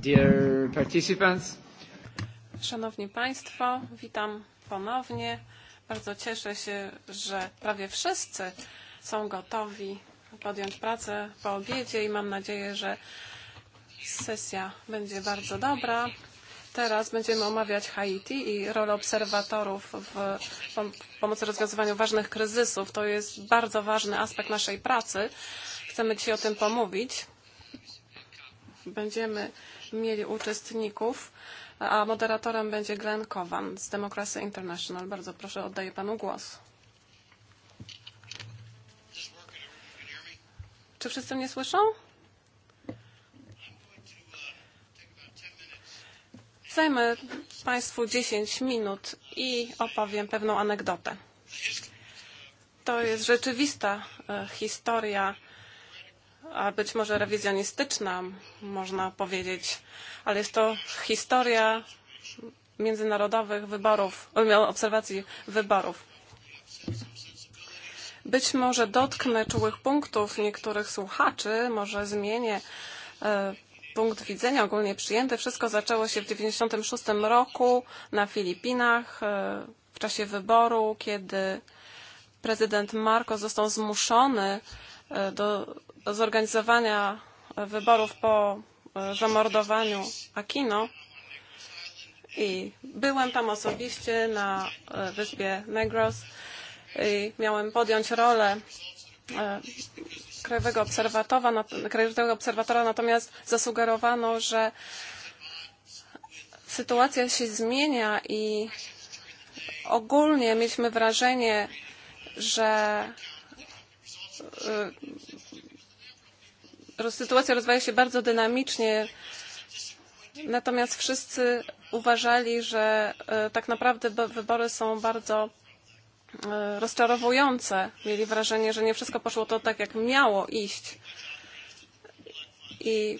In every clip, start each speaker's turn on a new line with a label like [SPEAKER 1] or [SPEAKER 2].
[SPEAKER 1] Dear participants.
[SPEAKER 2] Szanowni Państwo, witam ponownie. Bardzo cieszę się, że prawie wszyscy są gotowi podjąć pracę po obiedzie i mam nadzieję, że sesja będzie bardzo dobra. Teraz będziemy omawiać Haiti i rolę obserwatorów w pomocy rozwiązywaniu ważnych kryzysów. To jest bardzo ważny aspekt naszej pracy. Chcemy dzisiaj o tym pomówić. Będziemy mieli uczestników, a moderatorem będzie Glenn Kowan z Democracy International. Bardzo proszę, oddaję panu głos. Czy wszyscy mnie słyszą? Zajmę Państwu 10 minut i opowiem pewną anegdotę. To jest rzeczywista e, historia a być może rewizjonistyczna, można powiedzieć, ale jest to historia międzynarodowych wyborów, obserwacji wyborów. Być może dotknę czułych punktów niektórych słuchaczy, może zmienię e, punkt widzenia ogólnie przyjęty. Wszystko zaczęło się w 1996 roku na Filipinach e, w czasie wyboru, kiedy prezydent Marcos został zmuszony e, do zorganizowania wyborów po e, zamordowaniu Aquino i byłem tam osobiście na e, wyspie Negros i miałem podjąć rolę e, krajowego obserwatora, krajowego obserwatora natomiast zasugerowano, że sytuacja się zmienia i ogólnie mieliśmy wrażenie, że sytuacja rozwija się bardzo dynamicznie. Natomiast wszyscy uważali, że e, tak naprawdę wybory są bardzo e, rozczarowujące. Mieli wrażenie, że nie wszystko poszło to tak, jak miało iść. I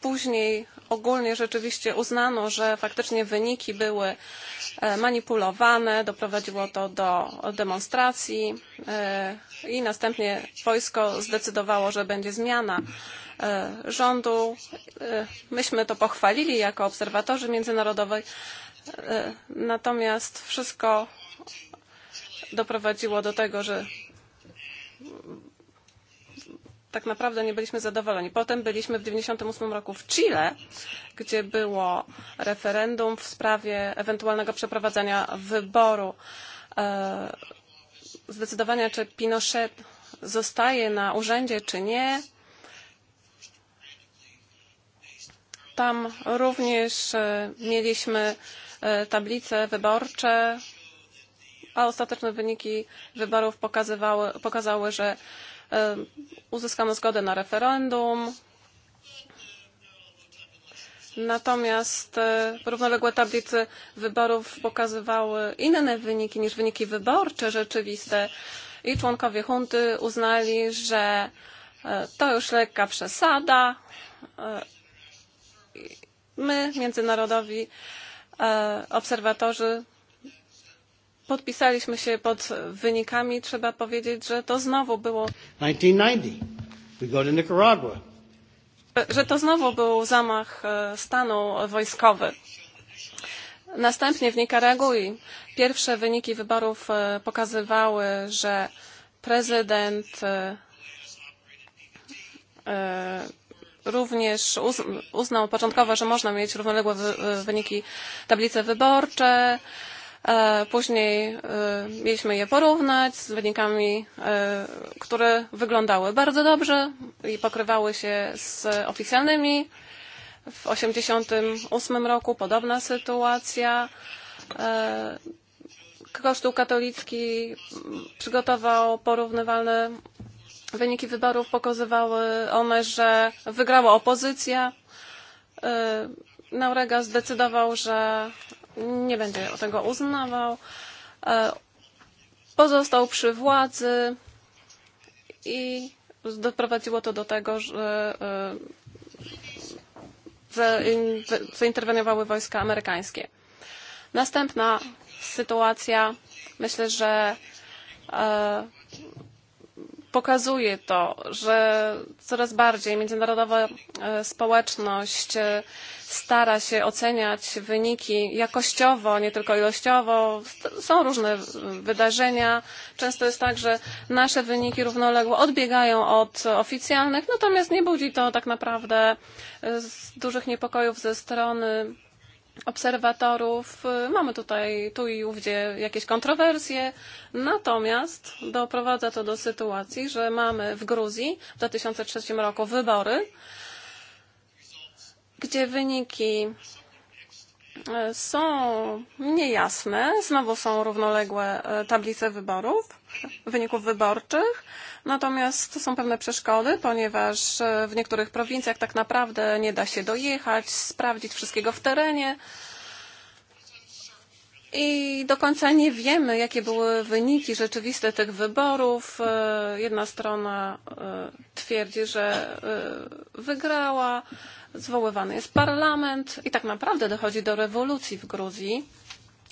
[SPEAKER 2] później ogólnie rzeczywiście uznano, że faktycznie wyniki były e, manipulowane, doprowadziło to do demonstracji e, i następnie wojsko zdecydowało, że będzie zmiana e, rządu. Myśmy to pochwalili jako obserwatorzy międzynarodowej, natomiast wszystko doprowadziło do tego, że tak naprawdę nie byliśmy zadowoleni. Potem byliśmy w 98 roku w Chile, gdzie było referendum w sprawie ewentualnego przeprowadzania wyboru. E, Zdecydowania, czy Pinochet zostaje na urzędzie, czy nie. Tam również e, mieliśmy e, tablice wyborcze, a ostateczne wyniki wyborów pokazywały, pokazały że E, uzyskano zgodę na referendum. Natomiast e, równoległe tablice wyborów pokazywały inne wyniki niż wyniki wyborcze rzeczywiste i członkowie hunty uznali, że e, to już lekka przesada. My, międzynarodowi obserwatorzy, podpisaliśmy się pod wynikami, trzeba powiedzieć, że to znowu było. 1990. We go to Nicaragua. E, że to znowu był zamach e, stanu wojskowy. Następnie w Nikaragui pierwsze wyniki wyborów e, pokazywały, że prezydent również uznał początkowo, że można mieć równoległe wyniki tablice wyborcze. E, później e, mieliśmy je porównać z wynikami, e, które wyglądały bardzo dobrze i pokrywały się z oficjalnymi. W 1988 roku podobna sytuacja. Kościół katolicki przygotował porównywalne wyniki wyborów. Pokazywały one, że wygrała opozycja. Naurega zdecydował, że nie będzie tego uznawał, e, pozostał przy władzy i doprowadziło to do tego, że e, zainterweniowały wojska amerykańskie. Następna sytuacja, myślę, że e, pokazuje to, że coraz bardziej międzynarodowa e, społeczność e, stara się oceniać wyniki jakościowo, nie tylko ilościowo. Są różne wydarzenia. Często jest tak, że nasze wyniki równoległe odbiegają od oficjalnych, natomiast nie budzi to tak naprawdę e, dużych niepokojów ze strony obserwatorów. Mamy tutaj tu i ówdzie jakieś kontrowersje, natomiast doprowadza to do sytuacji, że mamy w Gruzji w 2003 roku wybory, gdzie wyniki są niejasne. Znowu są równoległe e, tablice wyborów, wyników wyborczych. Natomiast są pewne przeszkody, ponieważ e, w niektórych prowincjach tak naprawdę nie da się dojechać, sprawdzić wszystkiego w terenie i do końca nie wiemy, jakie były wyniki rzeczywiste tych wyborów. E, jedna strona e, twierdzi, że e, wygrała, zwoływany jest parlament i tak naprawdę dochodzi do rewolucji w Gruzji,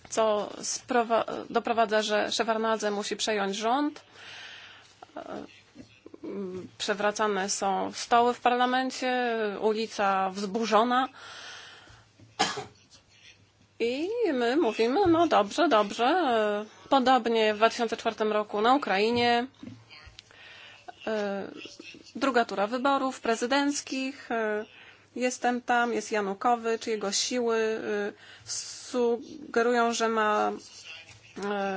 [SPEAKER 2] co doprowadza, że Szewarnadze musi przejąć rząd. Przewracane są stoły w parlamencie, ulica wzburzona. I my mówimy, no dobrze, dobrze. Podobnie w 2004 roku na Ukrainie e, druga tura wyborów prezydenckich. E, jestem tam, jest Janukowycz, jego siły e, sugerują, że ma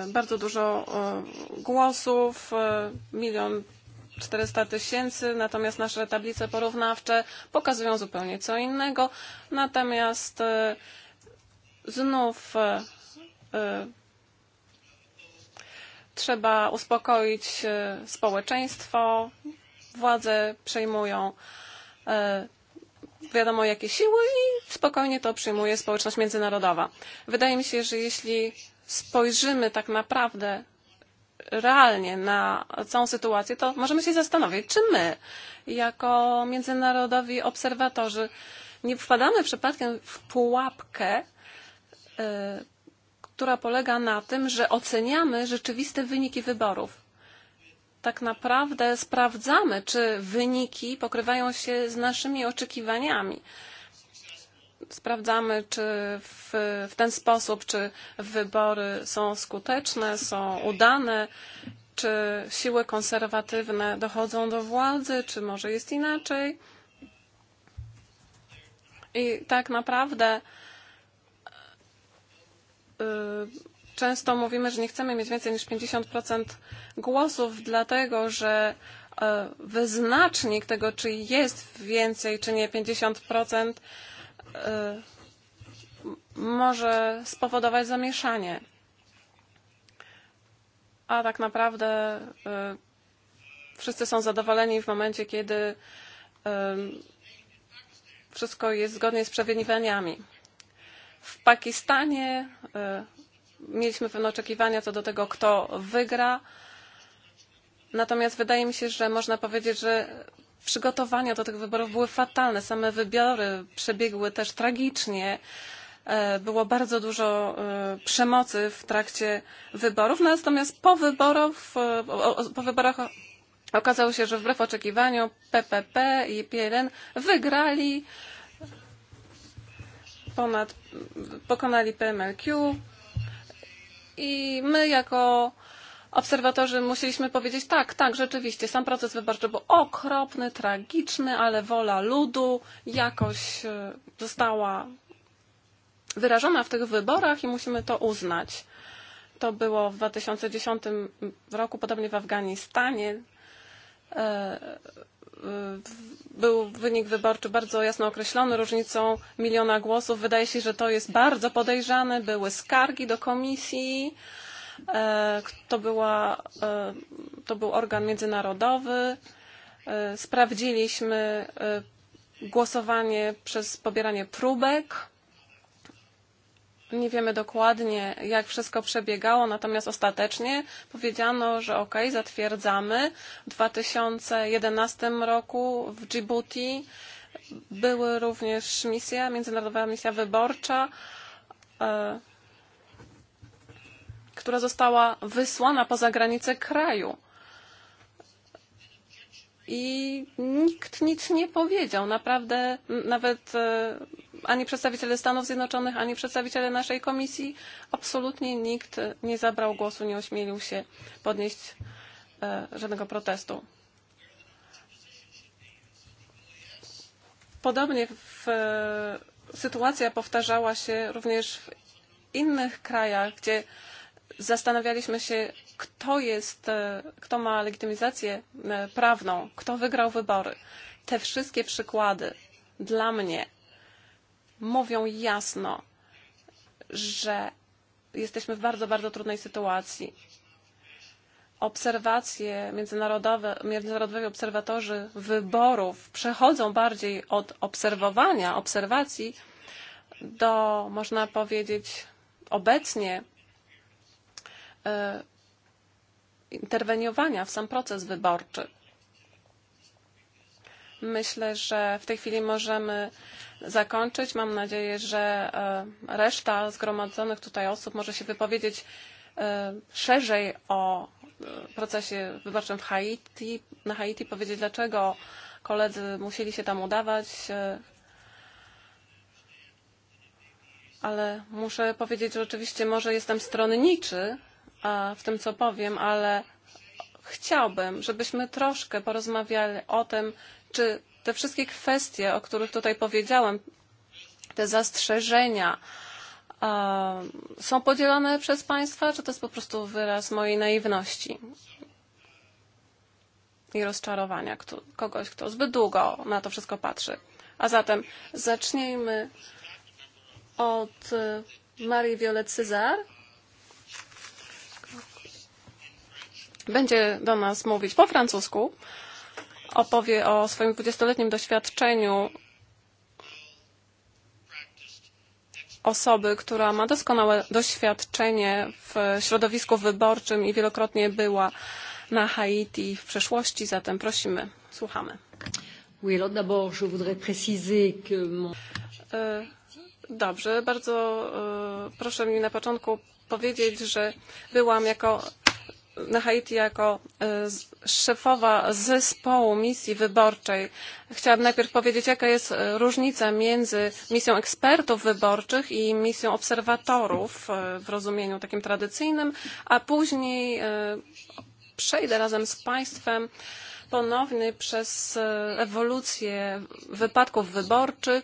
[SPEAKER 2] bardzo dużo głosów, milion czterysta tysięcy, natomiast nasze tablice porównawcze pokazują zupełnie co innego. Natomiast znów y, e, e, trzeba uspokoić e, społeczeństwo. Władze przejmują y, wiadomo jakie siły i spokojnie to przyjmuje społeczność międzynarodowa. Wydaje mi się, że jeśli spojrzymy tak naprawdę realnie na całą sytuację, to możemy się zastanowić, czy my, jako międzynarodowi obserwatorzy, nie wpadamy przypadkiem w pułapkę E, która polega na tym, że oceniamy rzeczywiste wyniki wyborów. Tak naprawdę sprawdzamy, czy wyniki pokrywają się z naszymi oczekiwaniami sprawdzamy, czy w, w ten sposób, czy wybory są skuteczne, są udane, czy siły konserwatywne dochodzą do władzy, czy może jest inaczej. I tak naprawdę często mówimy, że nie chcemy mieć więcej niż 50% głosów, dlatego że wyznacznik tego, czy jest więcej, czy nie 50%, może spowodować zamieszanie. A tak naprawdę wszyscy są zadowoleni w momencie, kiedy wszystko jest zgodnie z przewidywaniami. W Pakistanie e, mieliśmy pewne oczekiwania co do tego, kto wygra. Natomiast wydaje mi się, że można powiedzieć, że przygotowania do tych wyborów były fatalne. Same wybory przebiegły też tragicznie. E, było bardzo dużo e, przemocy w trakcie wyborów. No, natomiast po, wyborów, po wyborach okazało się, że wbrew oczekiwaniom PPP i PLN wygrali ponad, pokonali PMLQ i my jako obserwatorzy musieliśmy powiedzieć tak, tak, rzeczywiście, sam proces wyborczy był okropny, tragiczny, ale wola ludu jakoś e, została wyrażona w tych wyborach i musimy to uznać. To było w 2010 roku, podobnie w Afganistanie. E, był wynik wyborczy bardzo jasno określony różnicą miliona głosów. Wydaje się, że to jest bardzo podejrzane. Były skargi do komisji. E, to, była, e, to był organ międzynarodowy. E, sprawdziliśmy głosowanie przez pobieranie próbek nie wiemy dokładnie, jak wszystko przebiegało, natomiast ostatecznie powiedziano, że ok, zatwierdzamy. W 2011 roku w Djibouti były również misja, Międzynarodowa Misja Wyborcza, e, która została wysłana poza granice kraju. I nikt nic nie powiedział. Naprawdę nawet e, ani przedstawiciele Stanów Zjednoczonych, ani przedstawiciele naszej komisji. Absolutnie nikt nie zabrał głosu, nie ośmielił się podnieść e, żadnego protestu. Podobnie w, e, sytuacja powtarzała się również w innych krajach, gdzie zastanawialiśmy się, kto jest, e, kto ma legitymizację prawną, kto wygrał wybory. Te wszystkie przykłady dla mnie mówią jasno, że jesteśmy w bardzo, bardzo trudnej sytuacji. Obserwacje międzynarodowe, międzynarodowi obserwatorzy wyborów przechodzą bardziej od obserwowania, obserwacji do, można powiedzieć, obecnie e, interweniowania w sam proces wyborczy. Myślę, że w tej chwili możemy zakończyć. Mam nadzieję, że e, reszta zgromadzonych tutaj osób może się wypowiedzieć e, szerzej o e, procesie wyborczym w Haiti, na Haiti, powiedzieć dlaczego koledzy musieli się tam udawać. Ale muszę powiedzieć, że oczywiście może jestem stronniczy w tym, co powiem, ale chciałbym, żebyśmy troszkę porozmawiali o tym, czy te wszystkie kwestie, o których tutaj powiedziałem, te zastrzeżenia e, są podzielone przez Państwa, czy to jest po prostu wyraz mojej naiwności i rozczarowania kto, kogoś, kto zbyt długo na to wszystko patrzy? A zatem zacznijmy od e, Marii Violet Cezar. Będzie do nas mówić po francusku opowie o swoim 20-letnim doświadczeniu osoby, która ma doskonałe doświadczenie w środowisku wyborczym i wielokrotnie była na Haiti w przeszłości, zatem prosimy, słuchamy. E, dobrze, bardzo e, proszę mi na początku powiedzieć, że byłam jako na Haiti jako e, szefowa zespołu misji wyborczej. Chciałabym najpierw powiedzieć, jaka jest e, różnica między misją ekspertów wyborczych i misją obserwatorów e, w rozumieniu takim tradycyjnym, a później przejdę razem z Państwem ponownie przez ewolucję wypadków wyborczych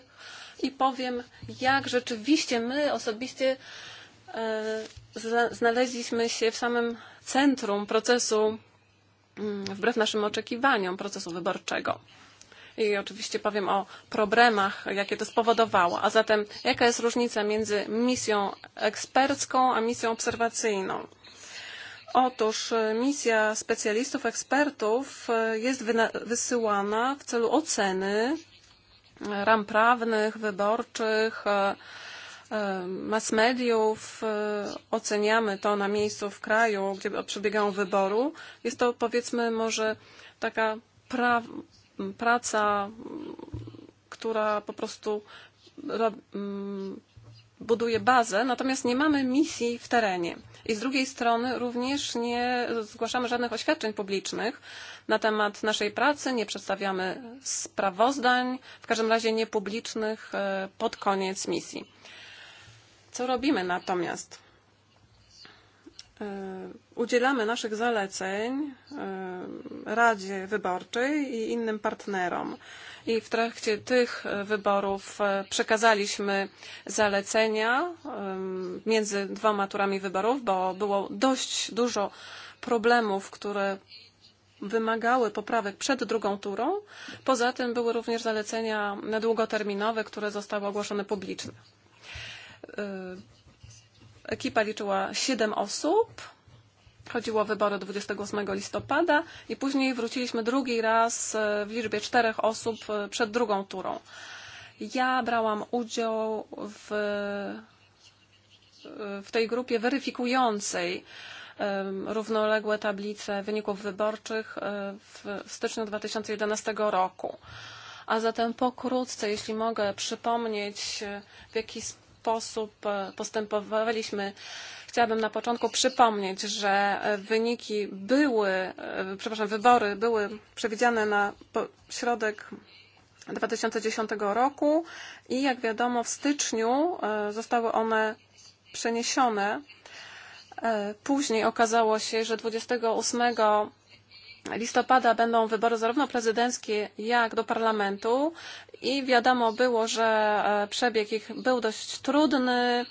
[SPEAKER 2] i powiem, jak rzeczywiście my osobiście znaleźliśmy się w samym centrum procesu, mm, wbrew naszym oczekiwaniom, procesu wyborczego. I oczywiście powiem o problemach, jakie to spowodowało. A zatem, jaka jest różnica między misją ekspercką a misją obserwacyjną? Otóż e, misja specjalistów, ekspertów e, jest wysyłana w celu oceny e, ram prawnych, wyborczych, E, mass mediów, e, oceniamy to na miejscu w kraju, gdzie przebiegają wyboru. Jest to powiedzmy może taka pra praca, która po prostu mm, buduje bazę, natomiast nie mamy misji w terenie. I z drugiej strony również nie zgłaszamy żadnych oświadczeń publicznych na temat naszej pracy, nie przedstawiamy sprawozdań, w każdym razie niepublicznych e, pod koniec misji. Co robimy natomiast? E, udzielamy naszych zaleceń e, Radzie Wyborczej i innym partnerom. I w trakcie tych wyborów e, przekazaliśmy zalecenia między dwoma turami wyborów, bo było dość dużo problemów, które wymagały poprawek przed drugą turą. Poza tym były również zalecenia długoterminowe, które zostały ogłoszone publicznie. Ekipa liczyła 7 osób. Chodziło o wybory 28 listopada i później wróciliśmy drugi raz w liczbie czterech osób przed drugą turą. Ja brałam udział w, w tej grupie weryfikującej równoległe tablice wyników wyborczych w styczniu 2011 roku. A zatem pokrótce, jeśli mogę przypomnieć, w jaki sposób sposób e, postępowaliśmy. Chciałabym na początku przypomnieć, że e, wyniki były, e, przepraszam, wybory były przewidziane na środek 2010 roku i jak wiadomo w styczniu zostały one przeniesione. Później okazało się, że 28 listopada będą wybory zarówno prezydenckie, jak do parlamentu i wiadomo było, że e, przebieg ich był dość trudny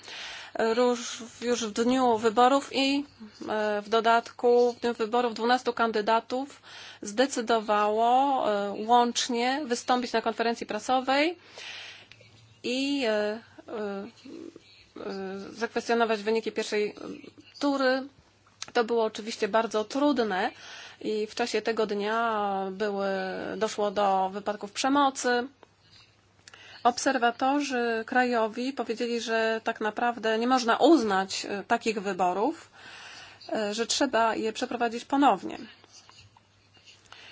[SPEAKER 2] już w dniu wyborów i e, w dodatku w dniu wyborów 12 kandydatów zdecydowało e, łącznie wystąpić na konferencji prasowej i zakwestionować wyniki pierwszej tury. To było oczywiście bardzo trudne, i w czasie tego dnia były, doszło do wypadków przemocy. Obserwatorzy krajowi powiedzieli, że tak naprawdę nie można uznać e, takich wyborów, e, że trzeba je przeprowadzić ponownie.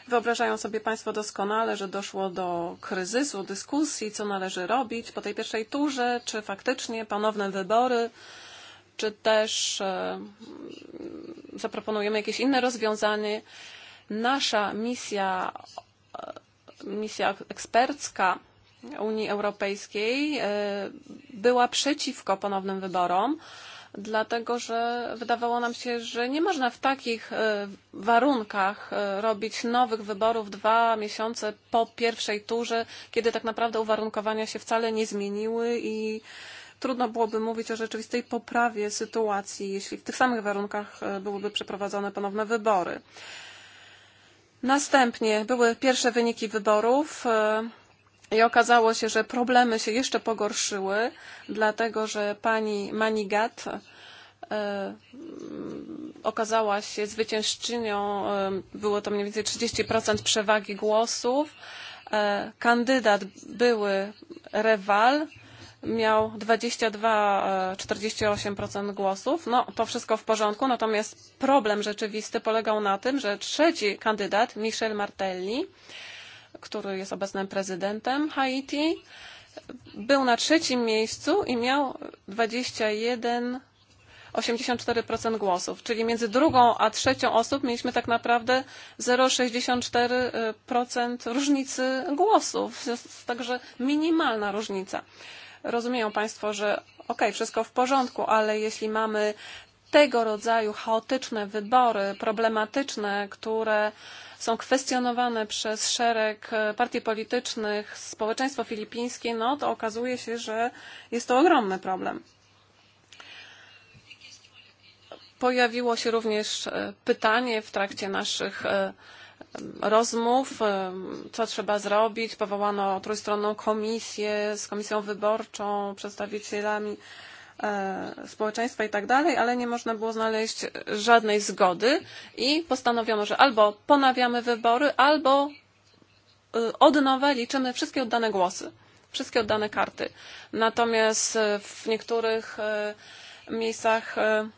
[SPEAKER 2] Wyobrażają sobie Państwo doskonale, że doszło do kryzysu, dyskusji, co należy robić po tej pierwszej turze, czy faktycznie ponowne wybory czy też e, zaproponujemy jakieś inne rozwiązanie. Nasza misja, e, misja ekspercka Unii Europejskiej e, była przeciwko ponownym wyborom, dlatego że wydawało nam się, że nie można w takich warunkach robić nowych wyborów dwa miesiące po pierwszej turze, kiedy tak naprawdę uwarunkowania się wcale nie zmieniły i trudno byłoby mówić o rzeczywistej poprawie sytuacji, jeśli w tych samych warunkach e, byłyby przeprowadzone ponowne wybory. Następnie były pierwsze wyniki wyborów e, i okazało się, że problemy się jeszcze pogorszyły, dlatego że pani Manigat e, mm, okazała się zwyciężczynią, było to mniej więcej 30% przewagi głosów. Kandydat były Rewal, miał 22-48% e, głosów. No, to wszystko w porządku, natomiast problem rzeczywisty polegał na tym, że trzeci kandydat, Michel Martelli, który jest obecnym prezydentem Haiti, był na trzecim miejscu i miał 21 84% głosów, czyli między drugą a trzecią osób mieliśmy tak naprawdę 0,64% e, różnicy głosów, jest także minimalna różnica rozumieją Państwo, że okej, okay, wszystko w porządku, ale jeśli mamy tego rodzaju chaotyczne wybory, problematyczne, które są kwestionowane przez szereg e, partii politycznych, społeczeństwo filipińskie, no to okazuje się, że jest to ogromny problem. Pojawiło się również e, pytanie w trakcie naszych e, rozmów, co trzeba zrobić. Powołano trójstronną komisję z komisją wyborczą, przedstawicielami e, społeczeństwa i tak dalej, ale nie można było znaleźć żadnej zgody i postanowiono, że albo ponawiamy wybory, albo od nowa liczymy wszystkie oddane głosy, wszystkie oddane karty. Natomiast w niektórych e, miejscach e,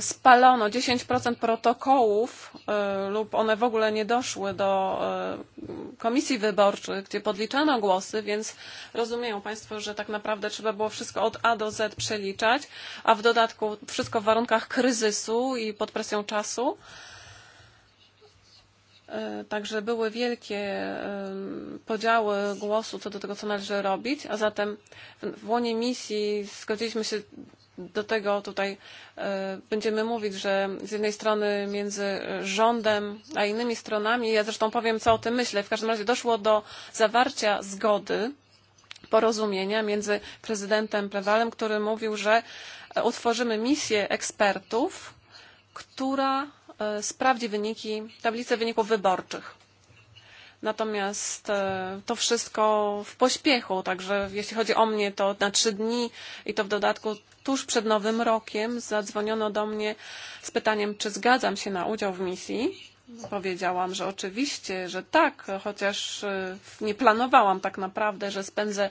[SPEAKER 2] spalono 10% protokołów e, lub one w ogóle nie doszły do e, komisji wyborczych, gdzie podliczano głosy, więc rozumieją Państwo, że tak naprawdę trzeba było wszystko od A do Z przeliczać, a w dodatku wszystko w warunkach kryzysu i pod presją czasu. E, także były wielkie podziały głosu co do tego, co należy robić, a zatem w, w łonie misji zgodziliśmy się do tego tutaj e, będziemy mówić, że z jednej strony między rządem a innymi stronami, ja zresztą powiem, co o tym myślę, w każdym razie doszło do zawarcia zgody, porozumienia między prezydentem Prewalem, który mówił, że e, utworzymy misję ekspertów, która e, sprawdzi wyniki, tablicę wyników wyborczych. Natomiast e, to wszystko w pośpiechu, także jeśli chodzi o mnie, to na trzy dni i to w dodatku tuż przed Nowym Rokiem zadzwoniono do mnie z pytaniem, czy zgadzam się na udział w misji. Powiedziałam, że oczywiście, że tak, chociaż e, nie planowałam tak naprawdę, że spędzę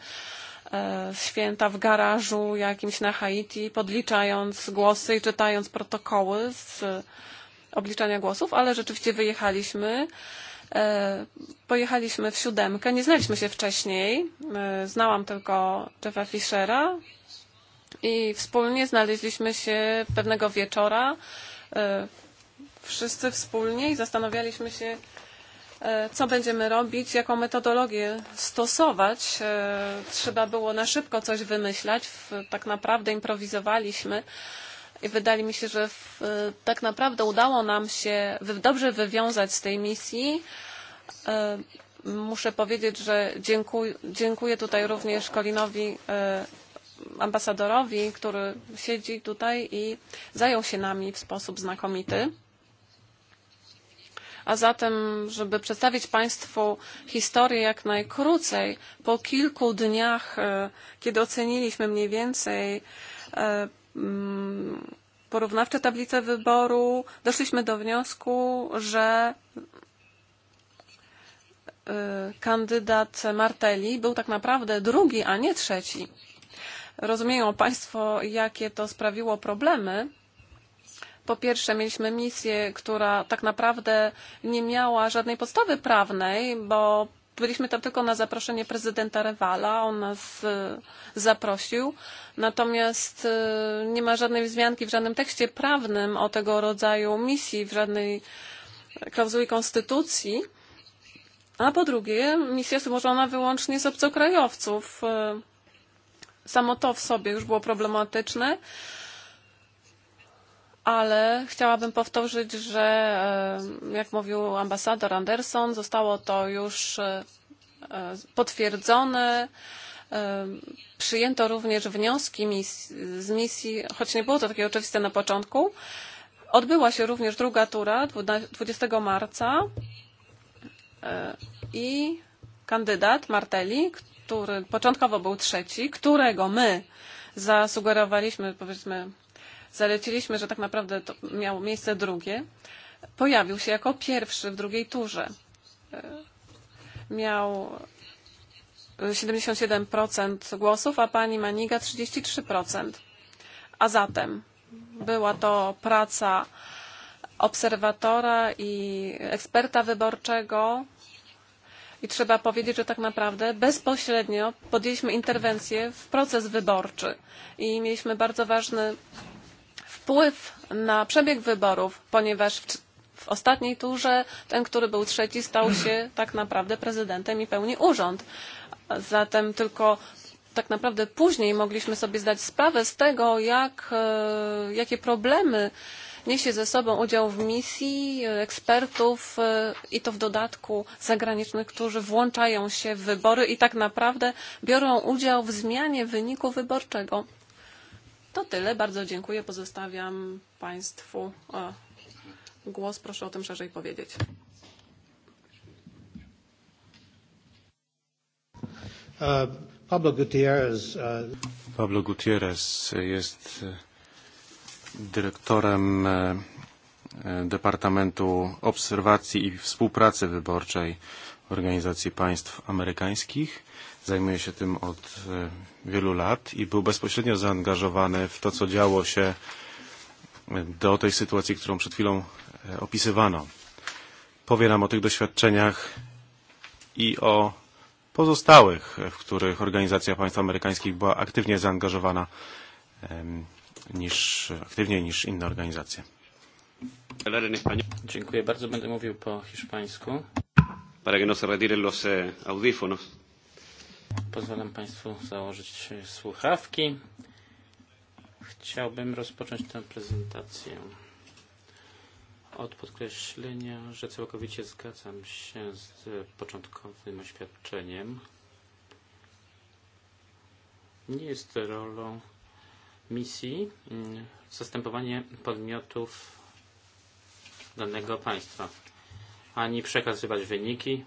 [SPEAKER 2] e, święta w garażu jakimś na Haiti, podliczając głosy i czytając protokoły z obliczania głosów, ale rzeczywiście wyjechaliśmy. E, pojechaliśmy w siódemkę. Nie znaliśmy się wcześniej. E, znałam tylko Jeffa Fischera i wspólnie znaleźliśmy się pewnego wieczora e, wszyscy wspólnie i zastanawialiśmy się, co będziemy robić, jaką metodologię stosować. Trzeba było na szybko coś wymyślać. Tak naprawdę improwizowaliśmy. I wydaje mi się, że w, e, tak naprawdę udało nam się dobrze wywiązać z tej misji. E, muszę powiedzieć, że dziękuję, dziękuję tutaj również Kolinowi e, ambasadorowi, który siedzi tutaj i zajął się nami w sposób znakomity. A zatem, żeby przedstawić Państwu historię jak najkrócej, po kilku dniach, kiedy oceniliśmy mniej więcej porównawcze tablice wyboru doszliśmy do wniosku, że kandydat Martelli był tak naprawdę drugi, a nie trzeci. Rozumieją Państwo, jakie to sprawiło problemy. Po pierwsze, mieliśmy misję, która tak naprawdę nie miała żadnej podstawy prawnej, bo Byliśmy tam tylko na zaproszenie prezydenta Rewala, on nas e, zaprosił, natomiast e, nie ma żadnej wzmianki w żadnym tekście prawnym o tego rodzaju misji, w żadnej klauzuli konstytucji. A po drugie, misja złożona wyłącznie z obcokrajowców. E, samo to w sobie już było problematyczne ale chciałabym powtórzyć, że e, jak mówił ambasador Anderson, zostało to już e, e, potwierdzone. Przyjęto również wnioski z misji, choć nie było to takie oczywiste na początku. Odbyła się również druga tura 20 marca i kandydat Martelli, który początkowo był trzeci, którego my zasugerowaliśmy, powiedzmy, zaleciliśmy, że tak naprawdę to miało miejsce drugie, pojawił się jako pierwszy w drugiej turze. E, miał 77% e, głosów, a pani Maniga 33%. A zatem była to praca obserwatora i eksperta wyborczego. I trzeba powiedzieć, że tak naprawdę bezpośrednio podjęliśmy interwencję w proces wyborczy i mieliśmy bardzo ważny wpływ na przebieg wyborów, ponieważ w, w ostatniej turze ten, który był trzeci, stał się tak naprawdę prezydentem i pełni urząd. Zatem tylko tak naprawdę później mogliśmy sobie zdać sprawę z tego, jak, e, jakie problemy niesie ze sobą udział w misji e, ekspertów e, i to w dodatku zagranicznych, którzy włączają się w wybory i tak naprawdę biorą udział w zmianie wyniku wyborczego. To tyle. Bardzo dziękuję. Pozostawiam Państwu głos. Proszę o tym szerzej powiedzieć.
[SPEAKER 1] Uh, Pablo Gutierrez. Uh,
[SPEAKER 3] Pablo Gutierrez jest e, dyrektorem e, e, Departamentu Obserwacji i Współpracy Wyborczej Organizacji Państw Amerykańskich zajmuje się tym od e, wielu lat i był bezpośrednio zaangażowany w to, co działo się e, do tej sytuacji, którą przed chwilą e, opisywano. Powie nam o tych doświadczeniach i o pozostałych, w których organizacja państw amerykańskich była aktywnie zaangażowana niż, aktywniej niż inne organizacje.
[SPEAKER 1] Dziękuję bardzo. Będę mówił po hiszpańsku. Para que no se retiren los audífonos. Pozwalam Państwu założyć słuchawki. Chciałbym rozpocząć tę prezentację od podkreślenia, że całkowicie zgadzam się z początkowym oświadczeniem. Nie jest rolą misji mm, zastępowanie podmiotów danego państwa, ani przekazywać wyniki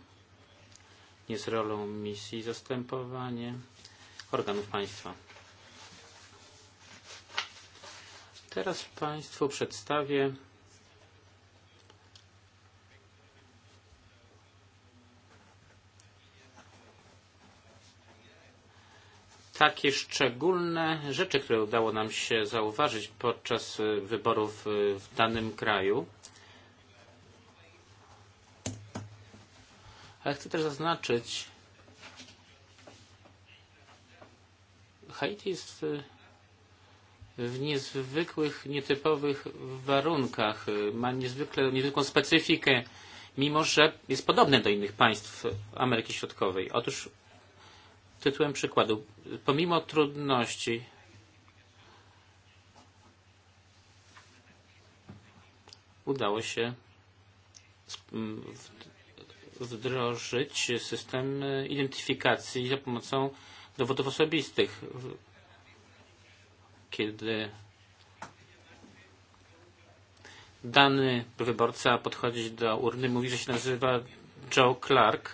[SPEAKER 1] jest rolą misji zastępowanie organów państwa. Teraz Państwu przedstawię takie szczególne rzeczy, które udało nam się zauważyć podczas wyborów w danym kraju. Ale chcę też zaznaczyć, Haiti jest w niezwykłych, nietypowych warunkach. Ma niezwykle, niezwykłą specyfikę, mimo że jest podobne do innych państw Ameryki Środkowej. Otóż tytułem przykładu, pomimo trudności udało się wdrożyć system identyfikacji za pomocą dowodów osobistych. Kiedy dany wyborca podchodzi do urny, mówi, że się nazywa Joe Clark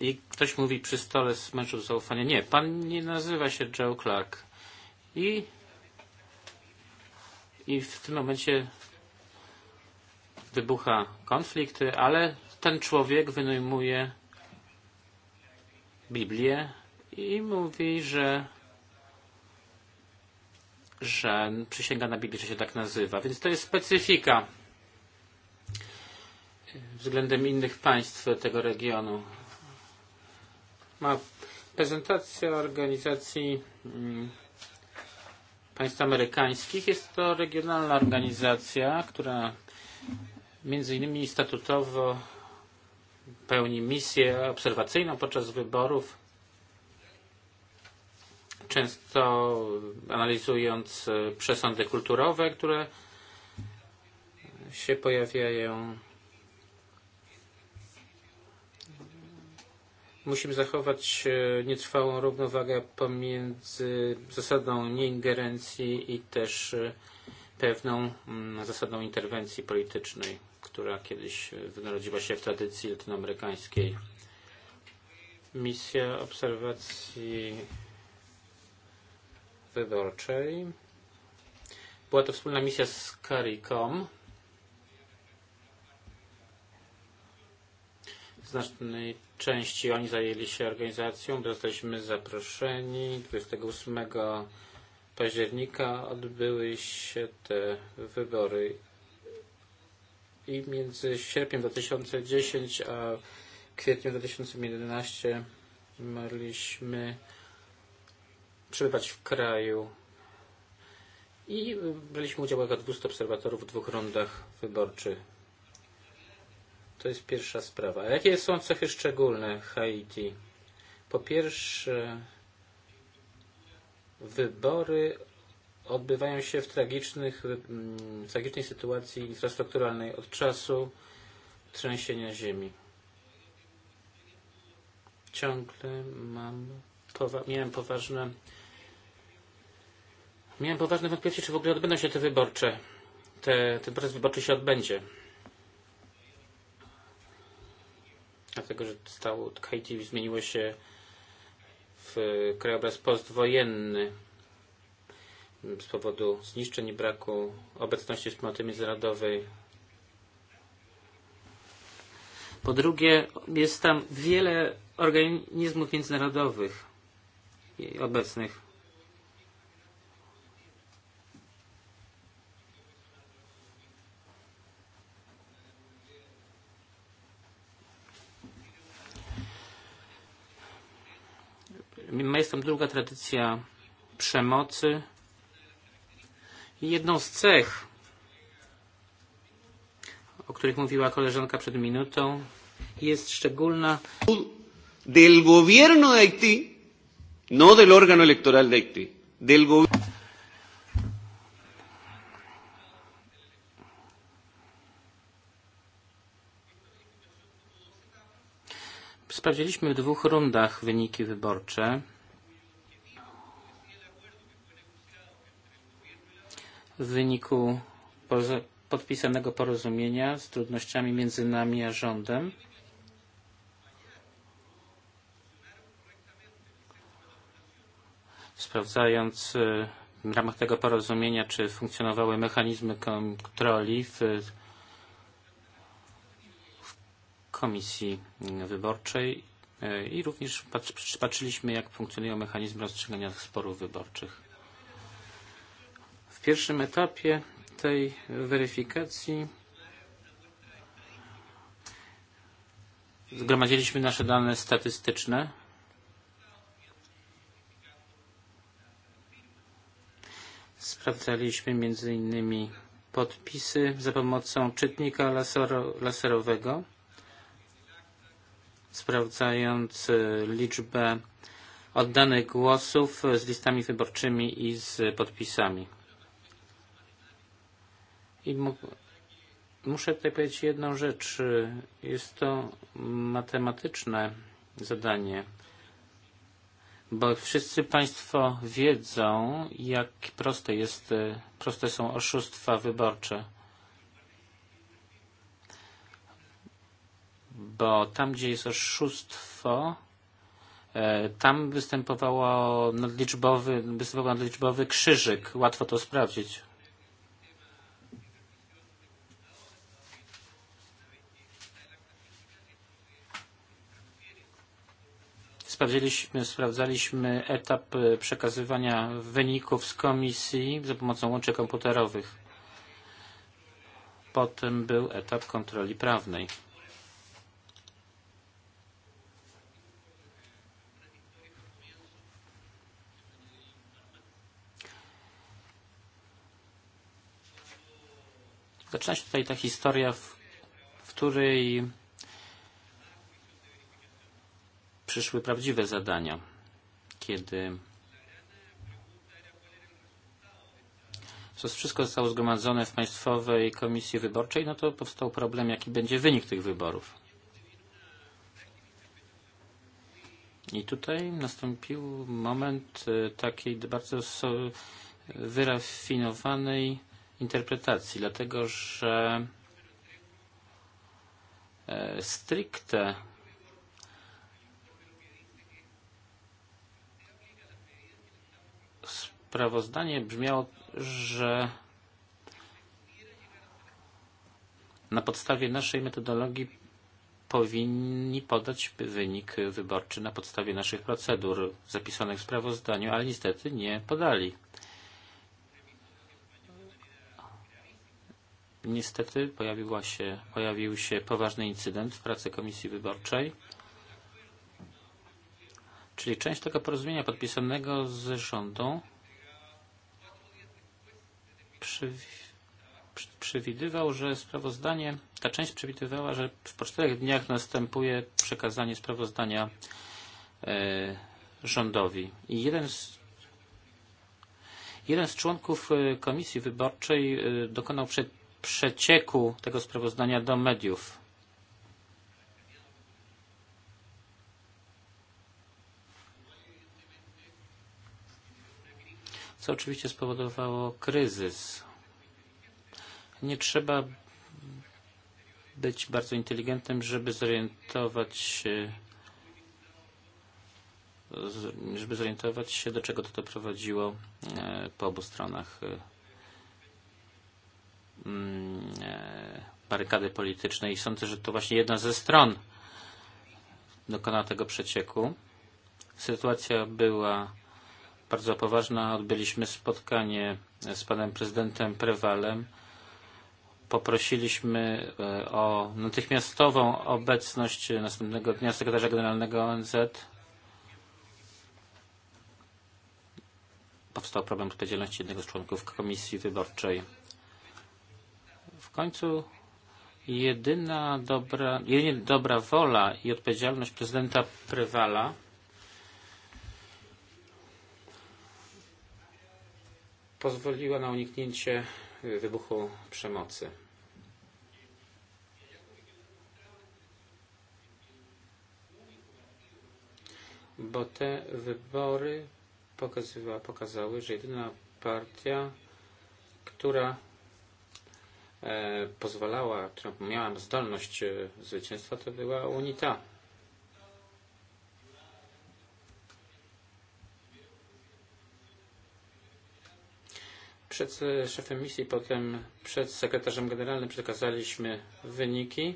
[SPEAKER 1] i ktoś mówi przy stole z mężów zaufania, nie, pan nie nazywa się Joe Clark. I, i w tym momencie wybucha konflikt, ale ten człowiek wynajmuje Biblię i mówi, że że przysięga na Biblię, że się tak nazywa. Więc to jest specyfika względem innych państw tego regionu. Ma prezentacja organizacji mm, państw amerykańskich. Jest to regionalna organizacja, która między innymi statutowo pełni misję obserwacyjną podczas wyborów, często analizując e, przesądy kulturowe, które się pojawiają. Musimy zachować e, nietrwałą równowagę pomiędzy zasadą nieingerencji i też e, pewną mm, zasadą interwencji politycznej która kiedyś wynarodziła się w tradycji latynoamerykańskiej. Misja obserwacji wyborczej. Była to wspólna misja z CARICOM. W znacznej części oni zajęli się organizacją. Zostaliśmy zaproszeni 28 października odbyły się te wybory i między sierpniem 2010 a kwietniem 2011 mogliśmy przebywać w kraju i braliśmy udział jako 200 obserwatorów w dwóch rundach wyborczych. To jest pierwsza sprawa. A jakie są cechy szczególne Haiti? Po pierwsze, wybory odbywają się w, tragicznych, w mm, tragicznej sytuacji infrastrukturalnej od czasu trzęsienia ziemi. Ciągle mam, powa miałem poważne miałem poważne wątpliwości, czy w ogóle odbędą się te wyborcze. Te, ten proces wyborczy się odbędzie. Dlatego, że stało, Haiti zmieniło się w krajobraz postwojenny z powodu zniszczeń i braku obecności wspólnoty międzynarodowej. Po drugie, jest tam wiele organizmów międzynarodowych obecnych. Jest tam druga tradycja przemocy, Jedną z cech, o których mówiła koleżanka przed minutą, jest szczególna del gobierno de Haití, no del órgano electoral de Haití, del go... Sprawdziliśmy w dwóch rundach wyniki wyborcze. w wyniku podpisanego porozumienia z trudnościami między nami a rządem. Sprawdzając w ramach tego porozumienia, czy funkcjonowały mechanizmy kontroli w, w komisji wyborczej i również patrzyliśmy, jak funkcjonują mechanizmy rozstrzygania sporów wyborczych pierwszym etapie tej weryfikacji zgromadziliśmy nasze dane statystyczne. Sprawdzaliśmy między innymi podpisy za pomocą czytnika lasero, laserowego, sprawdzając e, liczbę oddanych głosów z listami wyborczymi i z podpisami. I muszę tutaj powiedzieć jedną rzecz. Jest to matematyczne zadanie, bo wszyscy Państwo wiedzą, jak proste, jest, proste są oszustwa wyborcze. Bo tam, gdzie jest oszustwo, e, tam występował nadliczbowy, nadliczbowy krzyżyk. Łatwo to sprawdzić. Sprawdziliśmy, sprawdzaliśmy etap e, przekazywania wyników z komisji za pomocą łączy komputerowych. Potem był etap kontroli prawnej. Zaczyna się tutaj ta historia, w, której przyszły prawdziwe zadania, kiedy to wszystko zostało zgromadzone w Państwowej Komisji Wyborczej, no to powstał problem, jaki będzie wynik tych wyborów. I tutaj nastąpił moment e, takiej bardzo wyrafinowanej interpretacji, dlatego że e, stricte sprawozdanie brzmiało, że na podstawie naszej metodologii powinni podać wynik wyborczy na podstawie naszych procedur zapisanych w sprawozdaniu, ale niestety nie podali. Niestety pojawiła się, pojawił się poważny incydent w pracy Komisji Wyborczej, czyli część tego porozumienia podpisanego z rządą przy, przy, przewidywał, że sprawozdanie, ta część przewidywała, że po czterech dniach następuje przekazanie sprawozdania e, rządowi. I jeden z, jeden z członków e, komisji wyborczej e, dokonał prze, przecieku tego sprawozdania do mediów. co oczywiście spowodowało kryzys. Nie trzeba być bardzo inteligentnym, żeby zorientować się, żeby zorientować się, do czego to doprowadziło e, po obu stronach e, mm, e, barykady politycznej. I sądzę, że to właśnie jedna ze stron dokonała tego przecieku. Sytuacja była bardzo poważna. Odbyliśmy spotkanie z panem prezydentem Prewalem. Poprosiliśmy e, o natychmiastową obecność następnego dnia sekretarza generalnego ONZ. Powstał problem odpowiedzialności jednego z członków komisji wyborczej. W końcu jedyna dobra, jedyna dobra wola i odpowiedzialność prezydenta Prywala pozwoliła na uniknięcie wybuchu przemocy. Bo te wybory pokazywa, pokazały, że jedyna partia, która e, pozwalała, która miała zdolność e, zwycięstwa, to była UNITA. Przed szefem misji, potem przed sekretarzem generalnym przekazaliśmy wyniki.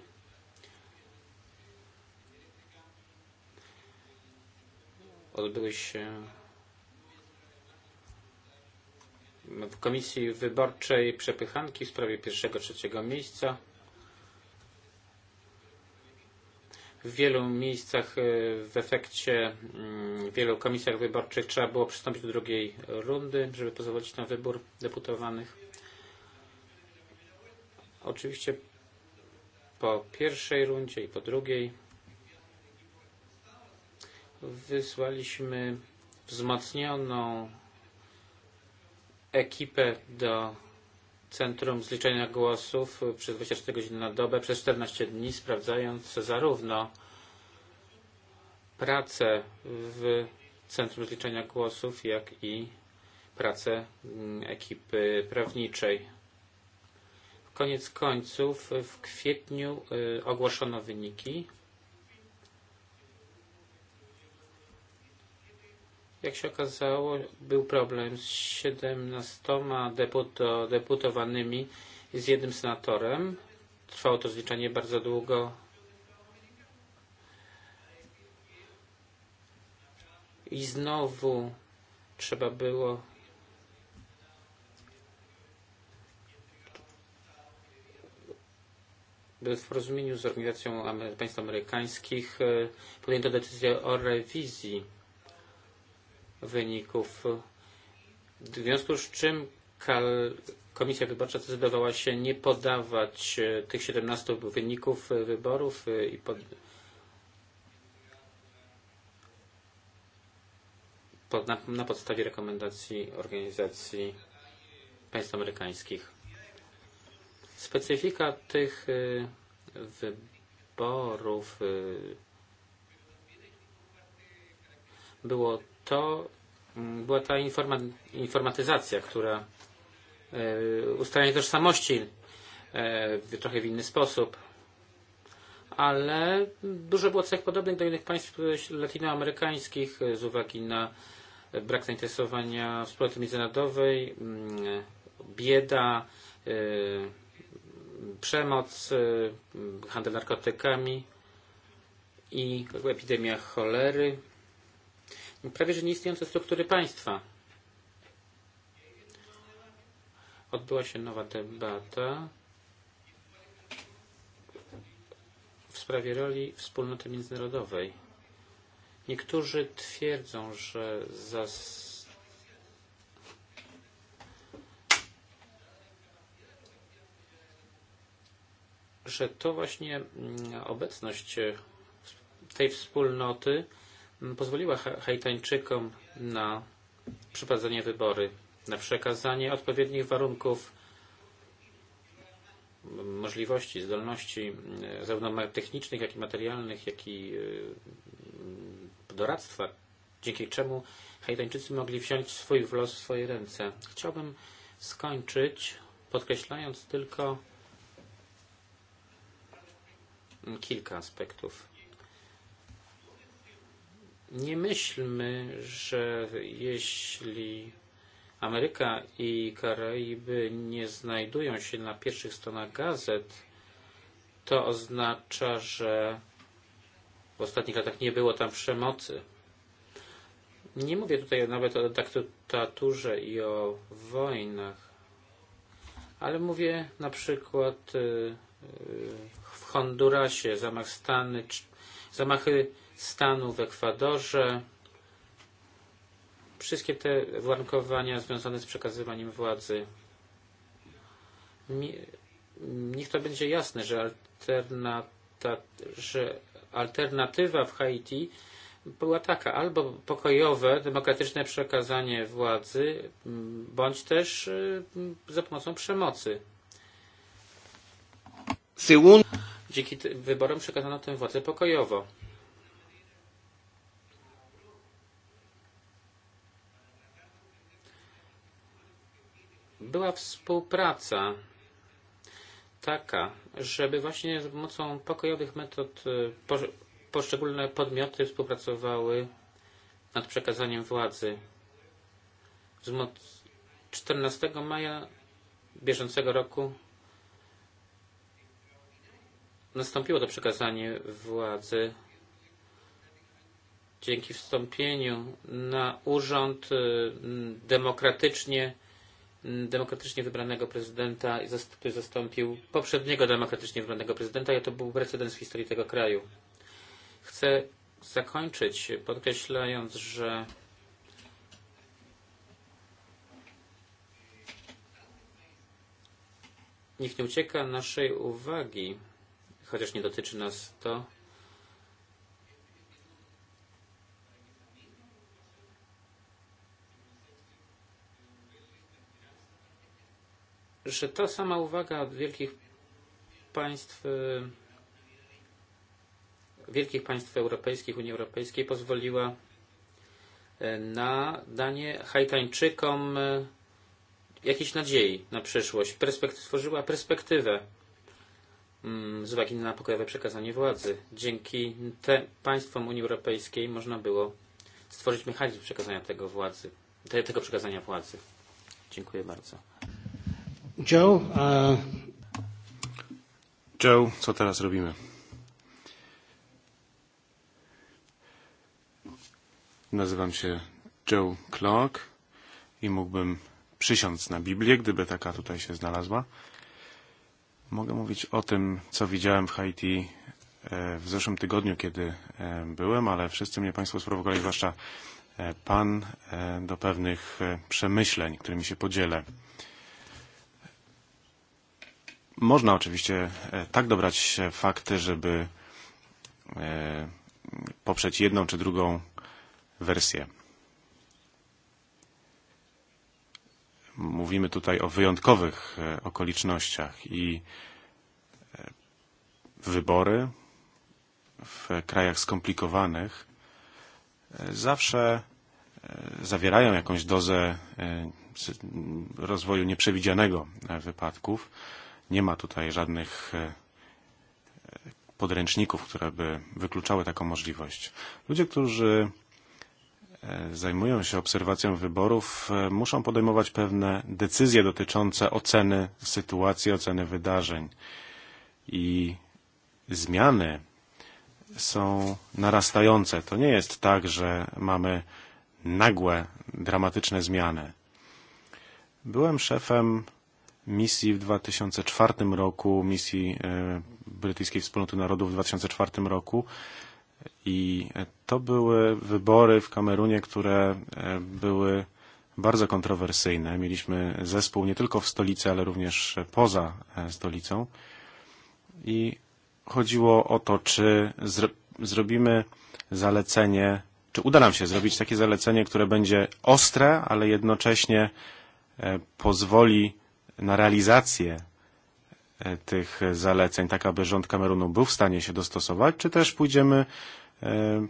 [SPEAKER 1] Odbyły się w komisji wyborczej przepychanki w sprawie pierwszego, trzeciego miejsca. w wielu miejscach e, w efekcie, mm, w wielu komisjach wyborczych trzeba było przystąpić do drugiej rundy, żeby pozwolić na wybór deputowanych. Oczywiście po pierwszej rundzie i po drugiej wysłaliśmy wzmocnioną ekipę do Centrum Zliczenia Głosów przez 24 godziny na dobę, przez 14 dni, sprawdzając zarówno pracę w Centrum Zliczenia Głosów, jak i pracę mm, ekipy prawniczej. Koniec końców w kwietniu ogłoszono wyniki Jak się okazało, był problem z 17 deputo, deputowanymi i z jednym senatorem. Trwało to zliczenie bardzo długo. I znowu trzeba było w porozumieniu z Organizacją Państw Amerykańskich e, podjęto decyzję o rewizji wyników. W związku z czym Komisja Wyborcza zdecydowała się nie podawać e, tych 17 wyników e, wyborów e, i pod, pod, na, na podstawie rekomendacji organizacji państw amerykańskich. Specyfika tych y, wyborów y, było to, Mm, była ta informa informatyzacja, która e, ustalenie tożsamości e, trochę w inny sposób. Ale dużo było cech podobnych do innych państw latinoamerykańskich e, z uwagi na brak zainteresowania wspólnoty międzynarodowej, mm, bieda, przemoc, handel narkotykami i epidemia cholery prawie że nieistniejące struktury państwa. Odbyła się nowa debata w sprawie roli wspólnoty międzynarodowej. Niektórzy twierdzą, że za że to właśnie mm, obecność tej wspólnoty pozwoliła Haitańczykom na przeprowadzenie wybory, na przekazanie odpowiednich warunków możliwości, zdolności e, zarówno technicznych, jak i materialnych, jak i e, doradztwa, dzięki czemu Haitańczycy mogli wziąć swój los w swoje ręce. Chciałbym skończyć podkreślając tylko kilka aspektów. Nie myślmy, że jeśli Ameryka i Karaiby nie znajdują się na pierwszych stronach gazet, to oznacza, że w ostatnich latach nie było tam przemocy. Nie mówię tutaj nawet o dyktaturze i o wojnach, ale mówię na przykład w Hondurasie zamach Stany, zamachy stanu w Ekwadorze. Wszystkie te warunkowania związane z przekazywaniem władzy. Niech to będzie jasne, że, alternata, że alternatywa w Haiti była taka, albo pokojowe, demokratyczne przekazanie władzy, bądź też za pomocą przemocy. Dzięki wyborom przekazano tę władzę pokojowo. była współpraca taka, żeby właśnie z pomocą pokojowych metod poszczególne podmioty współpracowały nad przekazaniem władzy. 14 maja bieżącego roku nastąpiło to przekazanie władzy dzięki wstąpieniu na urząd demokratycznie demokratycznie wybranego prezydenta, który zastąpił poprzedniego demokratycznie wybranego prezydenta i to był precedens w historii tego kraju. Chcę zakończyć podkreślając, że nikt nie ucieka naszej uwagi, chociaż nie dotyczy nas to, że ta sama uwaga wielkich państw e, wielkich państw europejskich, Unii Europejskiej pozwoliła e, na danie hajtańczykom e, jakiejś nadziei na przyszłość. Perspekt stworzyła perspektywę mm, z uwagi na pokojowe przekazanie władzy. Dzięki te państwom Unii Europejskiej można było stworzyć mechanizm przekazania tego władzy, te, tego przekazania władzy. Dziękuję bardzo.
[SPEAKER 3] Joe, uh... Joe, co teraz robíme? Nazywam się Joe Clark i mógłbym przysiąc na Biblię, gdyby taka tutaj się znalazła. Mogę mówić o tym, co widziałem w Haiti e, w zeszłym tygodniu, kiedy e, byłem, ale wszyscy mnie Państwo sprowokowali, zwłaszcza e, Pan, do pewnych przemyśleń, którymi się podzielę. Można oczywiście e, tak dobrać fakty, żeby e, poprzeć jedną czy drugą wersję. Mówimy tutaj o wyjątkowych e, okolicznościach i wybory w krajach skomplikowanych zawsze zawierają jakąś dozę rozwoju nieprzewidzianego wypadków Nie ma tutaj żadnych e, podręczników, które by wykluczały taką możliwość. Ludzie, którzy e, zajmują się obserwacją wyborów, e, muszą podejmować pewne decyzje dotyczące oceny sytuacji, oceny wydarzeń. I zmiany są narastające. To nie jest tak, że mamy nagłe, dramatyczne zmiany. Byłem szefem misji w 2004 roku, misji e, Brytyjskiej Wspólnoty Narodów w 2004 roku. I e, to były wybory w Kamerunie, które e, były bardzo kontrowersyjne. Mieliśmy zespół nie tylko w stolicy, ale również poza stolicą. I chodziło o to, czy zro zrobimy zalecenie, czy uda nam się zrobić takie zalecenie, które będzie ostre, ale jednocześnie pozwoli na realizację e, tych zaleceń, tak aby rząd Kamerunu był w stanie się dostosować, czy też pójdziemy e,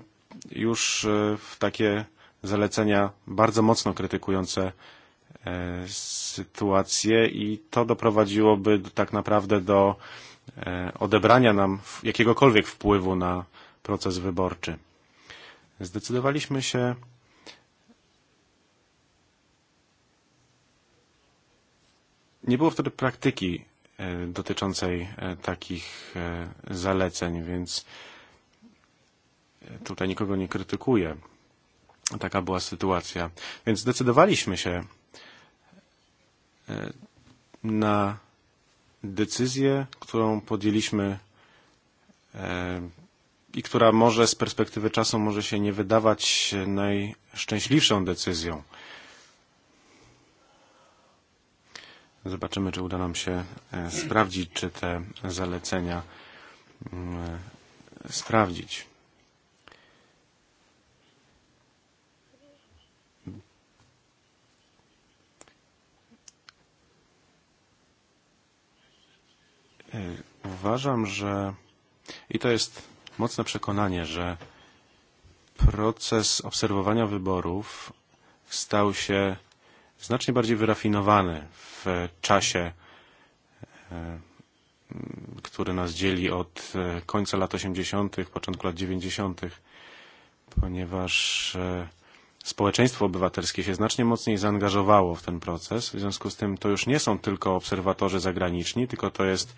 [SPEAKER 3] już e, w takie zalecenia bardzo mocno krytykujące sytuację i to doprowadziłoby tak naprawdę do odebrania nam jakiegokolwiek wpływu na proces wyborczy. Zdecydowaliśmy się Nie było wtedy praktyki e, dotyczącej e, takich e, zaleceń, więc tutaj nikogo nie krytykuję. Taka była sytuacja. Więc zdecydowaliśmy się na decyzję, którą podjęliśmy i która może z perspektywy czasu może się nie wydawać najszczęśliwszą decyzją. Zobaczymy, czy uda nam się e, sprawdzić, czy te zalecenia e, sprawdzić. E, uważam, że i to jest mocne przekonanie, że proces obserwowania wyborów stał się znacznie bardziej wyrafinowany w czasie, e, który nas dzieli od e, końca lat 80., początku lat 90., ponieważ e, społeczeństwo obywatelskie się znacznie mocniej zaangażowało w ten proces. W związku z tym to już nie są tylko obserwatorzy zagraniczni, tylko to jest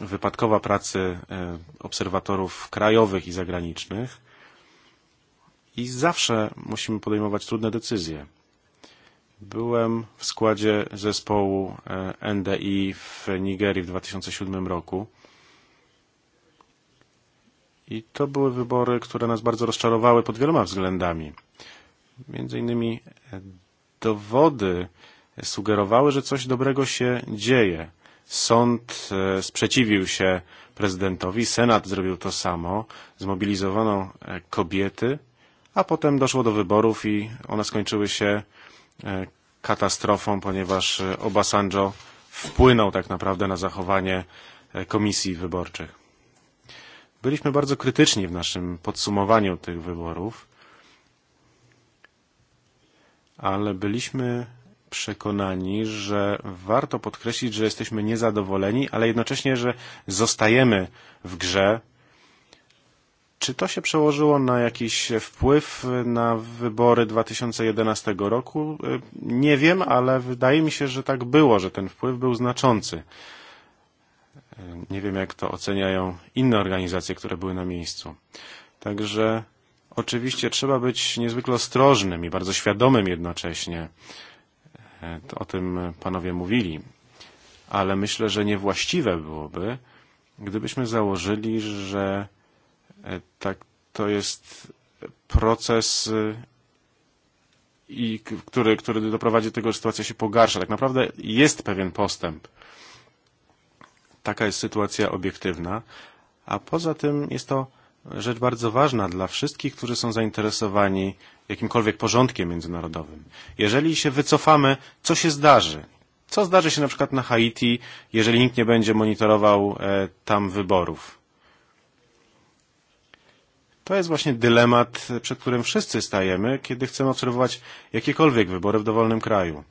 [SPEAKER 3] wypadkowa pracy obserwatorów krajowych i zagranicznych. I zawsze musimy podejmować trudne decyzje. Byłem w składzie zespołu e, NDI w Nigerii w 2007 roku. I to były wybory, które nas bardzo rozczarowały pod wieloma względami. Między innymi e, dowody sugerowały, że coś dobrego się dzieje. Sąd e, sprzeciwił się prezydentowi, Senat zrobił to samo, zmobilizowano kobiety, a potem doszło do wyborów i one skończyły się E, katastrofą, ponieważ Obasanjo wpłynął tak naprawdę na zachowanie e, komisji wyborczych. Byliśmy bardzo krytyczni w naszym podsumowaniu tych wyborów, ale byliśmy przekonani, że warto podkreślić, że jesteśmy niezadowoleni, ale jednocześnie, że zostajemy w grze Czy to się przełożyło na jakiś wpływ na wybory 2011 roku? Nie wiem, ale wydaje mi się, że tak było, że ten wpływ był znaczący. Nie wiem, jak to oceniają inne organizacje, które były na miejscu. Także oczywiście trzeba być niezwykle ostrożnym i bardzo świadomym jednocześnie. To e, O tym panowie mówili. Ale myślę, że niewłaściwe byłoby, gdybyśmy założyli, że E, tak to jest proces, e, i który, który doprowadzi do tego, że sytuacja się pogarsza. Tak naprawdę jest pewien postęp. Taka jest sytuacja obiektywna. A poza tym jest to rzecz bardzo ważna dla wszystkich, którzy są zainteresowani jakimkolwiek porządkiem międzynarodowym. Jeżeli się wycofamy, co się zdarzy? Co zdarzy się na przykład na Haiti, jeżeli nikt nie będzie monitorował e, tam wyborów? To jest właśnie dylemat, przed którym wszyscy stajemy, kiedy chcemy obserwować jakiekolwiek wybory w dowolnym kraju.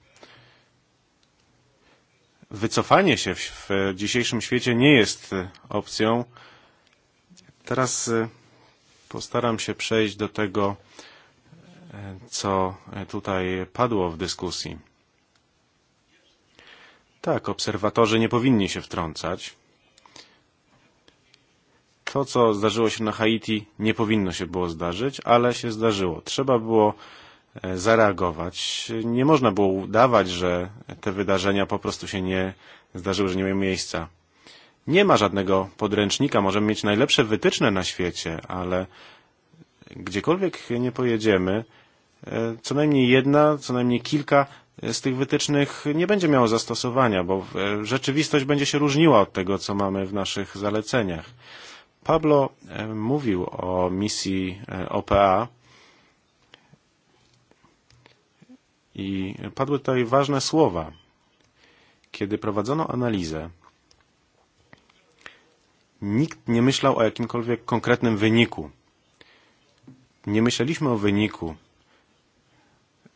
[SPEAKER 3] Wycofanie się w dzisiejszym świecie nie jest e, opcją. Teraz e, postaram się przejść do tego, e, co tutaj padło w dyskusji. Tak, obserwatorzy nie powinni się wtrącać. To, co zdarzyło się na Haiti, nie powinno się było zdarzyć, ale się zdarzyło. Trzeba było e, zareagować. Nie można było udawać, że te wydarzenia po prostu się nie zdarzyły, że nie mają miejsca. Nie ma żadnego podręcznika, możemy mieć najlepsze wytyczne na świecie, ale gdziekolwiek nie pojedziemy, e, co najmniej jedna, co najmniej kilka e, z tych wytycznych nie będzie miało zastosowania, bo rzeczywistość będzie się różniła od tego, co mamy w naszych zaleceniach. Pablo e, mówił o misji e, OPA i padły tutaj ważne słowa. Kiedy prowadzono analizę, nikt nie myślał o jakimkolwiek konkretnym wyniku. Nie myśleliśmy o wyniku.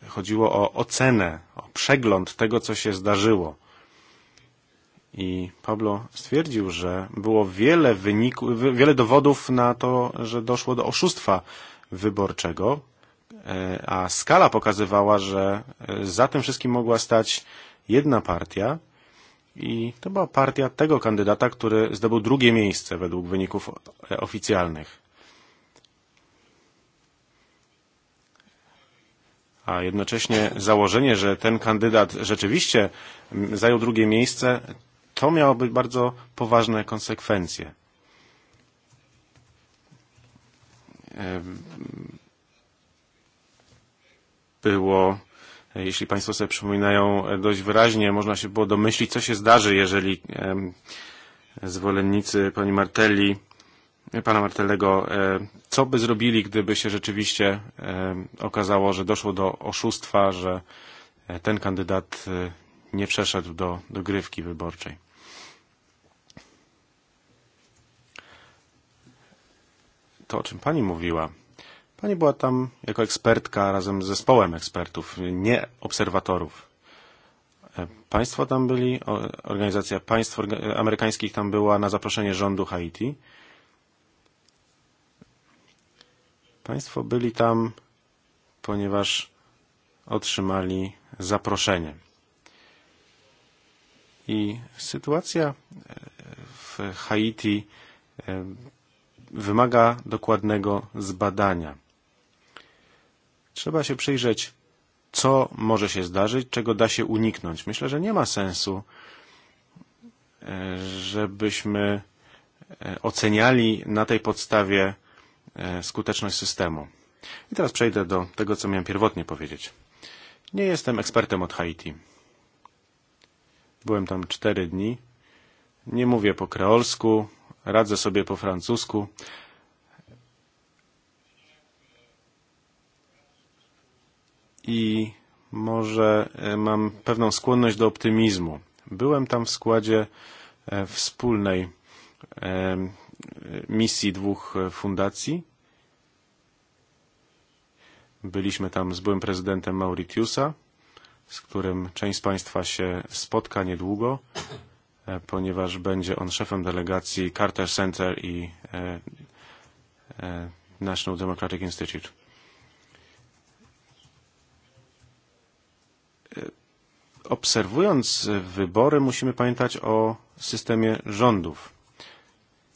[SPEAKER 3] Chodziło o ocenę, o przegląd tego, co się zdarzyło. I Pablo stwierdził, że było wiele, wyniku, wiele dowodów na to, że doszło do oszustwa wyborczego, e, a skala pokazywała, że e, za tym wszystkim mogła stać jedna partia i to była partia tego kandydata, który zdobył drugie miejsce według wyników e, oficjalnych. A jednocześnie założenie, że ten kandydat rzeczywiście zajął drugie miejsce, to miało być bardzo poważne konsekwencje. Było, jeśli Państwo sobie przypominają, dość wyraźnie można się było domyślić, co się zdarzy, jeżeli zwolennicy pani Martelli, pana Martellego, e, co by zrobili, gdyby się rzeczywiście okazało, że doszło do oszustwa, że e, ten kandydat e, nie przeszedł do, do grywki wyborczej. to, o czym pani mówiła. Pani była tam jako ekspertka razem z zespołem ekspertów, nie obserwatorów. E, państwo tam byli, organizacja państw amerykańskich tam była na zaproszenie rządu Haiti. Państwo byli tam, ponieważ otrzymali zaproszenie. I sytuacja e, w Haiti e, wymaga dokładnego zbadania. Trzeba się przyjrzeć, co może się zdarzyć, czego da się uniknąć. Myślę, że nie ma sensu, e, żebyśmy e, oceniali na tej podstawie e, skuteczność systemu. I teraz przejdę do tego, co miałem pierwotnie powiedzieć. Nie jestem ekspertem od Haiti. Byłem tam cztery dni. Nie mówię po kreolsku, radzę sobie po francusku. I może e, mam pewną skłonność do optymizmu. Byłem tam w składzie e, wspólnej e, misji dwóch fundacji. Byliśmy tam z byłym prezydentem Mauritiusa, z którym część z Państwa się spotka niedługo. E, ponieważ będzie on szefem delegacji Carter Center i e, e, National Democratic Institute. Obserwując wybory, musimy pamiętać o systemie rządów.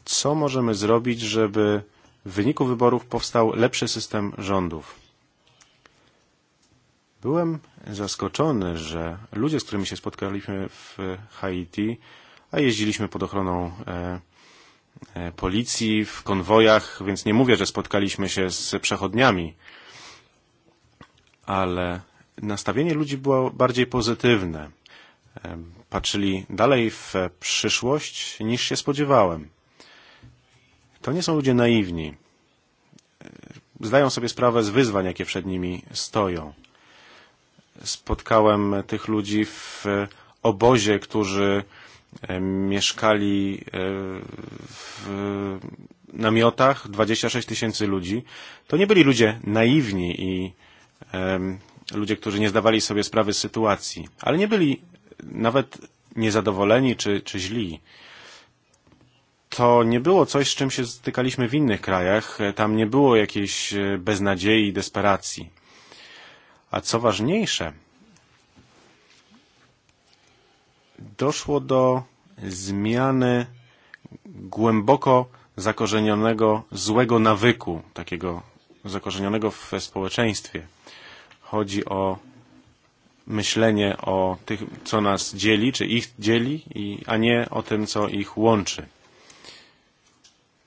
[SPEAKER 3] Co możemy zrobić, żeby w wyniku wyborów powstał lepszy system rządów? Byłem zaskoczony, że ludzie, z którymi się spotkaliśmy w Haiti, a jeździliśmy pod ochroną e, e, policji w konwojach, więc nie mówię, że spotkaliśmy się z przechodniami, ale nastawienie ludzi było bardziej pozytywne. E, patrzyli dalej w przyszłość niż się spodziewałem. To nie są ludzie naiwni. E, zdają sobie sprawę z wyzwań, jakie przed nimi stoją spotkałem tych ludzi w e, obozie, którzy e, mieszkali e, w namiotach, 26 tysięcy ludzi. To nie byli ludzie naiwni i ludzie, którzy nie zdawali sobie sprawy z sytuacji, ale nie byli nawet niezadowoleni czy, czy źli. To nie było coś, z czym się stykaliśmy w innych krajach. Tam nie było jakiejś beznadziei, i desperacji. A co ważniejsze, doszło do zmiany głęboko zakorzenionego złego nawyku, takiego zakorzenionego w społeczeństwie. Chodzi o myślenie o tych, co nas dzieli, czy ich dzieli, a nie o tym, co ich łączy.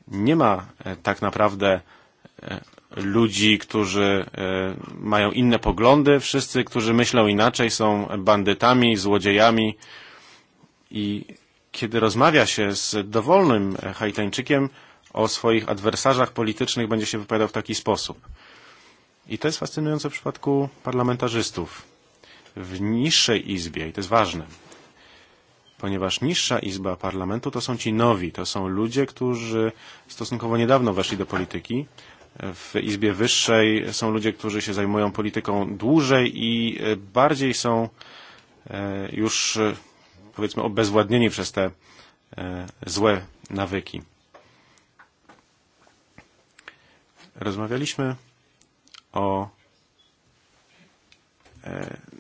[SPEAKER 3] Nie ma e, tak naprawdę e, ludzi, którzy e, mają inne poglądy. Wszyscy, którzy myślą inaczej, są bandytami, złodziejami. I kiedy rozmawia się z dowolnym Haitańczykiem o swoich adwersarzach politycznych, będzie się wypowiadał w taki sposób. I to jest fascynujące w przypadku parlamentarzystów. W niższej izbie, i to jest ważne, ponieważ niższa izba parlamentu to są ci nowi, to są ludzie, którzy stosunkowo niedawno weszli do polityki, w Izbie Wyższej są ludzie, którzy się zajmują polityką dłużej i bardziej są e, już e, powiedzmy obezwładnieni przez te e, złe nawyki. Rozmawialiśmy o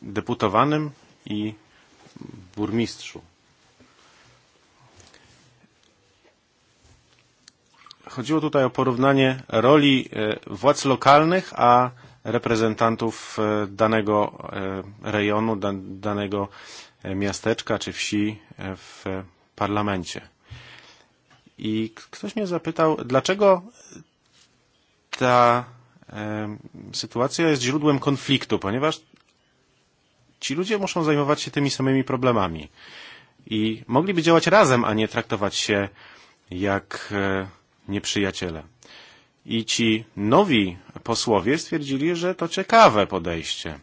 [SPEAKER 3] deputowanym i burmistrzu. Chodziło tutaj o porównanie roli e, władz lokalnych a reprezentantów e, danego e, rejonu, danego miasteczka czy wsi w parlamencie. I ktoś mnie zapytał, dlaczego ta sytuacja jest źródłem konfliktu, ponieważ ci ludzie muszą zajmować się tymi samymi problemami i mogliby działać razem, a nie traktować się jak nieprzyjaciele. I ci nowi posłowie stwierdzili, że to ciekawe podejście.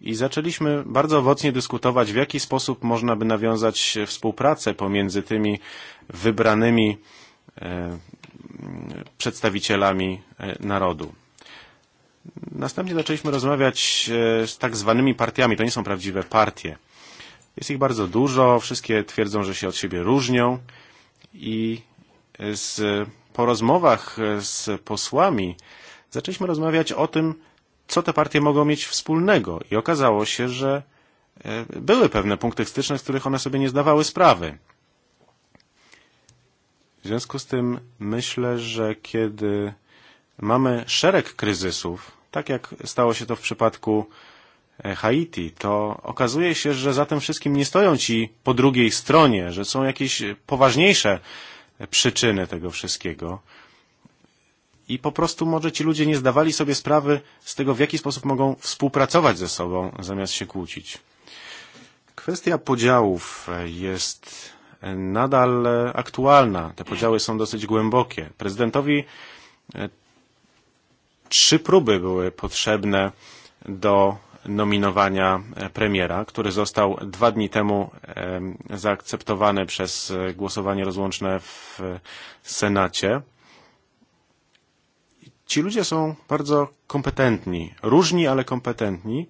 [SPEAKER 3] I zaczęliśmy bardzo owocnie dyskutować, w jaki sposób można by nawiązać współpracę pomiędzy tymi wybranymi e, przedstawicielami e, narodu. Następnie zaczęliśmy rozmawiać e, z tak zwanymi partiami. To nie są prawdziwe partie. Jest ich bardzo dużo, wszystkie twierdzą, że się od siebie różnią i z po rozmowach e, z posłami zaczęliśmy rozmawiać o tym, co te partie mogą mieć wspólnego. I okazało się, że e, były pewne punkty styczne, z których one sobie nie zdawały sprawy. W związku z tym myślę, że kiedy mamy szereg kryzysów, tak jak stało się to w przypadku e, Haiti, to okazuje się, że za tym wszystkim nie stoją ci po drugiej stronie, że są jakieś poważniejsze przyczynę tego wszystkiego. I po prostu może ci ludzie nie zdawali sobie sprawy z tego, w jaki sposób mogą współpracować ze sobą, zamiast się kłócić. Kwestia podziałów jest nadal aktualna. Te podziały są dosyć głębokie. Prezydentowi e, trzy próby były potrzebne do nominowania premiera, który został dwa dni temu zaakceptowany przez e, głosowanie rozłączne w Senacie. Ci ludzie są bardzo kompetentni, różni, ale kompetentni.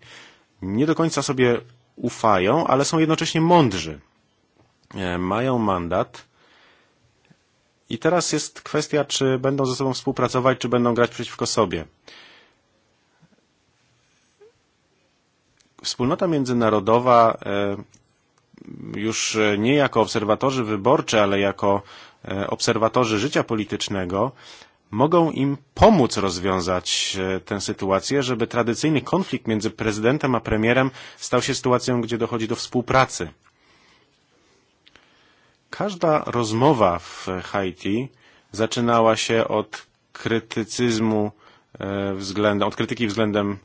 [SPEAKER 3] Nie do końca sobie ufają, ale są jednocześnie mądrzy. E, mają mandat. I teraz jest kwestia, czy będą ze sobą współpracować, czy będą grać przeciwko sobie. Wspólnota międzynarodowa e, już nie jako obserwatorzy wyborczy, ale jako e, obserwatorzy życia politycznego mogą im pomóc rozwiązać e, tę sytuację, żeby tradycyjny konflikt między prezydentem a premierem stał się sytuacją, gdzie dochodzi do współpracy. Każda rozmowa w Haiti zaczynała się od krytycyzmu względem, od krytyki względem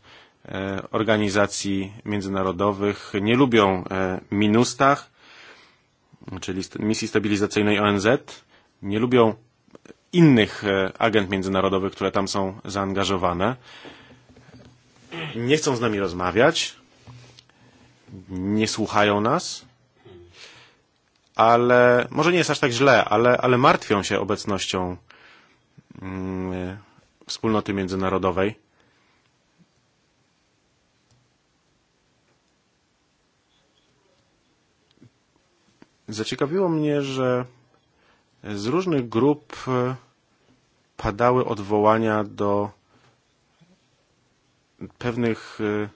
[SPEAKER 3] E, organizacji międzynarodowych nie lubią e, minustach, czyli misji stabilizacyjnej ONZ, nie lubią innych e, agent międzynarodowych, które tam są zaangażowane. Nie chcą z nami rozmawiać, nie słuchają nas, ale może nie jest aż tak źle, ale, ale martwią się obecnością mm, wspólnoty międzynarodowej Zaciekawiło mnie, że z różnych grup e, padały odwołania do pewnych e,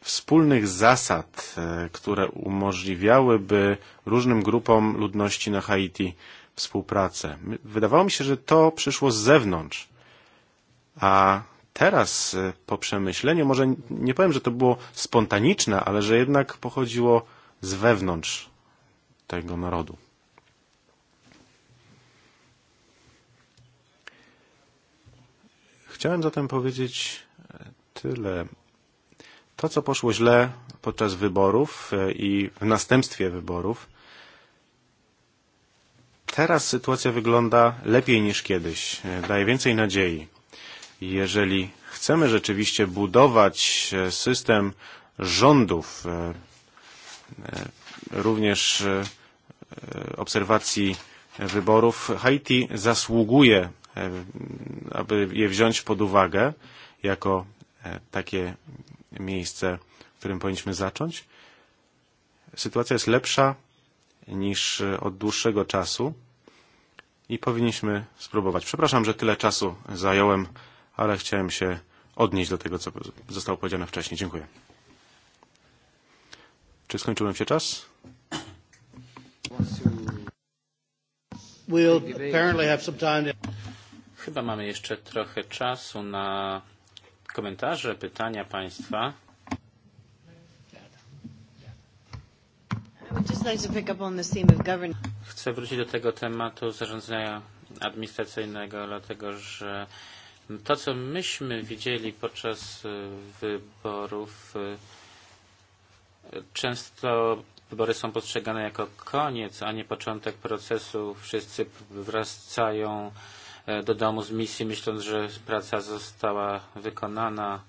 [SPEAKER 3] wspólnych zasad, e, które umożliwiałyby różnym grupom ludności na Haiti współpracę. Wydawało mi się, że to przyszło z zewnątrz. A teraz po przemyśleniu, może nie powiem, że to było spontaniczne, ale że jednak pochodziło z wewnątrz tego narodu. Chciałem zatem powiedzieć e, tyle. To, co poszło źle podczas wyborów e, i w następstwie wyborów, teraz sytuacja wygląda lepiej niż kiedyś, e, daje więcej nadziei. Jeżeli chcemy rzeczywiście budować system rządów również e, e, obserwacji wyborów. Haiti zasługuje, e, aby je wziąć pod uwagę jako takie miejsce, w którym powinniśmy zacząć. Sytuacja jest lepsza niż od dłuższego czasu i powinniśmy spróbować. Przepraszam, że tyle czasu zająłem, ale chciałem się odnieść do tego, co zostało powiedziane wcześniej. Dziękuję. Czy skończyłem się czas?
[SPEAKER 1] Chyba mamy jeszcze trochę czasu na komentarze, pytania Państwa. Chcę wrócić do tego tematu zarządzania administracyjnego, dlatego że to, co myśmy widzieli podczas wyborów, często Wybory są postrzegane jako koniec, a nie początek procesu. Wszyscy wracają e, do domu z misji, myśląc, że praca została wykonana.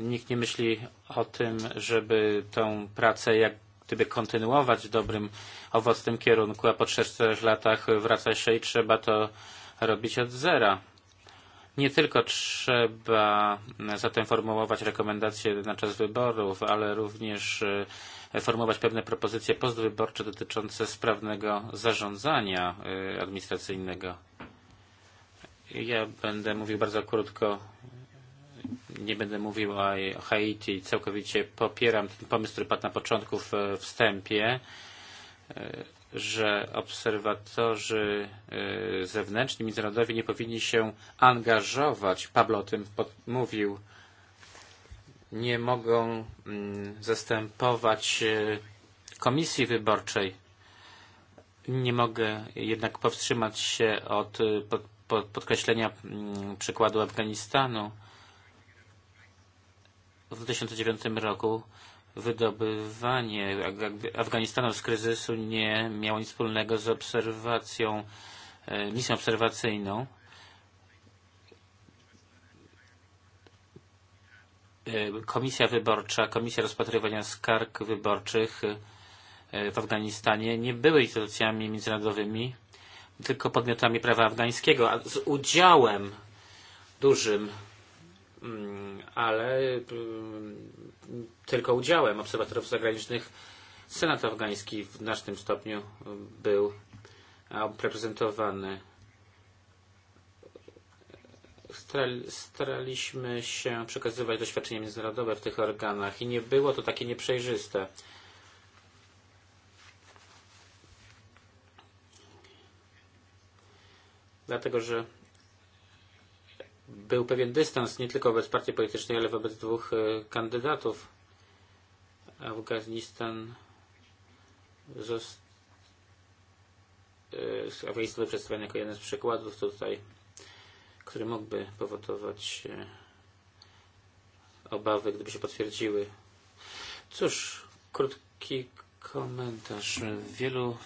[SPEAKER 1] Nikt nie myśli o tym, żeby tę pracę jak gdyby kontynuować w dobrym, owocnym kierunku, a po 3-4 latach wraca się i trzeba to robić od zera. Nie tylko trzeba zatem formułować rekomendacje na czas wyborów, ale również e, formułować pewne propozycje postwyborcze dotyczące sprawnego zarządzania administracyjnego. Ja będę mówił bardzo krótko. Nie będę mówił o Haiti. Całkowicie popieram ten pomysł, który padł na początku w wstępie że obserwatorzy zewnętrzni, międzynarodowi nie powinni się angażować. Pablo o tym mówił nie mogą mm, zastępować e, komisji wyborczej. Nie mogę jednak powstrzymać się od e, podkreślenia mm, przykładu Afganistanu. W 2009 roku wydobywanie Afganistanu z kryzysu nie miało nic wspólnego z obserwacją, e, misją obserwacyjną E, Komisja Wyborcza, Komisja Rozpatrywania Skarg Wyborczych e, w Afganistanie nie były instytucjami międzynarodowymi, tylko podmiotami prawa afgańskiego, a z udziałem dużym, mm, ale mm, tylko udziałem obserwatorów zagranicznych Senat afgański w znacznym stopniu był reprezentowany staraliśmy się przekazywać doświadczenia międzynarodowe w tych organach i nie było to takie nieprzejrzyste. Dlatego, że był pewien dystans nie tylko wobec partii politycznej, ale wobec dwóch e, kandydatów. Afganistan został e, Afganistan był przedstawiony jako jeden z przykładów tutaj który mógłby powodować e, obawy, gdyby się potwierdziły. Cóż, krótki komentarz. Wielu,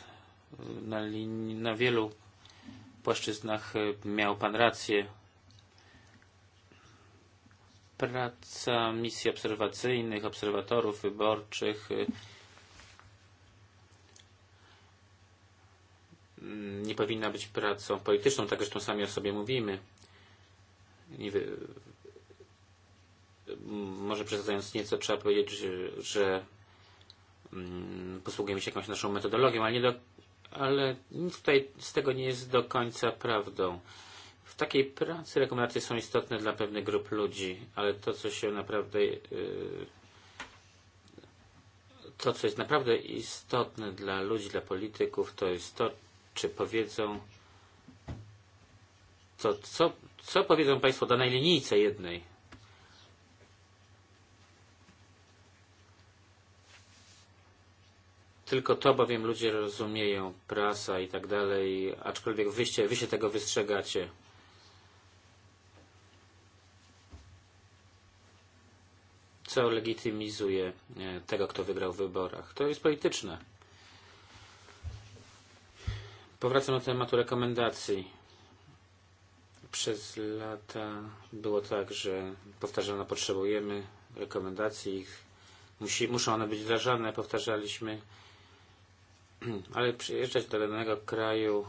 [SPEAKER 1] e, na, linii, na wielu płaszczyznach e, miał Pan rację. Praca misji obserwacyjnych, obserwatorów wyborczych nie powinna być pracą polityczną, tak zresztą sami o sobie mówimy nie wiem, może przesadzając nieco, trzeba powiedzieć, że, że mm, posługujemy się jakąś naszą metodologią, ale, nie do, ale nic tutaj z tego nie jest do końca prawdą. W takiej pracy rekomendacje są istotne dla pewnych grup ludzi, ale to, co się naprawdę to, co jest naprawdę istotne dla ludzi, dla polityków, to jest to, czy powiedzą, co, co, co powiedzą Państwo o danej linijce jednej? Tylko to bowiem ludzie rozumieją, prasa i tak dalej, aczkolwiek wyście, wy się tego wystrzegacie. Co legitymizuje e, tego, kto wygrał w wyborach? To jest polityczne. Powracam do tematu rekomendacji Przez lata było tak, że powtarzano, potrzebujemy rekomendacji, ich musi, muszą one być wdrażane, powtarzaliśmy, ale przyjeżdżać do danego kraju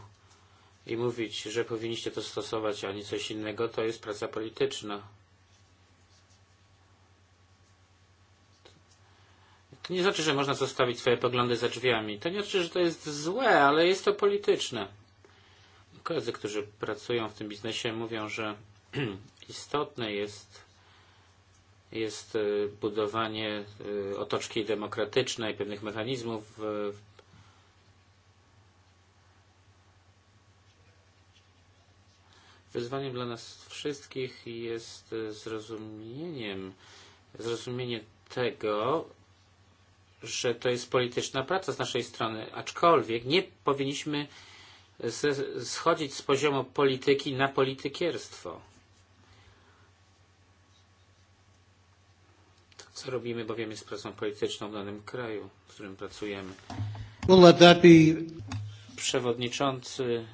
[SPEAKER 1] i mówić, że powinniście to stosować, a nie coś innego, to jest praca polityczna. To nie znaczy, że można zostawić swoje poglądy za drzwiami. To nie znaczy, że to jest złe, ale jest to polityczne. Koledzy, którzy pracują w tym biznesie mówią, że istotne jest, jest budowanie otoczki demokratycznej, pewnych mechanizmów w, Wyzwaniem dla nas wszystkich jest zrozumieniem, zrozumienie tego, że to jest polityczna praca z naszej strony, aczkolwiek nie powinniśmy schodzić z poziomu polityki na politykierstwo. To, co robimy, bowiem jest pracą polityczną w danym kraju, w którym pracujemy. Well, let that be... Przewodniczący,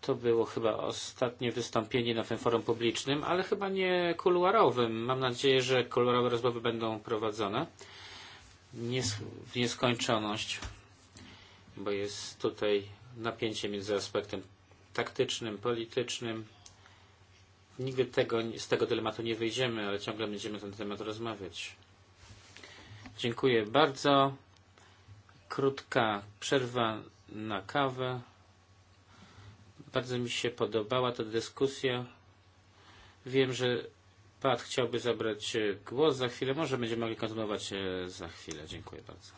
[SPEAKER 1] to było chyba ostatnie wystąpienie na tym forum publicznym, ale chyba nie kuluarowym. Mam nadzieję, że kuluarowe rozmowy będą prowadzone w nieskończoność, bo jest tutaj napięcie między aspektem taktycznym, politycznym. Nigdy tego, z tego dylematu nie wyjdziemy, ale ciągle będziemy ten temat rozmawiać. Dziękuję bardzo. Krótka przerwa na kawę. Bardzo mi się podobała ta dyskusja. Wiem, że Pat chciałby zabrać głos za chwilę. Może będziemy mogli kontynuować e, za chwilę. Dziękuję bardzo.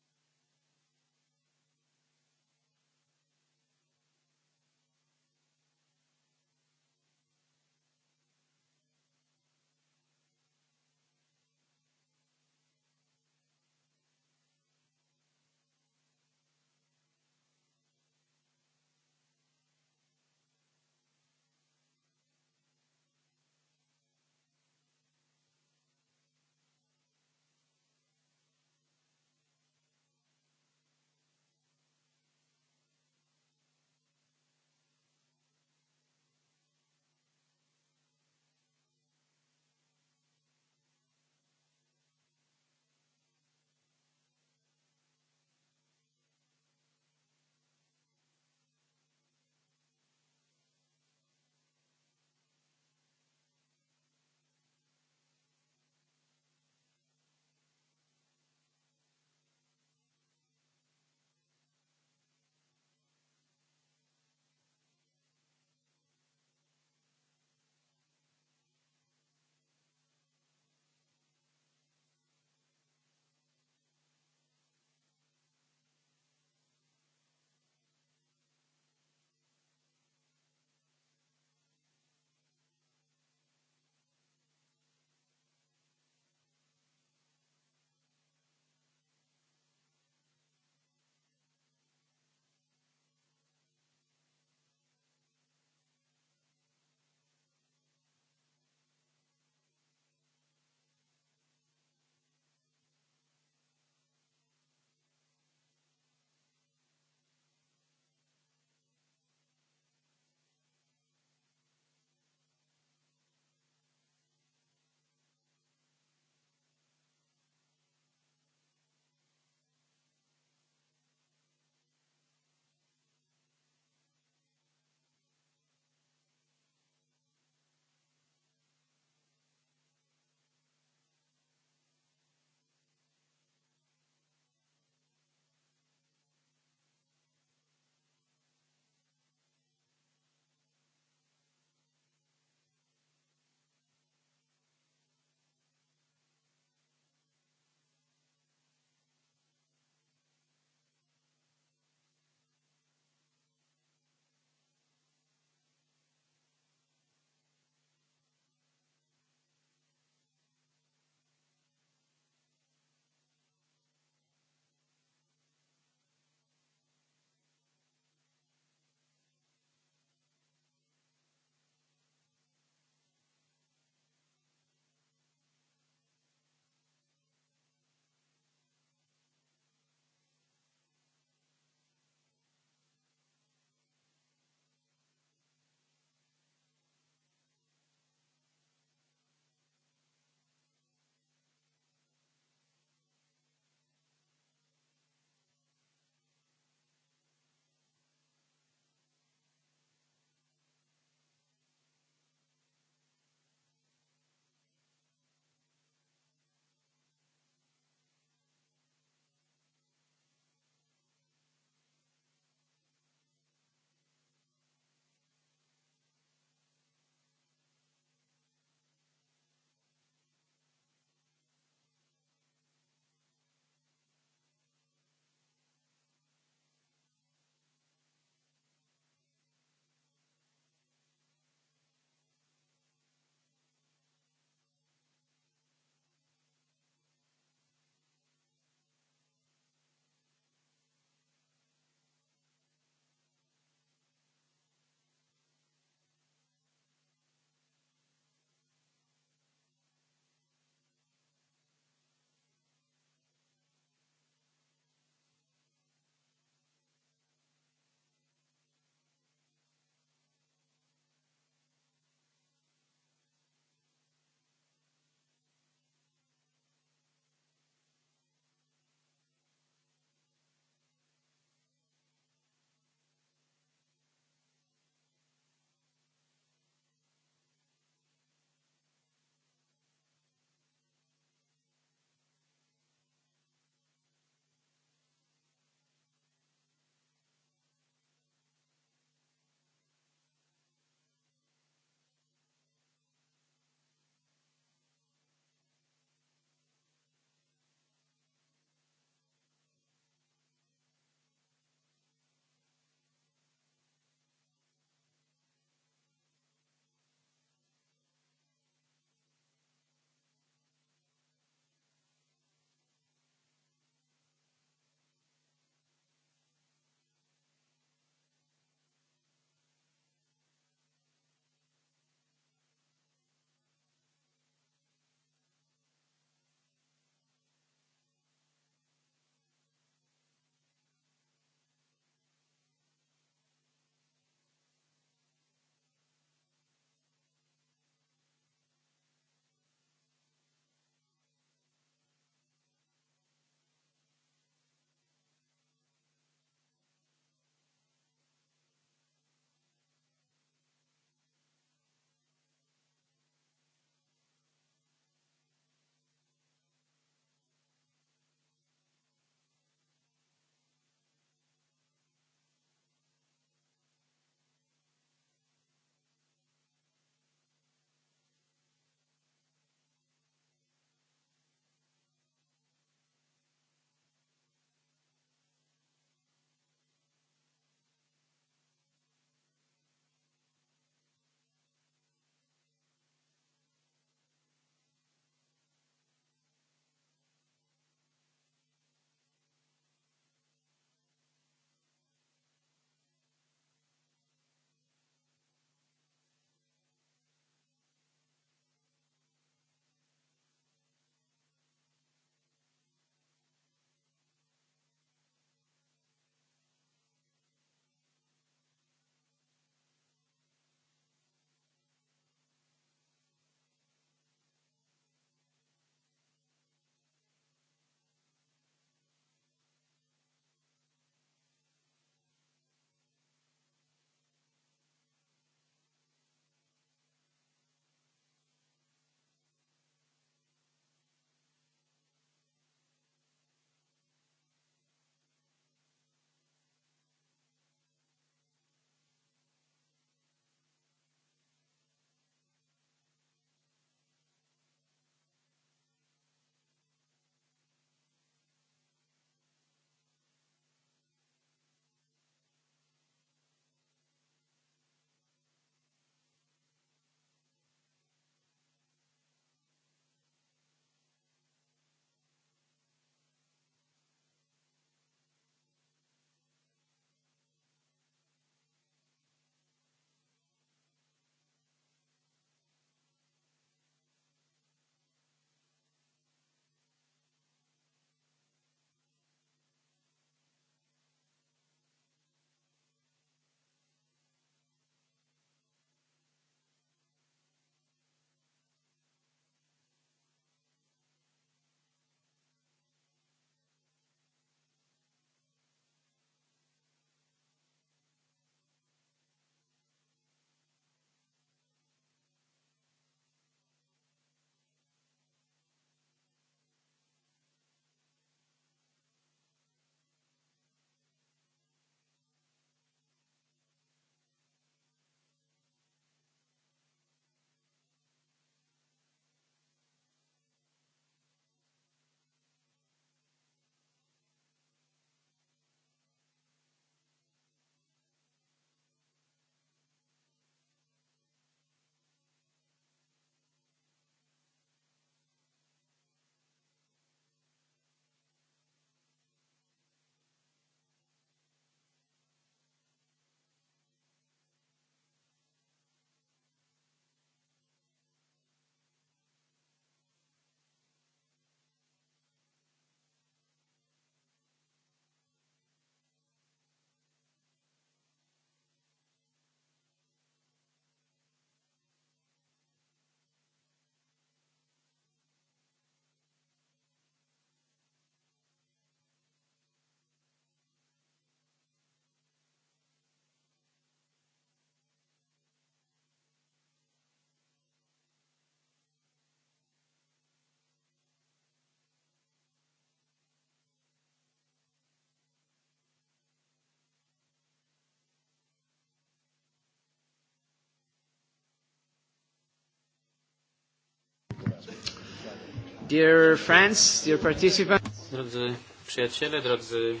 [SPEAKER 1] Dear friends, dear participants. Drodzy przyjaciele, drodzy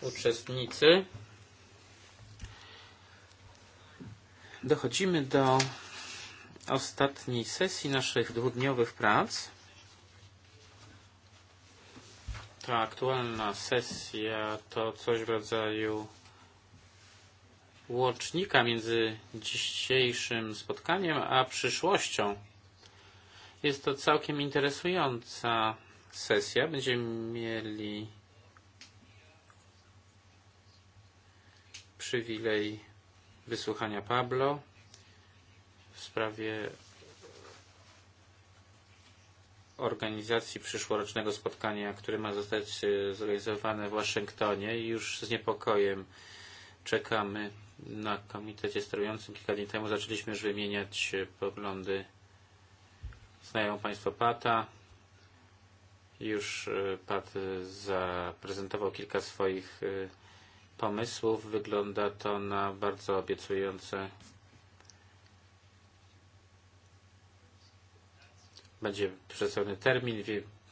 [SPEAKER 1] uczestnicy, dochodzimy do ostatniej sesji naszych dwudniowych prac. Ta aktualna sesja to coś w rodzaju łącznika między dzisiejszym spotkaniem a przyszłością. Jest to całkiem interesująca sesja. Będziemy mieli przywilej wysłuchania Pablo w sprawie organizacji przyszłorocznego spotkania, które ma zostać e, zorganizowane w Waszyngtonie i już z niepokojem czekamy na komitecie sterującym. Kilka dni temu zaczęliśmy już wymieniać e, poglądy Znają Państwo Pata. Już e, Pat e, zaprezentował kilka swoich e, pomysłów. Wygląda to na bardzo obiecujące. Będzie przedstawiony termin,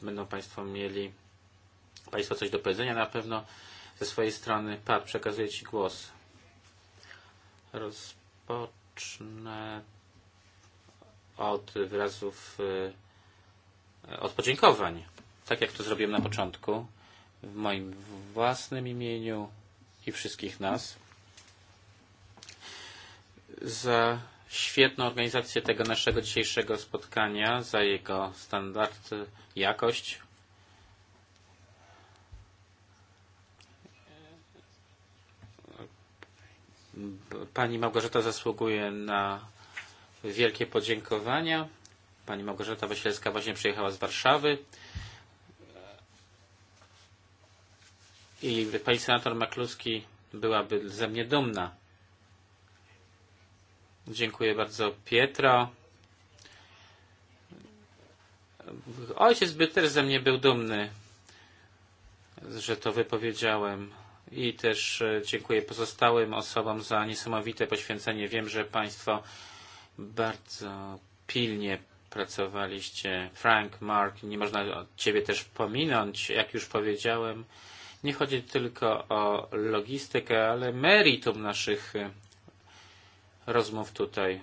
[SPEAKER 1] będą Państwo mieli Państwo coś do powiedzenia na pewno ze swojej strony. Pat, przekazuję Ci głos. Rozpocznę od wyrazów e, e, podziękowań, Tak jak to zrobiłem na początku, w moim własnym imieniu i wszystkich nas, za świetną organizację tego naszego dzisiejszego spotkania, za jego standard, jakość. Pani Małgorzata zasługuje na wielkie podziękowania. Pani Małgorzata Wasilewska właśnie przyjechała z Warszawy. I pani senator Makluski byłaby ze mnie dumna. Dziękuję bardzo Pietro. Ojciec by też ze mnie był dumny, że to wypowiedziałem. I też e, dziękuję pozostałym osobom za niesamowite poświęcenie. Wiem, że Państwo Bardzo pilnie pracowaliście. Frank, Mark, nie można Ciebie też pominąć. Jak już powiedziałem, nie chodzi tylko o logistykę, ale meritum naszych e, rozmów tutaj.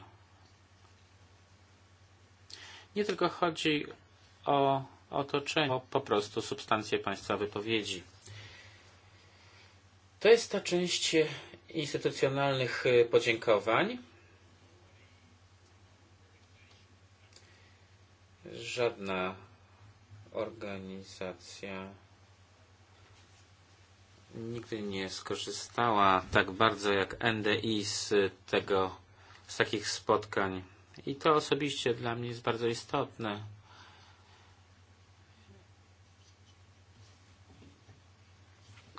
[SPEAKER 1] Nie tylko chodzi o otoczenie, o po prostu substancje Państwa wypowiedzi. To jest ta część instytucjonalnych e, podziękowań. Żadna organizacja nigdy nie skorzystała tak bardzo jak NDI z tego, z takich spotkań. I to osobiście dla mnie jest bardzo istotne.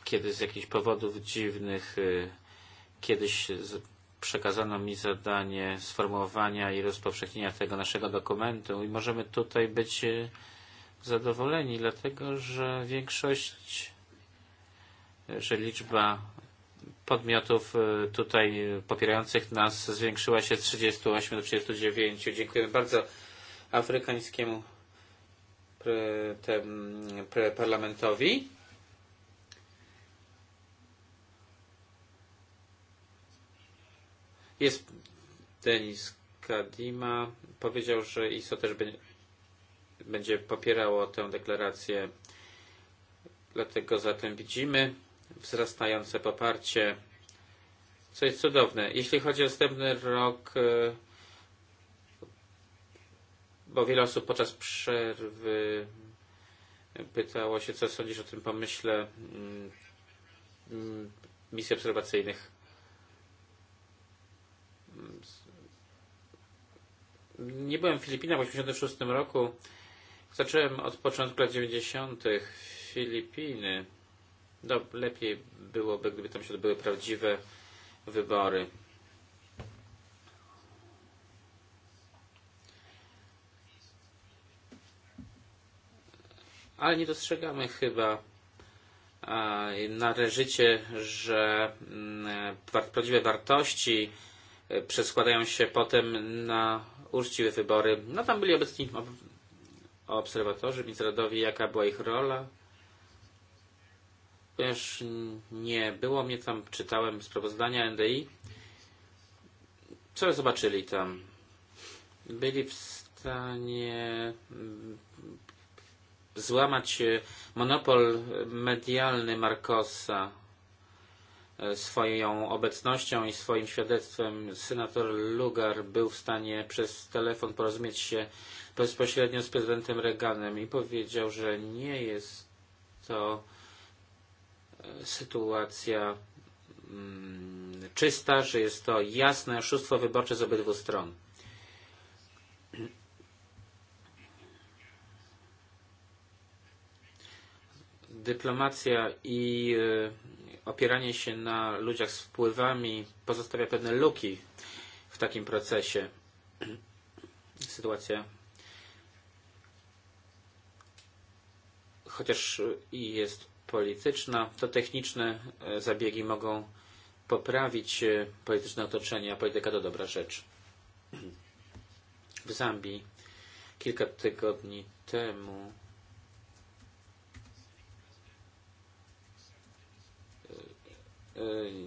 [SPEAKER 1] Kiedy z jakichś powodów dziwnych kiedyś przekazano mi zadanie sformułowania i rozpowszechnienia tego naszego dokumentu i możemy tutaj być e, zadowoleni, dlatego że większość, że liczba podmiotów e, tutaj popierających nas zwiększyła się z 38 do 39. Dziękujemy bardzo afrykańskiemu pre, te, pre parlamentowi. Jest Denis Kadima. Powiedział, że ISO też będzie popierało tę deklarację. Dlatego zatem widzimy wzrastające poparcie, co jest cudowne. Jeśli chodzi o następny rok, e, bo wiele osób podczas przerwy pytało się, co sądzisz o tym pomyśle mm, mm, misji obserwacyjnych. Nie byłem w Filipinach w 1986 roku. Zacząłem od początku lat 90. Filipiny. No, lepiej byłoby, gdyby tam się odbyły prawdziwe wybory. Ale nie dostrzegamy chyba należycie, że mm, e, prawdziwe wartości przeskładają się potem na uczciwe wybory. No tam byli obecni obserwatorzy, międzynarodowi, jaka była ich rola. Ponieważ nie było mnie tam, czytałem sprawozdania NDI. Co zobaczyli tam? Byli w stanie mm, złamać e, monopol medialny Markosa E, swoją obecnością i swoim świadectwem senator Lugar był w stanie przez telefon porozumieć się bezpośrednio z prezydentem Reaganem i powiedział, że nie jest to e, sytuacja mm, czysta, że jest to jasne oszustwo wyborcze z obydwu stron. Dyplomacja i e, opieranie się na ludziach z wpływami pozostawia pewne luki w takim procesie. Sytuacja chociaż i jest polityczna, to techniczne e, zabiegi mogą poprawić e, polityczne otoczenie, a polityka to dobra rzecz. W Zambii kilka tygodni temu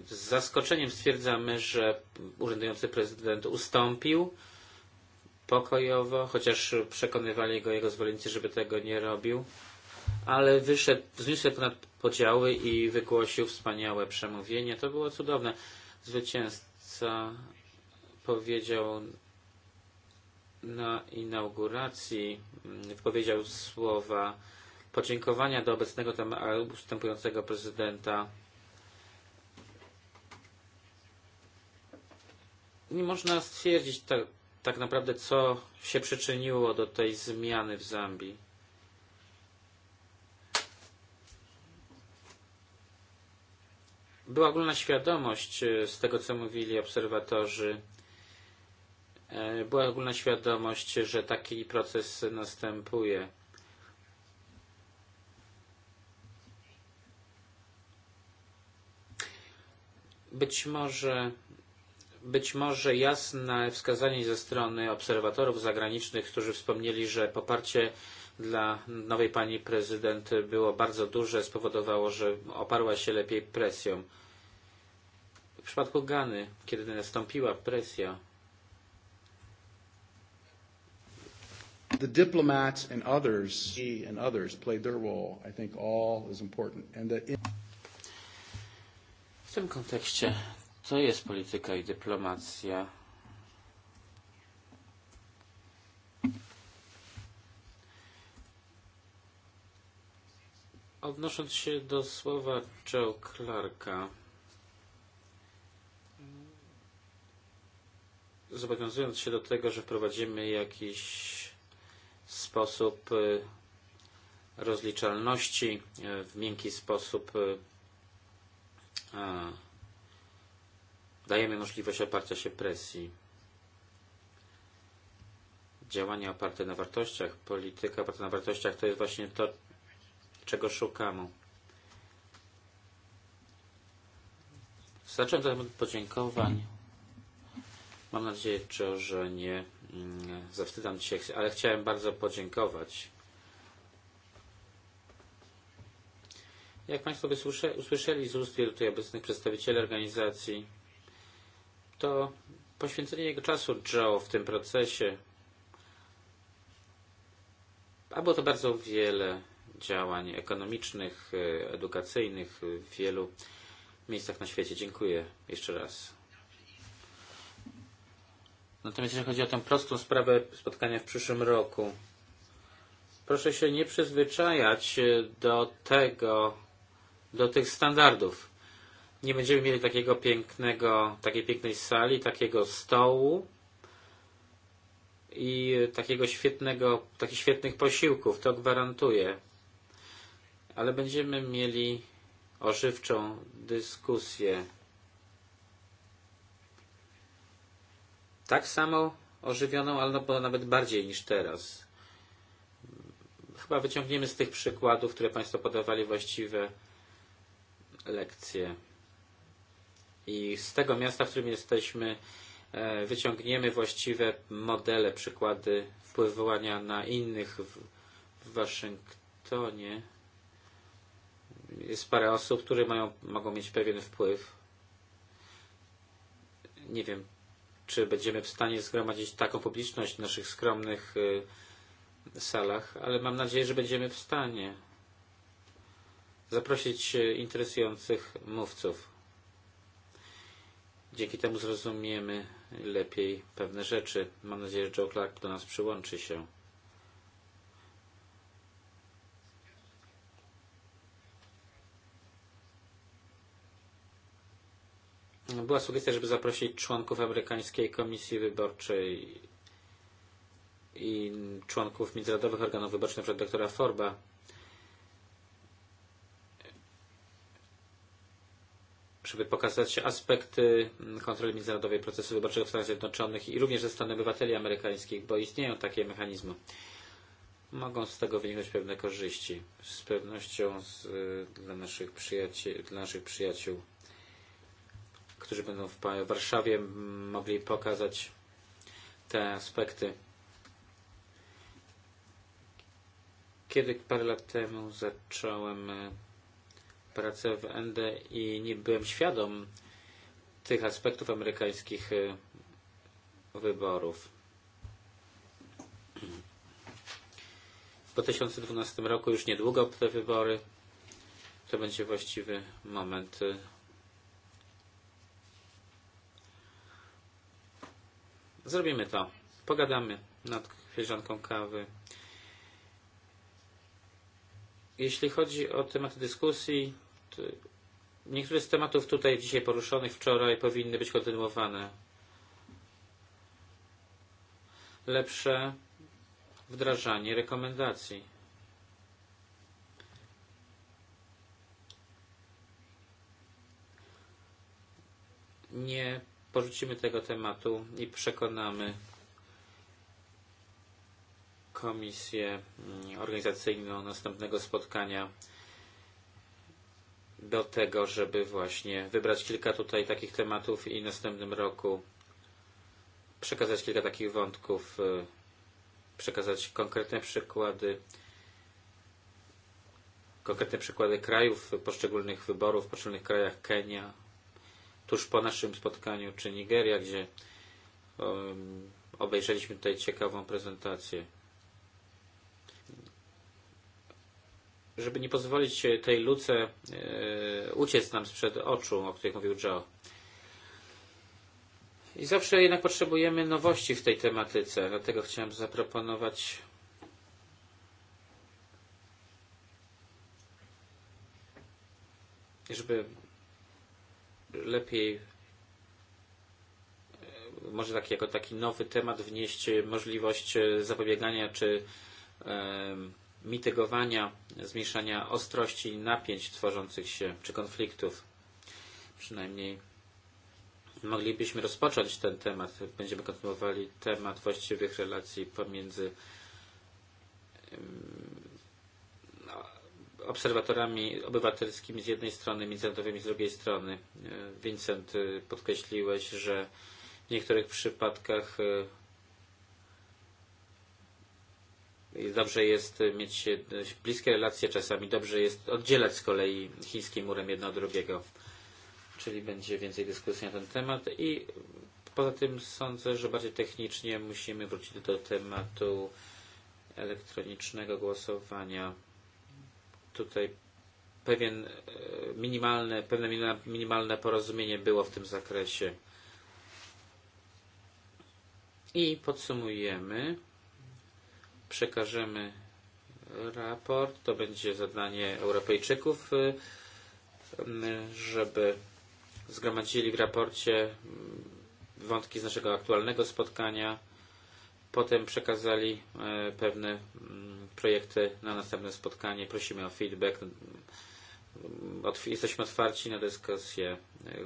[SPEAKER 1] z zaskoczeniem stwierdzamy, że urzędujący prezydent ustąpił pokojowo, chociaż przekonywali go jego zwolennicy, żeby tego nie robił, ale wyszedł, wzniósł się ponad podziały i wygłosił wspaniałe przemówienie. To było cudowne. Zwycięzca powiedział na inauguracji, mm, powiedział słowa podziękowania do obecnego tam ustępującego prezydenta nie można stwierdzić tak, tak naprawdę, co się przyczyniło do tej zmiany w Zambii. Była ogólna świadomość e, z tego, co mówili obserwatorzy. E, była ogólna świadomość, że taki proces następuje. Być może być może jasne wskazanie ze strony obserwatorów zagranicznych, którzy wspomnieli, że poparcie dla nowej pani prezydent było bardzo duże, spowodowało, że oparła się lepiej presją. W przypadku Gany, kiedy nastąpiła presja,
[SPEAKER 3] The diplomats and others, he and others played their role. I think all is important. And that in...
[SPEAKER 1] W tym kontekście Co jest polityka i dyplomacja? Odnosząc się do słowa Joe Clarka, zobowiązując się do tego, że wprowadzimy jakiś sposób rozliczalności, w miękki sposób Dajemy możliwość oparcia się presji. Działania oparte na wartościach, polityka oparta na wartościach to jest właśnie to, czego szukamy. Zacząłem zatem od podziękowań. Mam nadzieję, że nie mm, zawstydzam Cię, ale chciałem bardzo podziękować. Jak Państwo by z ust wielu tutaj obecnych przedstawicieli organizacji, to poświęcenie jego czasu Joe w tym procesie, a było to bardzo wiele działań ekonomicznych, e, edukacyjnych w wielu miejscach na świecie. Dziękuję jeszcze raz. Natomiast jeśli chodzi o tę prostą sprawę spotkania w przyszłym roku, proszę się nie przyzwyczajać e, do tego, do tych standardów nie będziemy mieli takiego pięknego, takiej pięknej sali, takiego stołu i takiego świetnego, takich świetnych posiłków, to gwarantuję. Ale będziemy mieli ożywczą dyskusję. Tak samo ożywioną, ale no, nawet bardziej niż teraz. Chyba wyciągniemy z tych przykładów, które Państwo podawali właściwe lekcje i z tego miasta, w którym jesteśmy, e, wyciągniemy właściwe modele, przykłady wpływania na innych w, w Waszyngtonie. Jest parę osób, które mają, mogą mieć pewien wpływ. Nie wiem, czy będziemy w stanie zgromadzić taką publiczność w naszych skromnych e, salach, ale mam nadzieję, że będziemy w stanie zaprosić e, interesujących mówców. Dzięki temu zrozumiemy lepiej pewne rzeczy. Mam nadzieję, że Joe Clark do nas przyłączy się. Była sugestia, żeby zaprosić członków amerykańskiej komisji wyborczej i członków międzynarodowych organów wyborczych, przykład doktora Forba. żeby pokazać aspekty kontroli międzynarodowej procesu wyborczego w Stanach Zjednoczonych i również ze strony obywateli amerykańskich, bo istnieją takie mechanizmy. Mogą z tego wyniknąć pewne korzyści. Z pewnością z, dla, naszych dla naszych przyjaciół, którzy będą w, w Warszawie mogli pokazać te aspekty. Kiedy parę lat temu zacząłem e, pracę w ND i nie byłem świadom tych aspektów amerykańskich e, wyborów. W 2012 roku już niedługo te wybory. To będzie właściwy moment. Zrobimy to. Pogadamy nad filiżanką kawy. Jeśli chodzi o tematy dyskusji, niektóre z tematów tutaj dzisiaj poruszonych wczoraj powinny być kontynuowane. Lepsze wdrażanie rekomendacji. Nie porzucimy tego tematu i przekonamy komisję organizacyjną następnego spotkania do tego, żeby właśnie wybrać kilka tutaj takich tematów i w następnym roku przekazać kilka takich wątków, przekazać konkretne przykłady, konkretne przykłady krajów, poszczególnych wyborów w poszczególnych krajach Kenia, tuż po naszym spotkaniu, czy Nigeria, gdzie obejrzeliśmy tutaj ciekawą prezentację. żeby nie pozwolić tej luce e, uciec nam sprzed oczu, o których mówił Joe. I zawsze jednak potrzebujemy nowości w tej tematyce, dlatego chciałem zaproponować żeby lepiej e, może taki, jako taki nowy temat wnieść możliwość e, zapobiegania czy mitygowania, zmniejszania ostrości i napięć tworzących się czy konfliktów. Przynajmniej moglibyśmy rozpocząć ten temat. Będziemy kontynuowali temat właściwych relacji pomiędzy obserwatorami obywatelskimi z jednej strony, międzynarodowymi z drugiej strony. Vincent, podkreśliłeś, że w niektórych przypadkach Dobrze jest mieć bliskie relacje czasami, dobrze jest oddzielać z kolei chińskim murem jedno od drugiego. Czyli będzie więcej dyskusji na ten temat i poza tym sądzę, że bardziej technicznie musimy wrócić do tematu elektronicznego głosowania. Tutaj pewien e, minimalne, pewne minimalne porozumienie było w tym zakresie. I podsumujemy przekażemy raport. To będzie zadanie Europejczyków, żeby zgromadzili w raporcie mm, wątki z naszego aktualnego spotkania. Potem przekazali pewne mm, projekty na następne spotkanie. Prosimy o feedback. Mm, jesteśmy otwarci na dyskusję.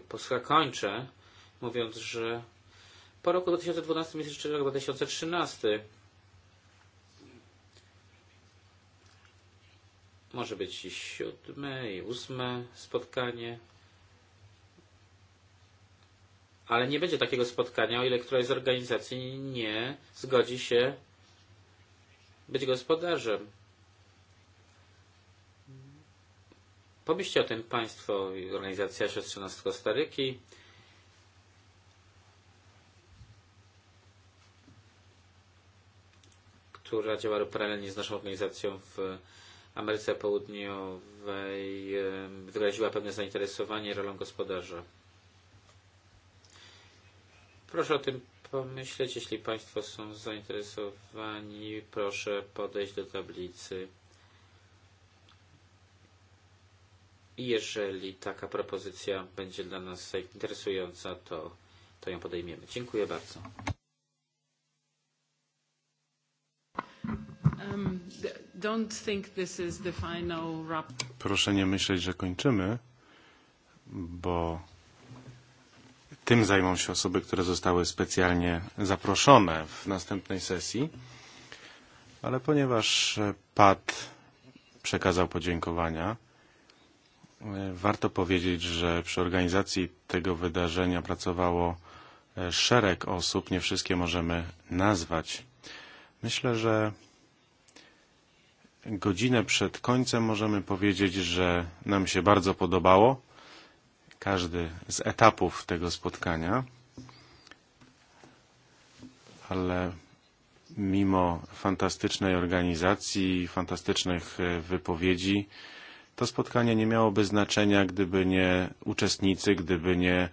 [SPEAKER 1] Posłuchaj, kończę mówiąc, że po roku 2012 jest jeszcze rok 2013 może być i siódme, i ósme spotkanie. Ale nie będzie takiego spotkania, o ile któraś z organizacji nie zgodzi się być gospodarzem. Pomyślcie o tym Państwo i organizacja siostrzyna z Kostaryki. która działa paralelnie z naszą organizacją w Ameryce Południowej wyraziła pewne zainteresowanie rolą gospodarza. Proszę o tym pomyśleć. Jeśli Państwo są zainteresowani, proszę podejść do tablicy. I jeżeli taka propozycja będzie dla nas interesująca, to, to ją podejmiemy. Dziękuję bardzo.
[SPEAKER 2] Um,
[SPEAKER 3] Proszę nie myśleć, że kończymy, bo tym zajmą się osoby, które zostały specjalnie zaproszone w następnej sesji. Ale ponieważ Pat przekazał podziękowania, warto powiedzieć, że przy organizacji tego wydarzenia pracowało e, szereg osób. Nie wszystkie możemy nazwać. Myślę, że godzinę przed końcem możemy powiedzieć, że nam się bardzo podobało każdy z etapów tego spotkania, ale mimo fantastycznej organizacji, i fantastycznych e, wypowiedzi, to spotkanie nie miałoby znaczenia, gdyby nie uczestnicy, gdyby nie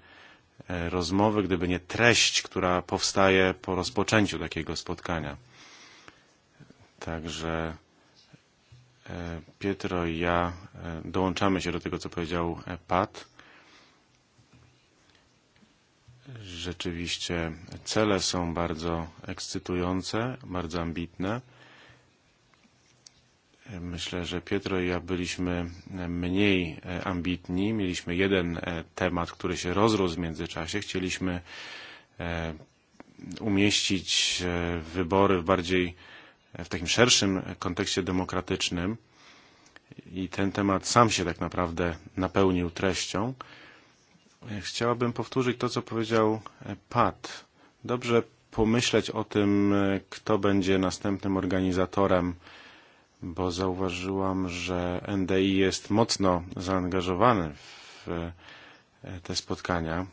[SPEAKER 3] e, rozmowy, gdyby nie treść, która powstaje po rozpoczęciu takiego spotkania. Także E, Pietro i ja e, dołączamy się do tego, co powiedział e, Pat. Rzeczywiście cele są bardzo ekscytujące, bardzo ambitne. Myślę, że Pietro i ja byliśmy mniej ambitni. Mieliśmy jeden temat, który się rozrósł w międzyczasie. Chcieliśmy umieścić wybory w bardziej E, w takim szerszym kontekście demokratycznym i ten temat sam się tak naprawdę napełnił treścią. E, chciałabym powtórzyć to, co powiedział e, Pat. Dobrze pomyśleć o tym, kto będzie następnym organizatorem, bo zauważyłam, że NDI jest mocno zaangażowany w te spotkania,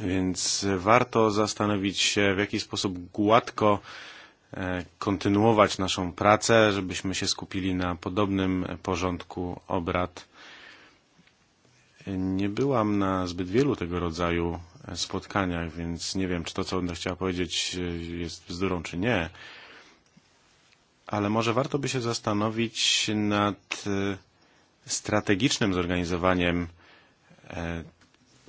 [SPEAKER 3] więc warto zastanowić się, w jaki sposób gładko E, kontynuować naszą pracę, żebyśmy się skupili na podobnym porządku obrad. Nie byłam na zbyt wielu tego rodzaju spotkaniach, więc nie wiem, czy to, co będę chciała powiedzieć, jest bzdurą, czy nie. Ale może warto by się zastanowić nad e, strategicznym zorganizowaniem e,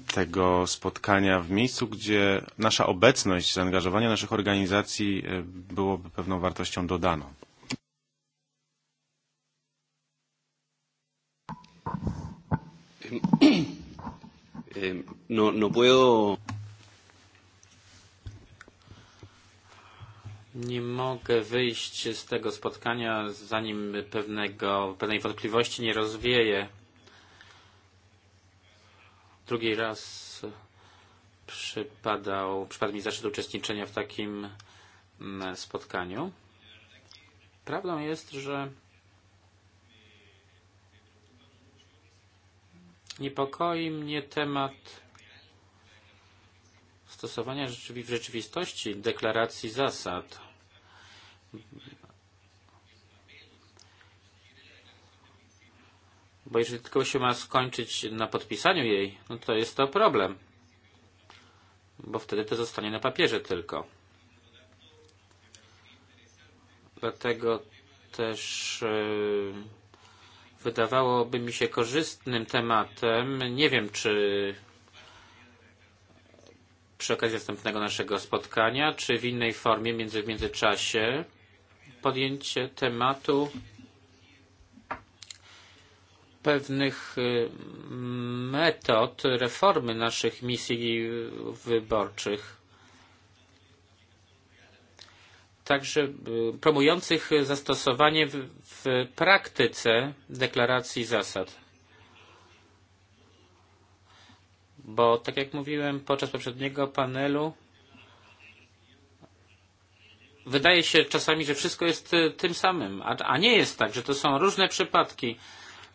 [SPEAKER 3] tego spotkania w miejscu, gdzie nasza obecność, zaangażowanie naszych organizacji e, byłoby pewną wartością dodaną.
[SPEAKER 1] No, no puedo... Nie mogę wyjść z tego spotkania, zanim pewnego, pewnej wątpliwości nie rozwieję Drugi raz przypadał, przypadł mi zaszczyt uczestniczenia w takim mm, spotkaniu. Prawdą jest, że niepokoi mnie temat stosowania w rzeczywistości deklaracji zasad, Bo jeżeli tylko się ma skończyć na podpisaniu jej, no to jest to problem. Bo wtedy to zostanie na papierze tylko. Dlatego też e, wydawałoby mi się korzystnym tematem. Nie wiem, czy przy okazji następnego naszego spotkania, czy w innej formie między, w międzyczasie podjęcie tematu pewnych metod reformy naszych misji wyborczych, także promujących zastosowanie w, w praktyce deklaracji zasad. Bo tak jak mówiłem podczas poprzedniego panelu, wydaje się czasami, że wszystko jest tym samym, a, a nie jest tak, że to są różne przypadki.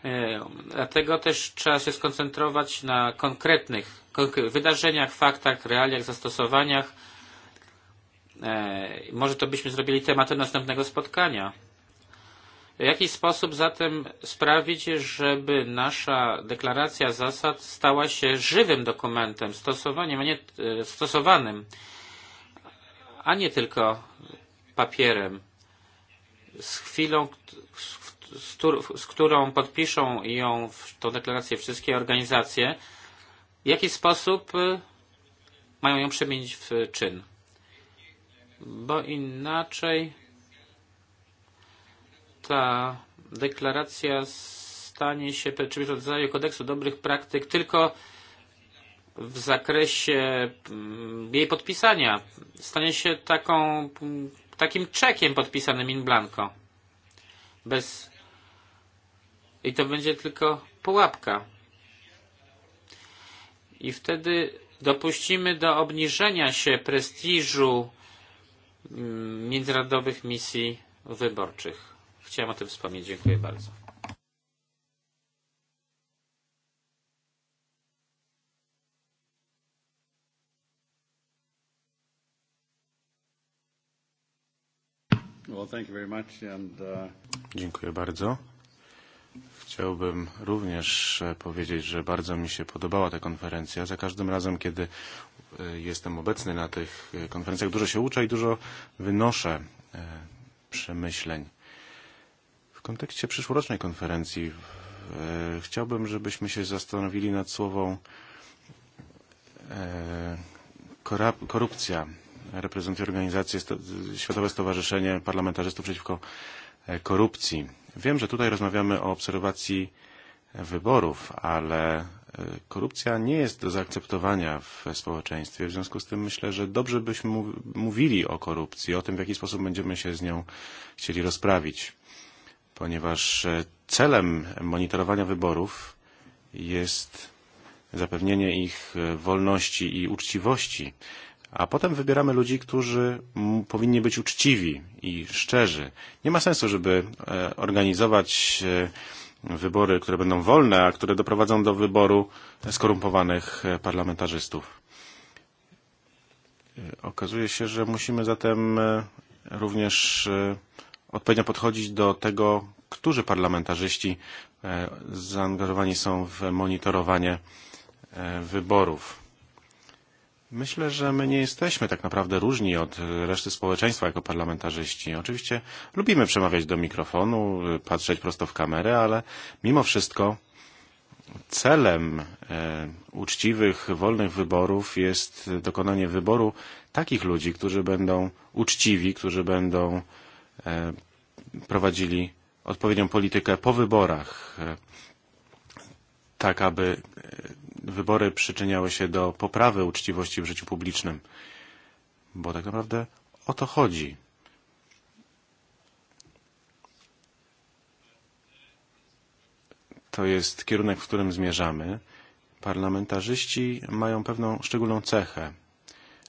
[SPEAKER 1] E, dlatego też trzeba się skoncentrować na konkretnych wydarzeniach, faktach, realiach, zastosowaniach. E, może to byśmy zrobili tematem następnego spotkania. W jaki sposób zatem sprawić, żeby nasza deklaracja zasad stała się żywym dokumentem, stosowaniem, a nie, e, stosowanym, a nie tylko papierem, z chwilą, z z, tur, z którą podpiszą ją, w tą deklarację, wszystkie organizacje, w jaki sposób mają ją przemienić w czyn. Bo inaczej ta deklaracja stanie się czymś rodzaju kodeksu dobrych praktyk tylko w zakresie mm, jej podpisania. Stanie się taką, mm, takim czekiem podpisanym in blanco. Bez I to będzie tylko pułapka. I wtedy dopuścimy do obniżenia się prestiżu mm, międzynarodowych misji wyborczych. Chciałem o tym wspomnieć. Dziękuję bardzo.
[SPEAKER 2] Uh,
[SPEAKER 3] Dziękuję bardzo. Chciałbym również e, powiedzieć, że bardzo mi się podobała ta konferencja. Za każdym razem, kiedy e, jestem obecny na tych e, konferencjach, dużo się uczę i dużo wynoszę przemyśleń. W kontekście przyszłorocznej konferencji chciałbym, żebyśmy się zastanowili nad słową korupcja. Reprezentuję organizację Światowe Stowarzyszenie Parlamentarzystów Przeciwko korupcji. Wiem, że tutaj rozmawiamy o obserwacji wyborów, ale e, korupcja nie jest do zaakceptowania w społeczeństwie. W związku z tym myślę, że dobrze byśmy mówili o korupcji, o tym, w jaki sposób będziemy się z nią chcieli rozprawić, ponieważ e, celem monitorowania wyborów jest zapewnienie ich e, wolności i uczciwości a potem wybieramy ludzi, którzy powinni być uczciwi i szczerzy. Nie ma sensu, żeby e, organizować e, wybory, które będą wolne, a które doprowadzą do wyboru skorumpowanych e, parlamentarzystów. Okazuje się, że musimy zatem również odpowiednio podchodzić do tego, którzy parlamentarzyści zaangażowani są w monitorowanie wyborów. Myślę, że my nie jesteśmy tak naprawdę różni od reszty społeczeństwa jako parlamentarzyści. Oczywiście lubimy przemawiać do mikrofonu, patrzeć prosto w kamerę, ale mimo wszystko celem e, uczciwych, wolnych wyborów jest dokonanie wyboru takich ludzi, którzy będą uczciwi, którzy będą e, prowadzili odpowiednią politykę po wyborach, e, tak aby wybory przyczyniały się do poprawy uczciwości w życiu publicznym. Bo tak naprawdę o to chodzi. To jest kierunek, w którym zmierzamy. Parlamentarzyści mają pewną szczególną cechę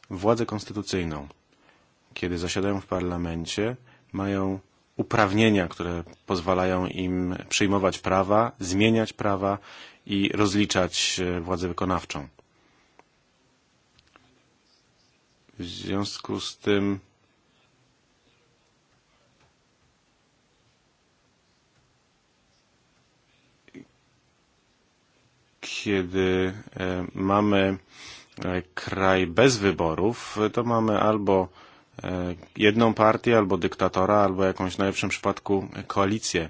[SPEAKER 3] władzę konstytucyjną. Kiedy zasiadają w parlamencie, mają uprawnienia, które pozwalają im przyjmować prawa, zmieniać prawa i rozliczać e, władzę wykonawczą. W związku z tym kiedy e, mamy e, kraj bez wyborów, to mamy albo E, jedną partię albo dyktatora, albo jakąś w najlepszym przypadku koalicję.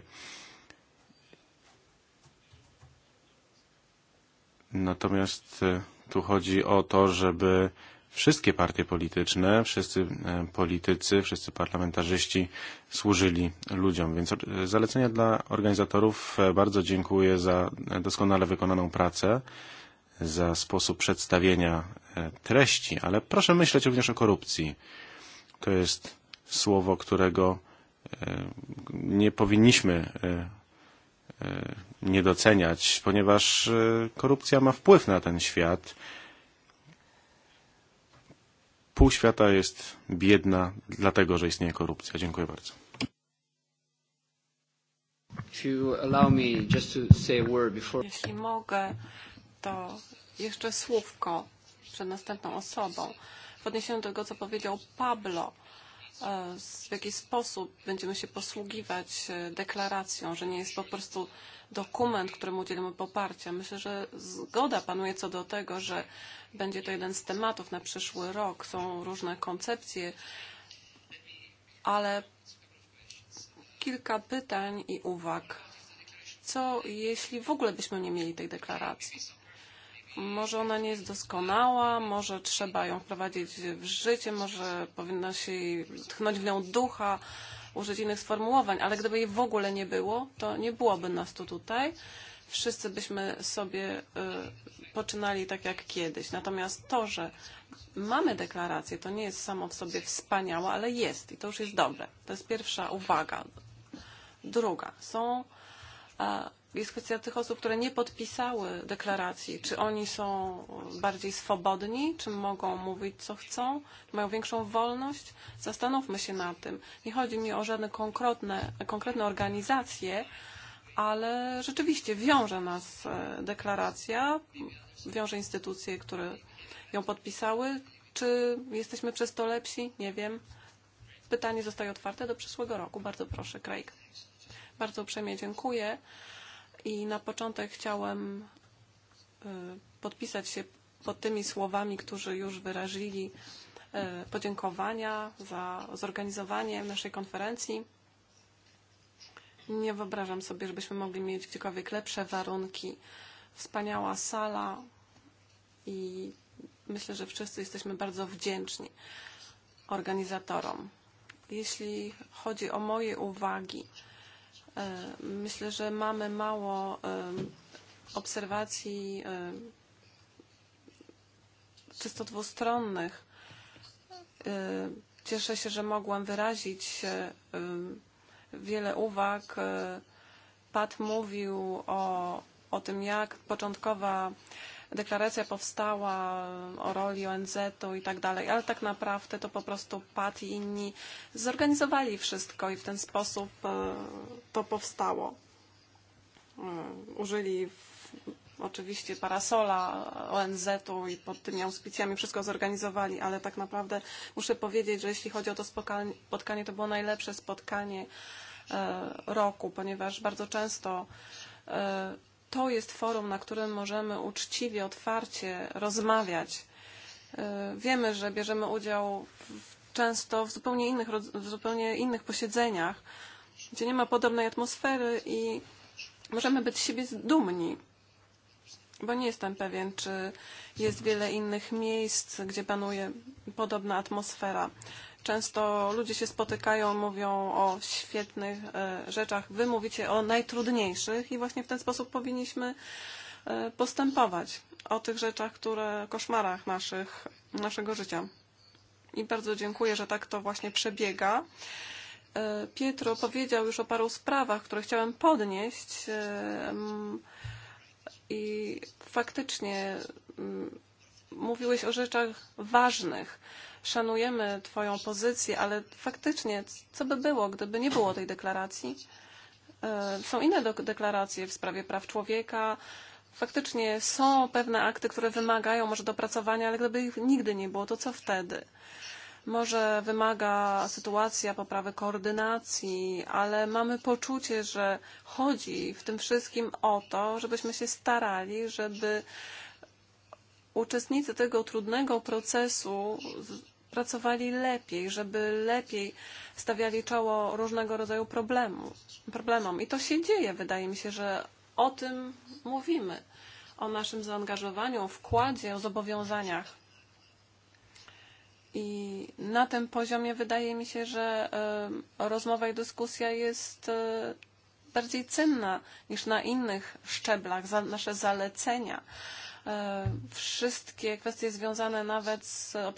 [SPEAKER 3] Natomiast e, tu chodzi o to, żeby wszystkie partie polityczne, wszyscy e, politycy, wszyscy parlamentarzyści służyli ludziom. Więc zalecenia dla organizatorów. Bardzo dziękuję za doskonale wykonaną pracę, za sposób przedstawienia treści, ale proszę myśleć również o korupcji. To jest słowo, którego e, nie powinniśmy e, e, nie doceniać, ponieważ korupcja ma wpływ na ten świat. Pół świata jest biedna, dlatego że istnieje korupcja. Dziękuję bardzo.
[SPEAKER 2] Jeśli mogę, to jeszcze słówko przed następną osobą w odniesieniu do tego, co powiedział Pablo, e, w jaki sposób będziemy się posługiwać e, deklaracją, że nie jest po prostu dokument, któremu udzielimy poparcia. Myślę, że zgoda panuje co do tego, że będzie to jeden z tematów na przyszły rok. Są różne koncepcje, ale kilka pytań i uwag. Co jeśli w ogóle byśmy nie mieli tej deklaracji? Może ona nie jest doskonała, może trzeba ją wprowadzić w życie, może powinno się jej tchnąć w nią ducha, użyć innych sformułowań, ale gdyby jej w ogóle nie było, to nie byłoby nas tu tutaj. Wszyscy byśmy sobie y, poczynali tak jak kiedyś. Natomiast to, że mamy deklarację, to nie jest samo w sobie wspaniałe, ale jest i to już jest dobre. To jest pierwsza uwaga. Druga. Są a, jest kwestia tych osób, które nie podpisały deklaracji. Czy oni są bardziej swobodni? Czy mogą mówić, co chcą? Czy mają większą wolność? Zastanówmy się nad tym. Nie chodzi mi o żadne konkretne, konkretne organizacje, ale rzeczywiście wiąże nas e, deklaracja, wiąże instytucje, które ją podpisały. Czy jesteśmy przez to lepsi? Nie wiem. Pytanie zostaje otwarte do przyszłego roku. Bardzo proszę, Craig. Bardzo uprzejmie dziękuję. I na początek chciałem e, podpisać się pod tymi słowami, którzy już wyrazili e, podziękowania za zorganizowanie naszej konferencji. Nie wyobrażam sobie, żebyśmy mogli mieć gdziekolwiek lepsze warunki. Wspaniała sala i myślę, że wszyscy jesteśmy bardzo wdzięczni organizatorom. Jeśli chodzi o moje uwagi, E, myślę, że mamy mało e, obserwacji e, czysto dwustronnych. Cieszę się, że mogłam wyrazić wiele uwag. Pat mówił o, o tym, jak początkowa deklaracja powstała e, o roli ONZ-u i tak dalej, ale tak naprawdę to po prostu Pat i inni zorganizowali wszystko i w ten sposób e, to powstało. E, użyli oczywiście parasola ONZ-u i pod tymi auspicjami wszystko zorganizowali, ale tak naprawdę muszę powiedzieć, że jeśli chodzi o to spotkanie, to było najlepsze spotkanie roku, ponieważ bardzo często to jest forum, na którym możemy uczciwie, otwarcie rozmawiać. E, wiemy, że bierzemy udział w, często w zupełnie innych, w zupełnie innych posiedzeniach, gdzie nie ma podobnej atmosfery i możemy być siebie dumni, bo nie jestem pewien, czy jest wiele innych miejsc, gdzie panuje podobna atmosfera. Często ludzie się spotykają, mówią o świetnych e, rzeczach, wy mówicie o najtrudniejszych i właśnie w ten sposób powinniśmy e, postępować o tych rzeczach, które koszmarach naszych, naszego życia. I bardzo dziękuję, że tak to właśnie przebiega. E, Pietro powiedział już o paru sprawach, które chciałem podnieść. I faktycznie mówiłeś o rzeczach ważnych szanujemy Twoją pozycję, ale faktycznie, co by było, gdyby nie było tej deklaracji? E, są inne deklaracje w sprawie praw człowieka. Faktycznie są pewne akty, które wymagają może dopracowania, ale gdyby ich nigdy nie było, to co wtedy? Może wymaga sytuacja poprawy koordynacji, ale mamy poczucie, że chodzi w tym wszystkim o to, żebyśmy się starali, żeby uczestnicy tego trudnego procesu pracowali lepiej, żeby lepiej stawiali czoło różnego rodzaju problemu, problemom. I to się dzieje. Wydaje mi się, że o tym mówimy. O naszym zaangażowaniu, o wkładzie, o zobowiązaniach. I na tym poziomie wydaje mi się, że e, rozmowa i dyskusja jest e, bardziej cenna niż na innych szczeblach. Za, nasze zalecenia. E, wszystkie kwestie związane nawet z e,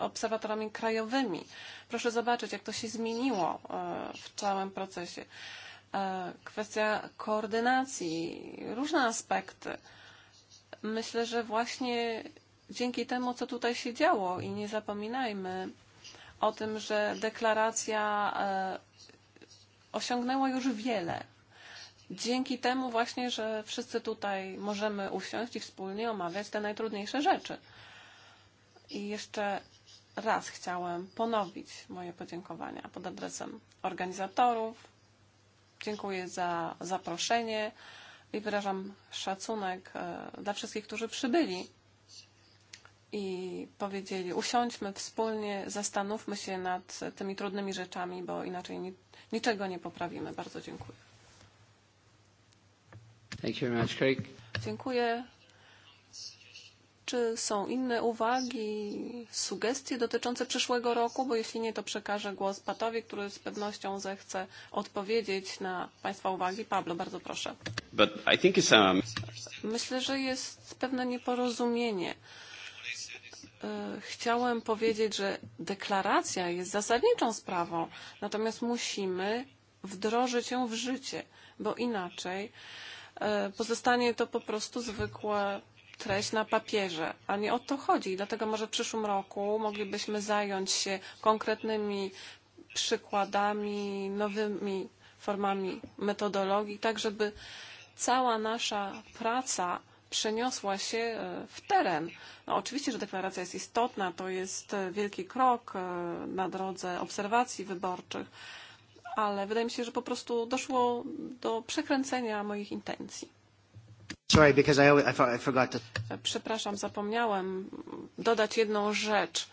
[SPEAKER 2] obserwatorami krajowymi. Proszę zobaczyć, jak to się zmieniło e, w całym procesie. Kwestia koordynacji, różne aspekty. Myślę, że właśnie dzięki temu, co tutaj się działo i nie zapominajmy o tym, że deklaracja osiągnęła już wiele dzięki temu właśnie, że wszyscy tutaj możemy usiąść i wspólnie omawiać te najtrudniejsze rzeczy. I jeszcze raz chciałem ponowić moje podziękowania pod adresem organizatorów. Dziękuję za zaproszenie i wyrażam szacunek e, dla wszystkich, którzy przybyli i powiedzieli, usiądźmy wspólnie, zastanówmy się nad tymi trudnymi rzeczami, bo inaczej niczego nie poprawimy. Bardzo dziękuję.
[SPEAKER 1] Thank you very much, Craig.
[SPEAKER 2] Dziękuję. Czy są inne uwagi, sugestie dotyczące przyszłego roku? Bo jeśli nie, to przekażę głos Patowi, który z pewnością zechce odpowiedzieć na Państwa uwagi. Pablo, bardzo proszę.
[SPEAKER 1] But I think it's, um...
[SPEAKER 2] Myślę, że jest pewne nieporozumienie e, chciałem powiedzieć, że deklaracja jest zasadniczą sprawą, natomiast musimy wdrożyć ją w życie, bo inaczej E, pozostanie to po prostu zwykłe treść na papierze, a nie o to chodzi. Dlatego może w przyszłym roku moglibyśmy zająć się konkretnymi przykładami, nowymi formami metodologii, tak żeby cała nasza praca przeniosła się e, w teren. No, oczywiście, że deklaracja jest istotna, to jest e, wielki krok na drodze obserwacji wyborczych, ale wydaje mi się, że po prostu doszło do przekręcenia moich intencji.
[SPEAKER 3] Sorry, because I, I, I forgot to...
[SPEAKER 2] Przepraszam, zapomniałem dodać jedną rzecz.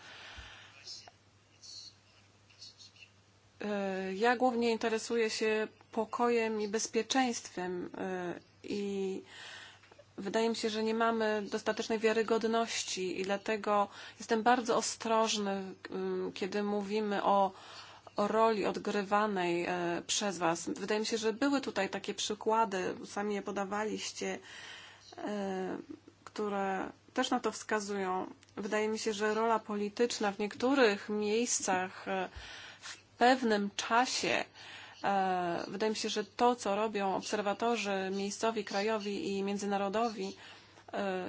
[SPEAKER 2] E, ja głównie interesuję się pokojem i bezpieczeństwem e, i wydaje mi się, że nie mamy dostatecznej wiarygodności i dlatego jestem bardzo ostrożny, kiedy mówimy o o roli odgrywanej e, przez Was. Wydaje mi się, że były tutaj takie przykłady, sami je podawaliście, e, które też na to wskazują. Wydaje mi się, że rola polityczna w niektórych miejscach e, w pewnym czasie Wydaje mi się, że to, co robią obserwatorzy miejscowi, krajowi i międzynarodowi,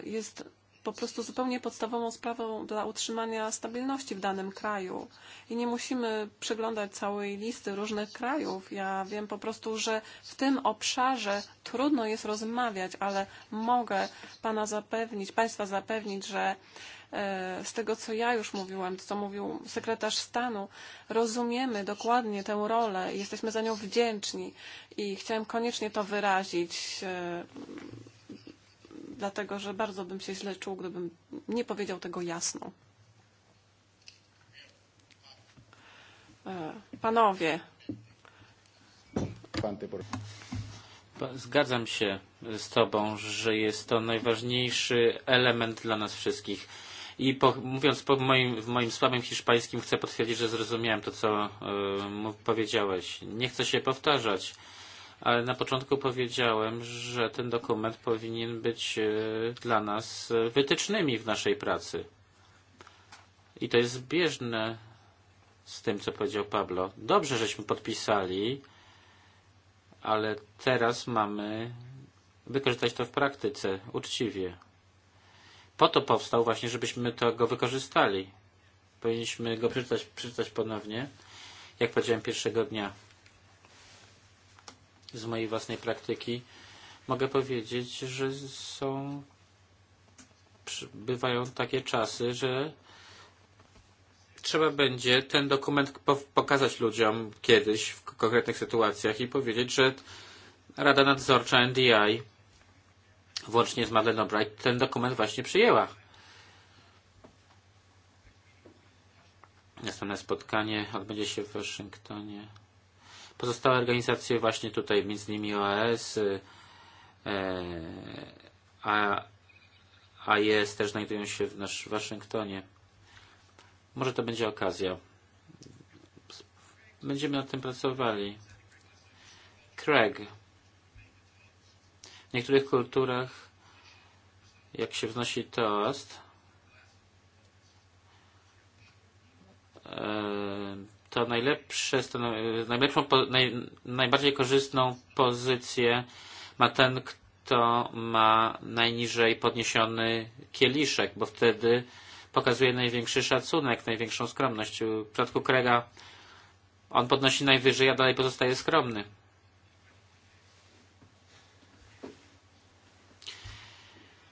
[SPEAKER 2] jest po prostu zupełnie podstawową sprawą dla utrzymania stabilności w danym kraju. I nie musimy przeglądać całej listy różnych krajów. Ja wiem po prostu, że w tym obszarze trudno jest rozmawiać, ale mogę Pana zapewnić, Państwa zapewnić, że e, z tego, co ja już mówiłam, co mówił sekretarz stanu, rozumiemy dokładnie tę rolę i jesteśmy za nią wdzięczni. I chciałem koniecznie to wyrazić e, dlatego że bardzo bym się źle czuł, gdybym nie powiedział tego jasno. E, panowie.
[SPEAKER 1] Zgadzam się z Tobą, że jest to najważniejszy element dla nas wszystkich. I po, mówiąc po moim, w moim słabym hiszpańskim, chcę potwierdzić, że zrozumiałem to, co y, e, powiedziałeś. Nie chcę się powtarzać. Y, ale na początku powiedziałem, że ten dokument powinien być e, dla nas e, wytycznymi w naszej pracy. I to jest zbieżne z tym, co powiedział Pablo. Dobrze, żeśmy podpisali, ale teraz mamy wykorzystać to w praktyce, uczciwie. Po to powstał właśnie, żebyśmy to go wykorzystali. Powinniśmy go przeczytać, przeczytać ponownie, jak powiedziałem pierwszego dnia z mojej własnej praktyki, mogę powiedzieć, że są, bywają takie czasy, że trzeba będzie ten dokument pokazać ludziom kiedyś w konkretnych sytuacjach i powiedzieć, że Rada Nadzorcza NDI, włącznie z Madeleine Bright, ten dokument właśnie przyjęła. Następne spotkanie odbędzie się w Waszyngtonie Pozostałe organizacje właśnie tutaj, między innymi OAS, a, a IS też znajdują się w nasz Waszyngtonie. Może to będzie okazja. Będziemy nad tym pracowali. Craig. W niektórych kulturach, jak się wznosi toast, to najlepsze, najlepszą, naj, najbardziej korzystną pozycję ma ten, kto ma najniżej podniesiony kieliszek, bo wtedy pokazuje największy szacunek, największą skromność. W przypadku Krega on podnosi najwyżej, a dalej pozostaje skromny.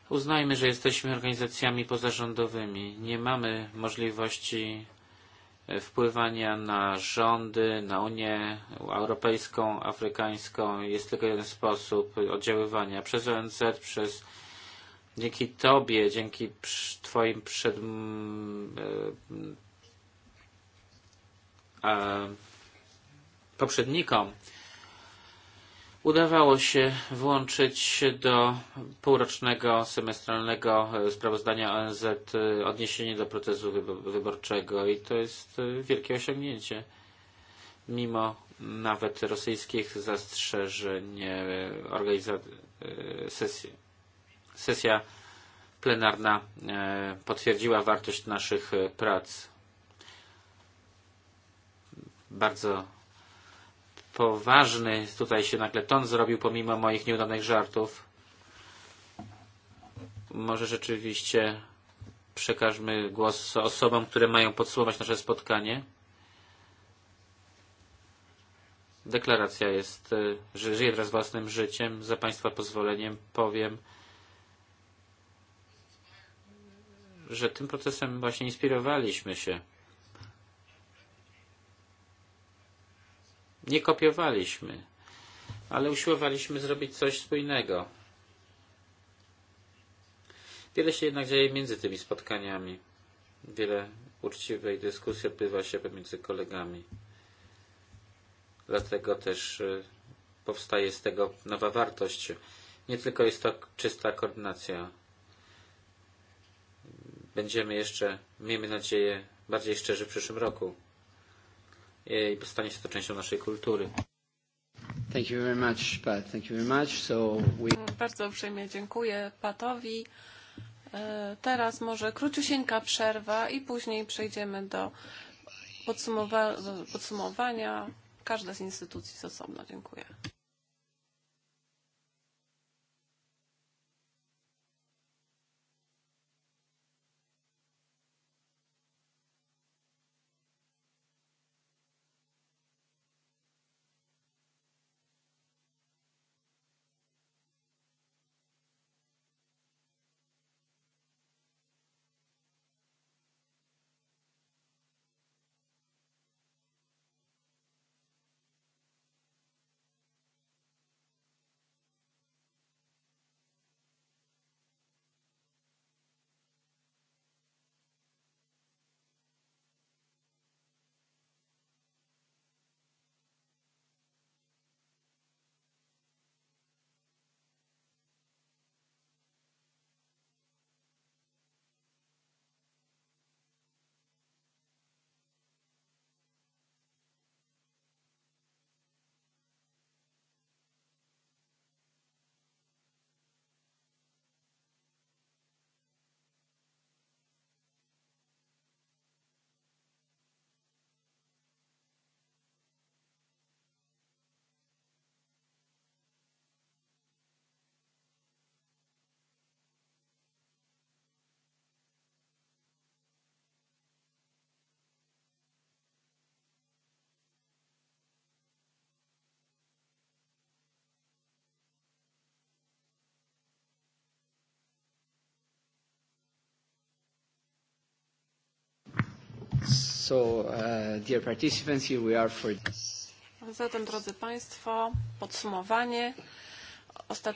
[SPEAKER 1] Uznajmy, że jesteśmy organizacjami pozarządowymi. Nie mamy możliwości wpływania na rządy, na Unię Europejską, Afrykańską. Jest tylko jeden sposób oddziaływania przez ONZ, przez dzięki Tobie, dzięki Twoim przed... E, e, poprzednikom Udawało się włączyć do półrocznego semestralnego sprawozdania ONZ e, odniesienie do procesu wyborczego i to jest e, wielkie osiągnięcie. Mimo nawet rosyjskich zastrzeżeń e, sesji, sesja plenarna potwierdziła wartość naszych prac. Bardzo poważny tutaj się nagle ton zrobił pomimo moich nieudanych żartów. Może rzeczywiście przekażmy głos osobom, które mają podsumować nasze spotkanie. Deklaracja jest, że żyję teraz własnym życiem. Za Państwa pozwoleniem powiem, że tym procesem właśnie inspirowaliśmy się. Nie kopiowaliśmy, ale usiłowaliśmy zrobić coś spójnego. Wiele się jednak dzieje między tymi spotkaniami. Wiele uczciwej dyskusji odbywa się pomiędzy kolegami. Dlatego też powstaje z tego nowa wartość. Nie tylko jest to czysta koordynacja. Będziemy jeszcze, miejmy nadzieję, bardziej szczerzy w przyszłym roku. E, i stanie się to częścią naszej kultury. Thank you very much, Pat. Thank you very much. So we...
[SPEAKER 2] Bardzo uprzejmie dziękuję Patowi. E, teraz może króciusieńka przerwa i później przejdziemy do podsumowa podsumowania. Każda z instytucji z osobna. Dziękuję.
[SPEAKER 1] So, uh, dear participants, here we are for...
[SPEAKER 2] Zatem, drodzy Państwo, podsumowanie, ostat...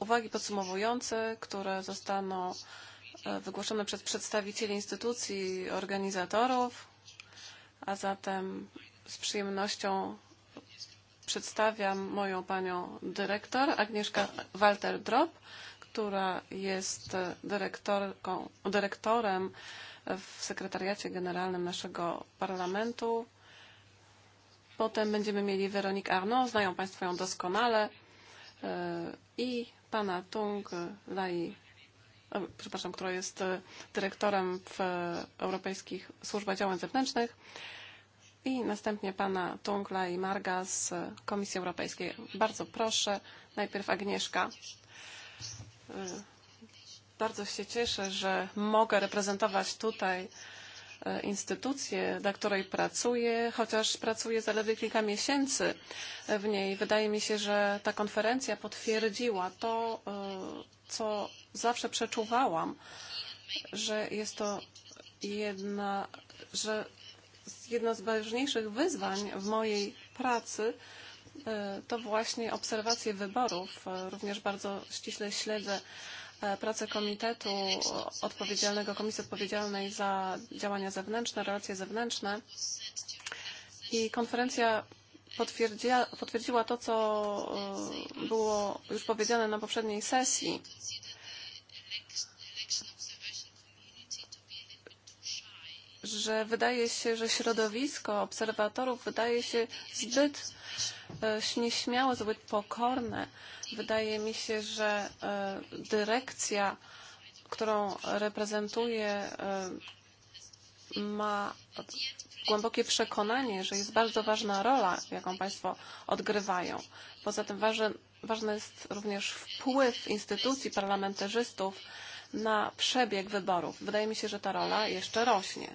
[SPEAKER 2] uwagi podsumowujące, które zostaną wygłoszone przez przedstawicieli instytucji organizatorów, a zatem z przyjemnością przedstawiam moją panią dyrektor Agnieszka Walter-Drop, która jest dyrektorką, dyrektorem w sekretariacie generalnym naszego parlamentu. Potem będziemy mieli Weronik Arno, znają Państwo ją doskonale, e, i pana Tung Lai, e, przepraszam, która jest e, dyrektorem w Europejskich Służbach Działań Zewnętrznych i następnie pana Tung Lai Marga z Komisji Europejskiej. Bardzo proszę, najpierw Agnieszka. Bardzo się cieszę, że mogę reprezentować tutaj e, instytucję, dla której pracuję, chociaż pracuję zaledwie kilka miesięcy w niej. Wydaje mi się, że ta konferencja potwierdziła to, e, co zawsze przeczuwałam, że jest to jedna, że jedno z ważniejszych wyzwań w mojej pracy e, to właśnie obserwacje wyborów. Również bardzo ściśle śledzę E, pracę komitetu odpowiedzialnego, komisji odpowiedzialnej za działania zewnętrzne, relacje zewnętrzne i konferencja potwierdziła, potwierdziła to, co e, było już powiedziane na poprzedniej sesji. że wydaje się, że środowisko obserwatorów wydaje się zbyt e, nieśmiałe, zbyt pokorne, Wydaje mi się, że e, dyrekcja, którą reprezentuję, e, ma głębokie przekonanie, że jest bardzo ważna rola, jaką Państwo odgrywają. Poza tym ważen, ważny jest również wpływ instytucji parlamentarzystów na przebieg wyborów. Wydaje mi się, że ta rola jeszcze rośnie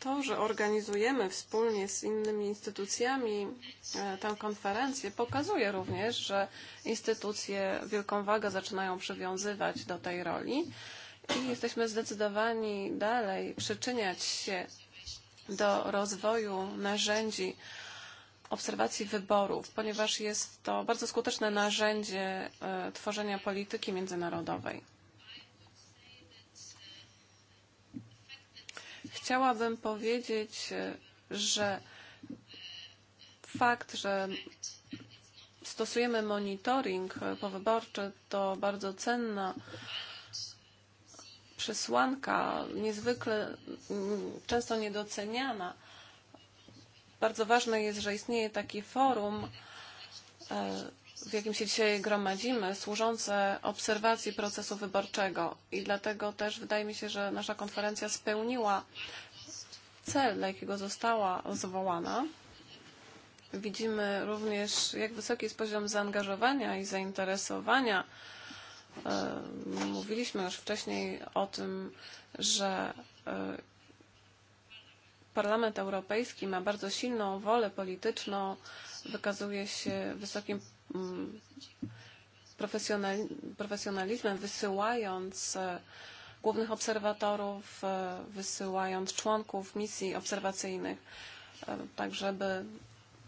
[SPEAKER 2] to, że organizujemy wspólnie z innymi instytucjami e, tę konferencję, pokazuje również, że instytucje wielką wagę zaczynają przywiązywać do tej roli i jesteśmy zdecydowani dalej przyczyniać się do rozwoju narzędzi obserwacji wyborów, ponieważ jest to bardzo skuteczne narzędzie e, tworzenia polityki międzynarodowej. Chciałabym powiedzieć, że fakt, że stosujemy monitoring powyborczy, to bardzo cenna przesłanka, niezwykle często niedoceniana. Bardzo ważne jest, że istnieje taki forum e, w jakim się dzisiaj gromadzimy, służące obserwacji procesu wyborczego. I dlatego też wydaje mi się, że nasza konferencja spełniła cel, dla jakiego została zwołana. Widzimy również, jak wysoki jest poziom zaangażowania i zainteresowania. E, mówiliśmy już wcześniej o tym, że e, Parlament Europejski ma bardzo silną wolę polityczną, wykazuje się wysokim profesjonalizmem, wysyłając e, głównych obserwatorów, e, wysyłając członków misji obserwacyjnych, e, tak żeby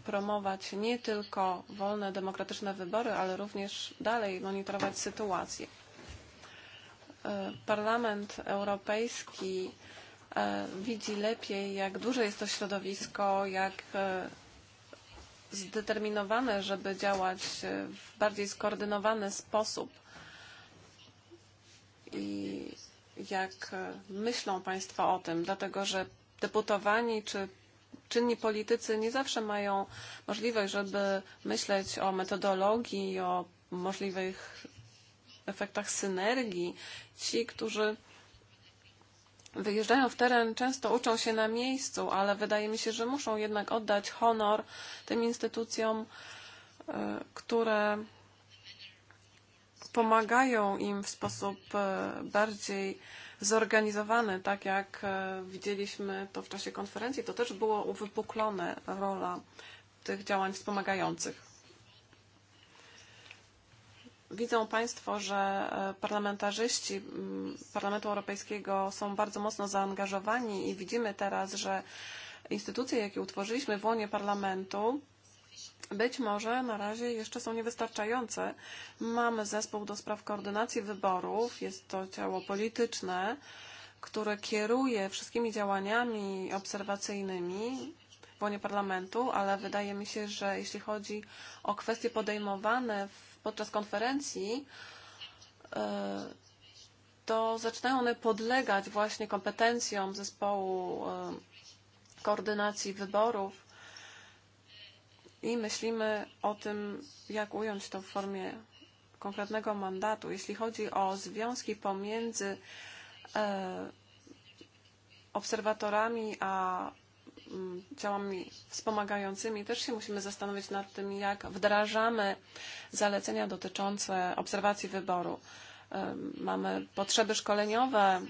[SPEAKER 2] promować nie tylko wolne, demokratyczne wybory, ale również dalej monitorować sytuację. Parlament Europejski widzi lepiej, jak duże jest to środowisko, jak zdeterminowane, żeby działać w bardziej skoordynowany sposób. I jak myślą Państwo o tym? Dlatego, że deputowani czy czynni politycy nie zawsze mają możliwość, żeby myśleć o metodologii, o możliwych efektach synergii. Ci, którzy wyjeżdżają w teren, często uczą się na miejscu, ale wydaje mi się, że muszą jednak oddać honor tym instytucjom, e, które pomagają im w sposób e, bardziej zorganizowany, tak jak e, widzieliśmy to w czasie konferencji, to też było uwypuklone rola tych działań wspomagających widzą Państwo, że e, parlamentarzyści Parlamentu Europejskiego są bardzo mocno zaangażowani i widzimy teraz, że instytucje, jakie utworzyliśmy w łonie parlamentu, być może na razie jeszcze są niewystarczające. Mamy zespół do spraw koordynacji wyborów, jest to ciało polityczne, które kieruje wszystkimi działaniami obserwacyjnymi w łonie parlamentu, ale wydaje mi się, że jeśli chodzi o kwestie podejmowane w podczas konferencji, e, to zaczynają one podlegać właśnie kompetencjom zespołu e, koordynacji wyborów i myślimy o tym, jak ująć to w formie konkretnego mandatu. Jeśli chodzi o związki pomiędzy e, obserwatorami a ciałami wspomagającymi też się musimy zastanowić nad tym, jak wdrażamy zalecenia dotyczące obserwacji wyboru. Mamy potrzeby szkoleniowe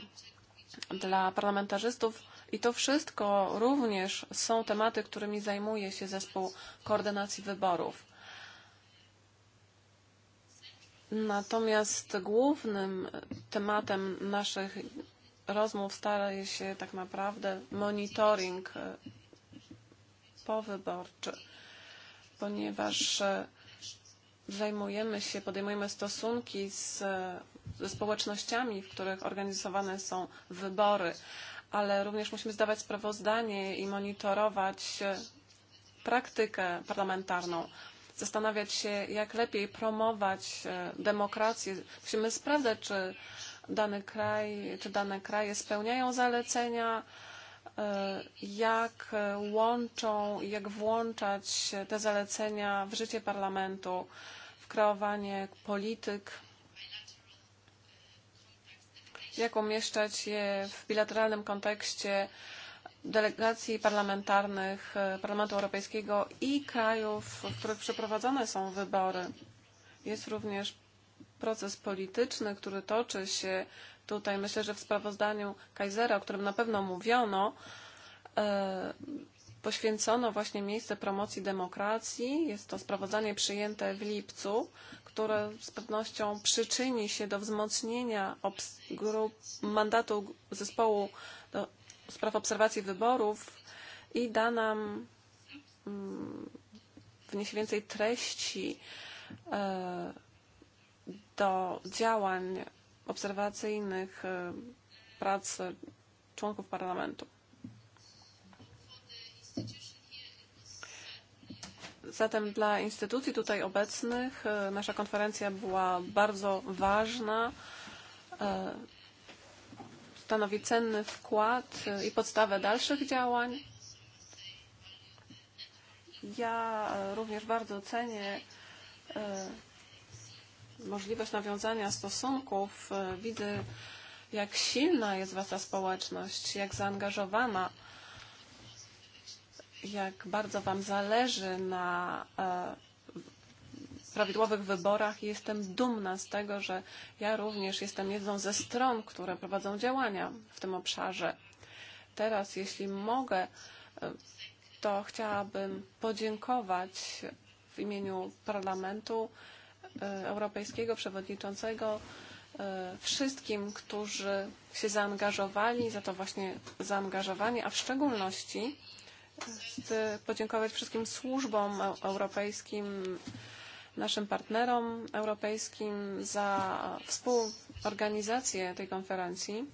[SPEAKER 2] dla parlamentarzystów i to wszystko również są tematy, którymi zajmuje się zespół koordynacji wyborów. Natomiast głównym tematem naszych rozmów staraje się tak naprawdę monitoring e, powyborczy, ponieważ e, zajmujemy się, podejmujemy stosunki z, e, ze społecznościami, w których organizowane są wybory, ale również musimy zdawać sprawozdanie i monitorować praktykę parlamentarną, zastanawiać się, jak lepiej promować demokrację. Musimy sprawdzać, czy dany kraj, czy dane kraje spełniają zalecenia, e, jak łączą, jak włączać te zalecenia w życie parlamentu, w kreowanie polityk, jak umieszczać je w bilateralnym kontekście delegacji parlamentarnych e, Parlamentu Europejskiego i krajów, w których przeprowadzane są wybory. Jest również proces polityczny, który toczy się tutaj, myślę, że w sprawozdaniu Kaisera, o którym na pewno mówiono, e, poświęcono właśnie miejsce promocji demokracji. Jest to sprawozdanie przyjęte w lipcu, które z pewnością przyczyni się do wzmocnienia grup, mandatu zespołu do spraw obserwacji wyborów i da nam mm, wniesie więcej treści e, do działań obserwacyjnych e, prac członków parlamentu. Zatem dla instytucji tutaj obecnych e, nasza konferencja była bardzo ważna. E, stanowi cenny wkład i podstawę dalszych działań. Ja również bardzo cenię możliwość nawiązania stosunków, e, widzę, jak silna jest wasza społeczność, jak zaangażowana, jak bardzo wam zależy na e, prawidłowych wyborach i jestem dumna z tego, że ja również jestem jedną ze stron, które prowadzą działania w tym obszarze. Teraz, jeśli mogę, e, to chciałabym podziękować w imieniu parlamentu E, europejskiego przewodniczącego e, wszystkim, którzy się zaangażowali, za to właśnie zaangażowanie, a w szczególności chcę podziękować wszystkim służbom e, europejskim, naszym partnerom europejskim za współorganizację tej konferencji.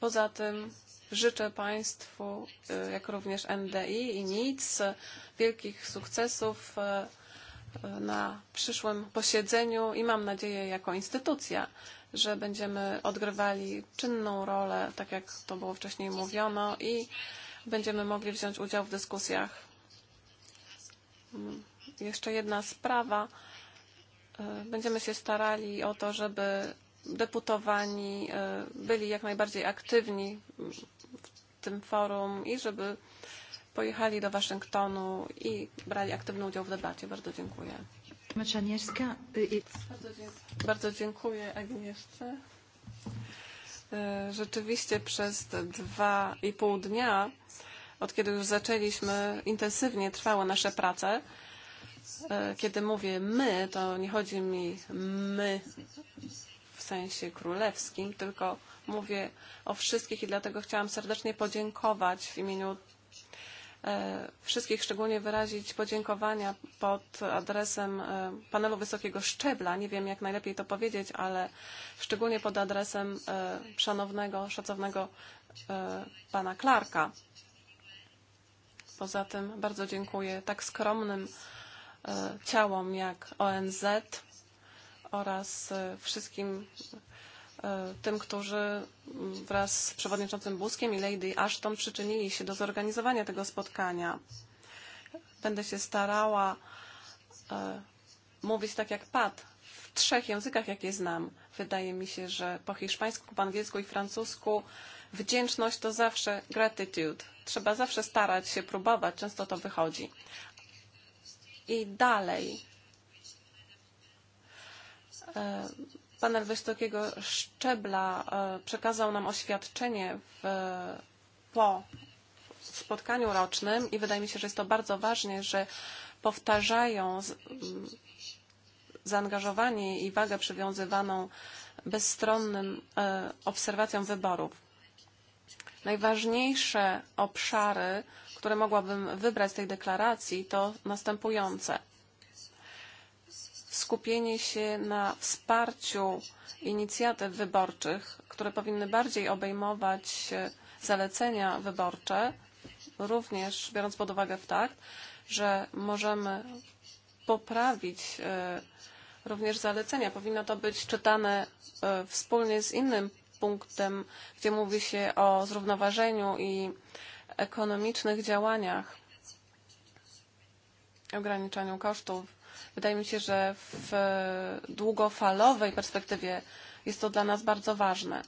[SPEAKER 2] Poza tym Życzę Państwu, jak również MDI i nic, wielkich sukcesów na przyszłym posiedzeniu i mam nadzieję jako instytucja, że będziemy odgrywali czynną rolę, tak jak to było wcześniej mówiono i będziemy mogli wziąć udział w dyskusjach. Mm, jeszcze jedna sprawa. Będziemy się starali o to, żeby deputowani byli jak najbardziej aktywni tym forum i żeby pojechali do Waszyngtonu i brali aktywny udział w debacie. Bardzo dziękuję. Agnieszka. Bardzo dziękuję Agnieszce. Rzeczywiście przez te dwa i pół dnia, od kiedy już zaczęliśmy, intensywnie trwały nasze prace. Kiedy mówię my, to nie chodzi mi my w sensie królewskim, tylko mówię o wszystkich i dlatego chciałam serdecznie podziękować w imieniu e, wszystkich szczególnie wyrazić podziękowania pod adresem e, panelu wysokiego szczebla. Nie wiem, jak najlepiej to powiedzieć, ale szczególnie pod adresem e, szanownego, szacownego pana Clarka. Poza tym bardzo dziękuję tak skromnym ciałom jak ONZ oraz wszystkim E, tym, którzy wraz z przewodniczącym Buskiem i Lady Ashton przyczynili się do zorganizowania tego spotkania. Będę się starała e, mówić tak jak Pat, w trzech językach, jakie znam. Wydaje mi się, że po hiszpańsku, po angielsku i francusku wdzięczność to zawsze gratitude. Trzeba zawsze starać się, próbować, często to wychodzi. I dalej. E, Panel wysokiego szczebla e, przekazał nam oświadczenie w, po spotkaniu rocznym i wydaje mi się, że jest to bardzo ważne, że powtarzają z, mm, zaangażowanie i wagę przywiązywaną bezstronnym e, obserwacjom wyborów. Najważniejsze obszary, które mogłabym wybrać z tej deklaracji, to następujące skupienie się na wsparciu inicjatyw wyborczych, które powinny bardziej obejmować e, zalecenia wyborcze, również biorąc pod uwagę fakt, że możemy poprawić e, również zalecenia. Powinno to być czytane e, wspólnie z innym punktem, gdzie mówi się o zrównoważeniu i ekonomicznych działaniach, ograniczaniu kosztów Wydaje mi się, że w długofalowej perspektywie jest to dla nas bardzo ważne.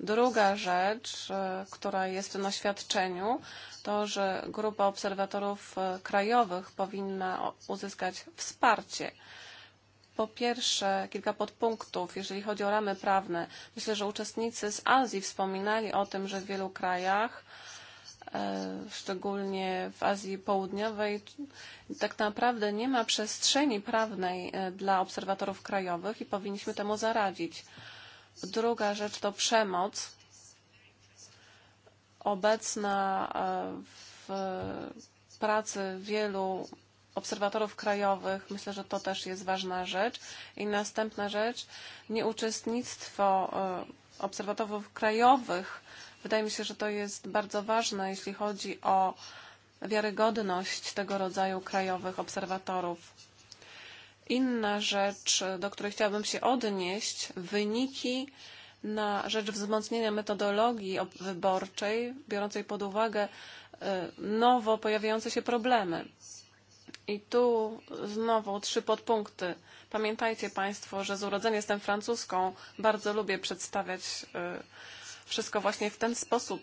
[SPEAKER 2] Druga rzecz, e, która jest w tym oświadczeniu, to, że grupa obserwatorów e, krajowych powinna uzyskać wsparcie. Po pierwsze, kilka podpunktów, jeżeli chodzi o ramy prawne. Myślę, że uczestnicy z Azji wspominali o tym, że w wielu krajach E, szczególnie w Azji Południowej, tak naprawdę nie ma przestrzeni prawnej e, dla obserwatorów krajowych i powinniśmy temu zaradzić. Druga rzecz to przemoc obecna e, w pracy wielu obserwatorów krajowych. Myślę, że to też jest ważna rzecz. I następna rzecz, nieuczestnictwo obserwatorów krajowych Wydaje mi się, że to jest bardzo ważne, jeśli chodzi o wiarygodność tego rodzaju krajowych obserwatorów. Inna rzecz, do której chciałabym się odnieść, wyniki na rzecz wzmocnienia metodologii wyborczej, biorącej pod uwagę nowo pojawiające się problemy. I tu znowu trzy podpunkty. Pamiętajcie Państwo, że z urodzenia jestem francuską. Bardzo lubię przedstawiać wszystko właśnie w ten sposób.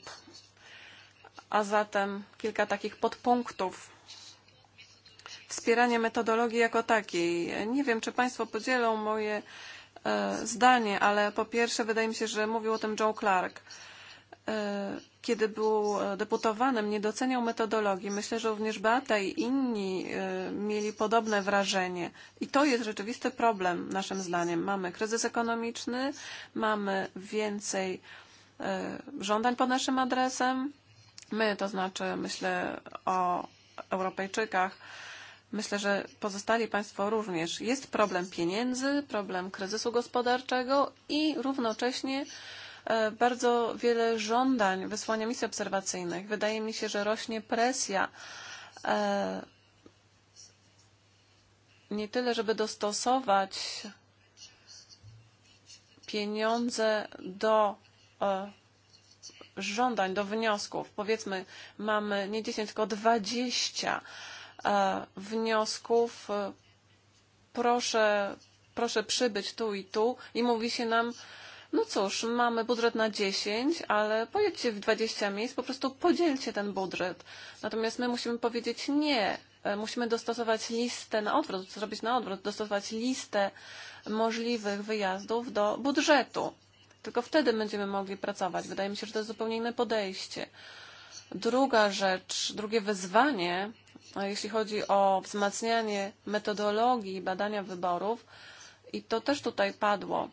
[SPEAKER 2] A zatem kilka takich podpunktów. Wspieranie metodologii jako takiej. Nie wiem, czy Państwo podzielą moje e, zdanie, ale po pierwsze wydaje mi się, że mówił o tym Joe Clark. E, kiedy był e, deputowanym, nie doceniał metodologii. Myślę, że również Beata i inni mieli podobne wrażenie. I to jest rzeczywisty problem, naszym zdaniem. Mamy kryzys ekonomiczny, mamy więcej E, żądań pod naszym adresem. My, to znaczy myślę o Europejczykach, myślę, że pozostali Państwo również. Jest problem pieniędzy, problem kryzysu gospodarczego i równocześnie e, bardzo wiele żądań wysłania misji obserwacyjnych. Wydaje mi się, że rośnie presja e, nie tyle, żeby dostosować pieniądze do E, żądań, do wniosków. Powiedzmy, mamy nie 10, tylko 20 e, wniosków. E, proszę, proszę przybyć tu i tu i mówi się nam, no cóż, mamy budżet na 10, ale pojedźcie w 20 miejsc, po prostu podzielcie ten budżet. Natomiast my musimy powiedzieć nie. Musimy dostosować listę na odwrót, zrobić na odwrót, dostosować listę możliwych wyjazdów do budżetu. Tylko wtedy będziemy mogli pracować. Wydaje mi się, że to jest zupełnie inne podejście. Druga rzecz, drugie wyzwanie, jeśli chodzi o wzmacnianie metodologii badania wyborów, i to też tutaj padło.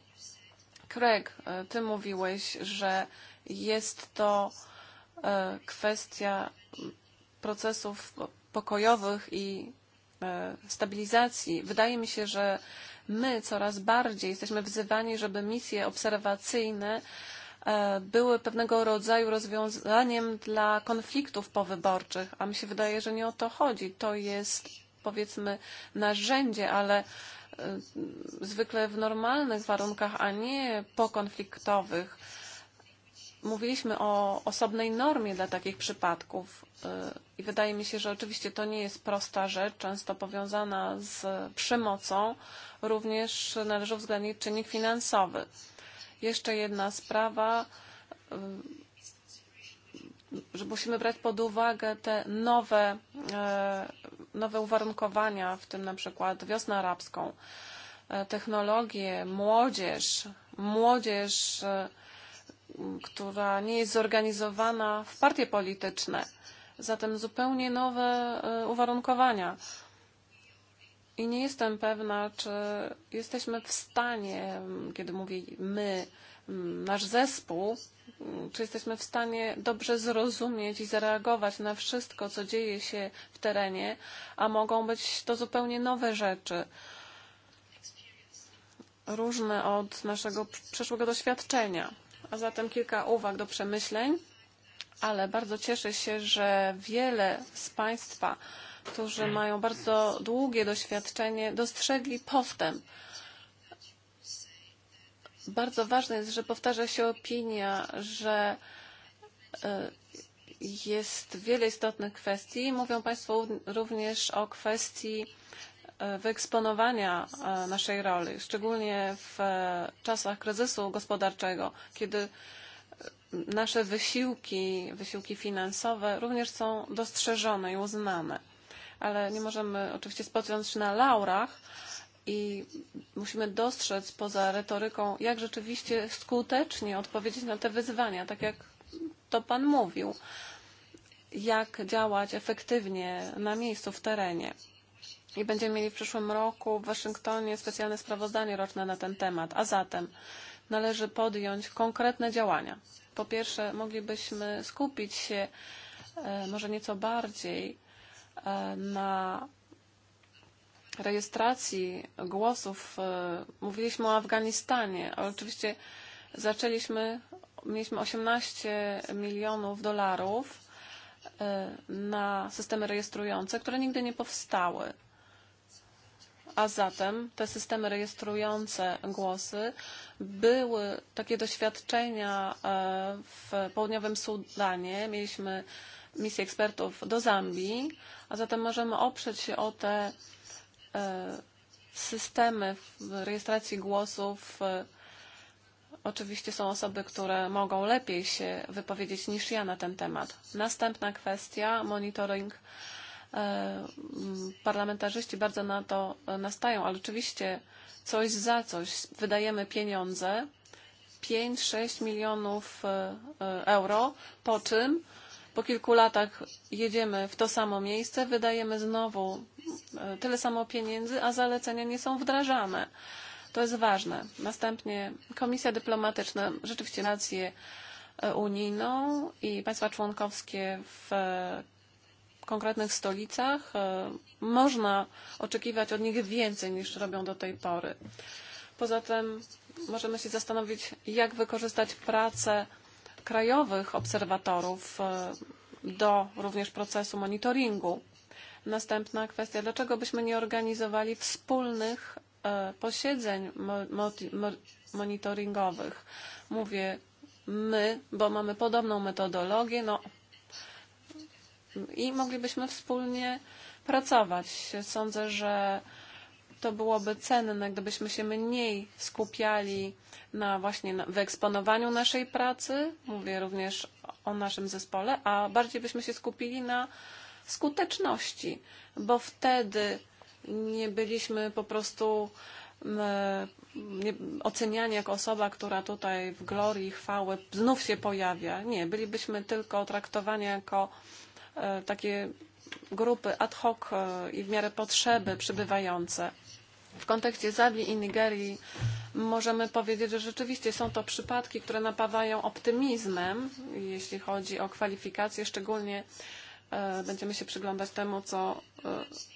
[SPEAKER 2] Craig, e, ty mówiłeś, że jest to e, kwestia procesów pokojowych i E, stabilizacji. Wydaje mi się, że my coraz bardziej jesteśmy wzywani, żeby misje obserwacyjne e, były pewnego rodzaju rozwiązaniem dla konfliktów powyborczych, a mi się wydaje, że nie o to chodzi. To jest powiedzmy narzędzie, ale e, zwykle w normalnych warunkach, a nie pokonfliktowych mówiliśmy o osobnej normie dla takich przypadków i wydaje mi się, że oczywiście to nie jest prosta rzecz, często powiązana z przemocą, również należy uwzględnić czynnik finansowy. Jeszcze jedna sprawa, że musimy brać pod uwagę te nowe, nowe uwarunkowania, w tym na przykład wiosnę arabską, technologie, młodzież, młodzież, która nie jest zorganizowana w partie polityczne. Zatem zupełnie nowe e, uwarunkowania. I nie jestem pewna, czy jesteśmy w stanie, kiedy mówię my, nasz zespół, czy jesteśmy w stanie dobrze zrozumieć i zareagować na wszystko, co dzieje się w terenie, a mogą być to zupełnie nowe rzeczy, różne od naszego przeszłego doświadczenia. A zatem kilka uwag do przemyśleń, ale bardzo cieszę się, że wiele z Państwa, którzy mają bardzo długie doświadczenie, dostrzegli postęp. Bardzo ważne jest, że powtarza się opinia, że e, jest wiele istotnych kwestii. Mówią Państwo również o kwestii wyeksponowania e, naszej roli, szczególnie w e, czasach kryzysu gospodarczego, kiedy e, nasze wysiłki, wysiłki finansowe również są dostrzeżone i uznane. Ale nie możemy oczywiście spocząć na laurach i musimy dostrzec poza retoryką, jak rzeczywiście skutecznie odpowiedzieć na te wyzwania, tak jak to Pan mówił, jak działać efektywnie na miejscu, w terenie i będziemy mieli w przyszłym roku w Waszyngtonie specjalne sprawozdanie roczne na ten temat. A zatem należy podjąć konkretne działania. Po pierwsze, moglibyśmy skupić się e, może nieco bardziej e, na rejestracji głosów. E, mówiliśmy o Afganistanie, ale oczywiście zaczęliśmy, mieliśmy 18 milionów dolarów na systemy rejestrujące, które nigdy nie powstały. A zatem te systemy rejestrujące głosy były takie doświadczenia e, w południowym Sudanie. Mieliśmy misję ekspertów do Zambii, a zatem możemy oprzeć się o te e, systemy rejestracji głosów. E, oczywiście są osoby, które mogą lepiej się wypowiedzieć niż ja na ten temat. Następna kwestia monitoring E, parlamentarzyści bardzo na to nastają, ale oczywiście coś za coś. Wydajemy pieniądze, 5-6 milionów e, e, euro, po czym po kilku latach jedziemy w to samo miejsce, wydajemy znowu tyle samo pieniędzy, a zalecenia nie są wdrażane. To jest ważne. Następnie komisja dyplomatyczna, rzeczywiście rację unijną i państwa członkowskie w konkretnych stolicach, e, można oczekiwać od nich więcej niż robią do tej pory. Poza tym możemy się zastanowić, jak wykorzystać pracę krajowych obserwatorów e, do również procesu monitoringu. Następna kwestia, dlaczego byśmy nie organizowali wspólnych e, posiedzeń monitoringowych? Mówię my, bo mamy podobną metodologię, no i moglibyśmy wspólnie pracować. Sądzę, że to byłoby cenne, gdybyśmy się mniej skupiali na właśnie na wyeksponowaniu naszej pracy, mówię również o naszym zespole, a bardziej byśmy się skupili na skuteczności, bo wtedy nie byliśmy po prostu mm, e, oceniani jako osoba, która tutaj w glorii chwały znów się pojawia. Nie, bylibyśmy tylko traktowani jako E, takie grupy ad hoc e, i w miarę potrzeby przybywające. W kontekście Zabii i Nigerii możemy powiedzieć, że rzeczywiście są to przypadki, które napawają optymizmem, jeśli chodzi o kwalifikacje, szczególnie e, będziemy się przyglądać temu, co,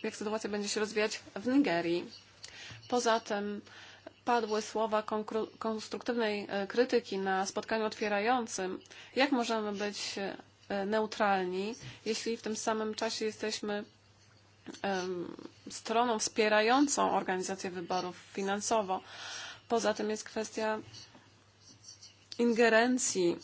[SPEAKER 2] jak sytuacja będzie się rozwijać w Nigerii. Poza tym padły słowa konstruktywnej krytyki na spotkaniu otwierającym. Jak możemy być E, neutralni, jeśli w tym samym czasie jesteśmy stroną wspierającą organizację wyborów finansowo. Poza tym jest kwestia ingerencji,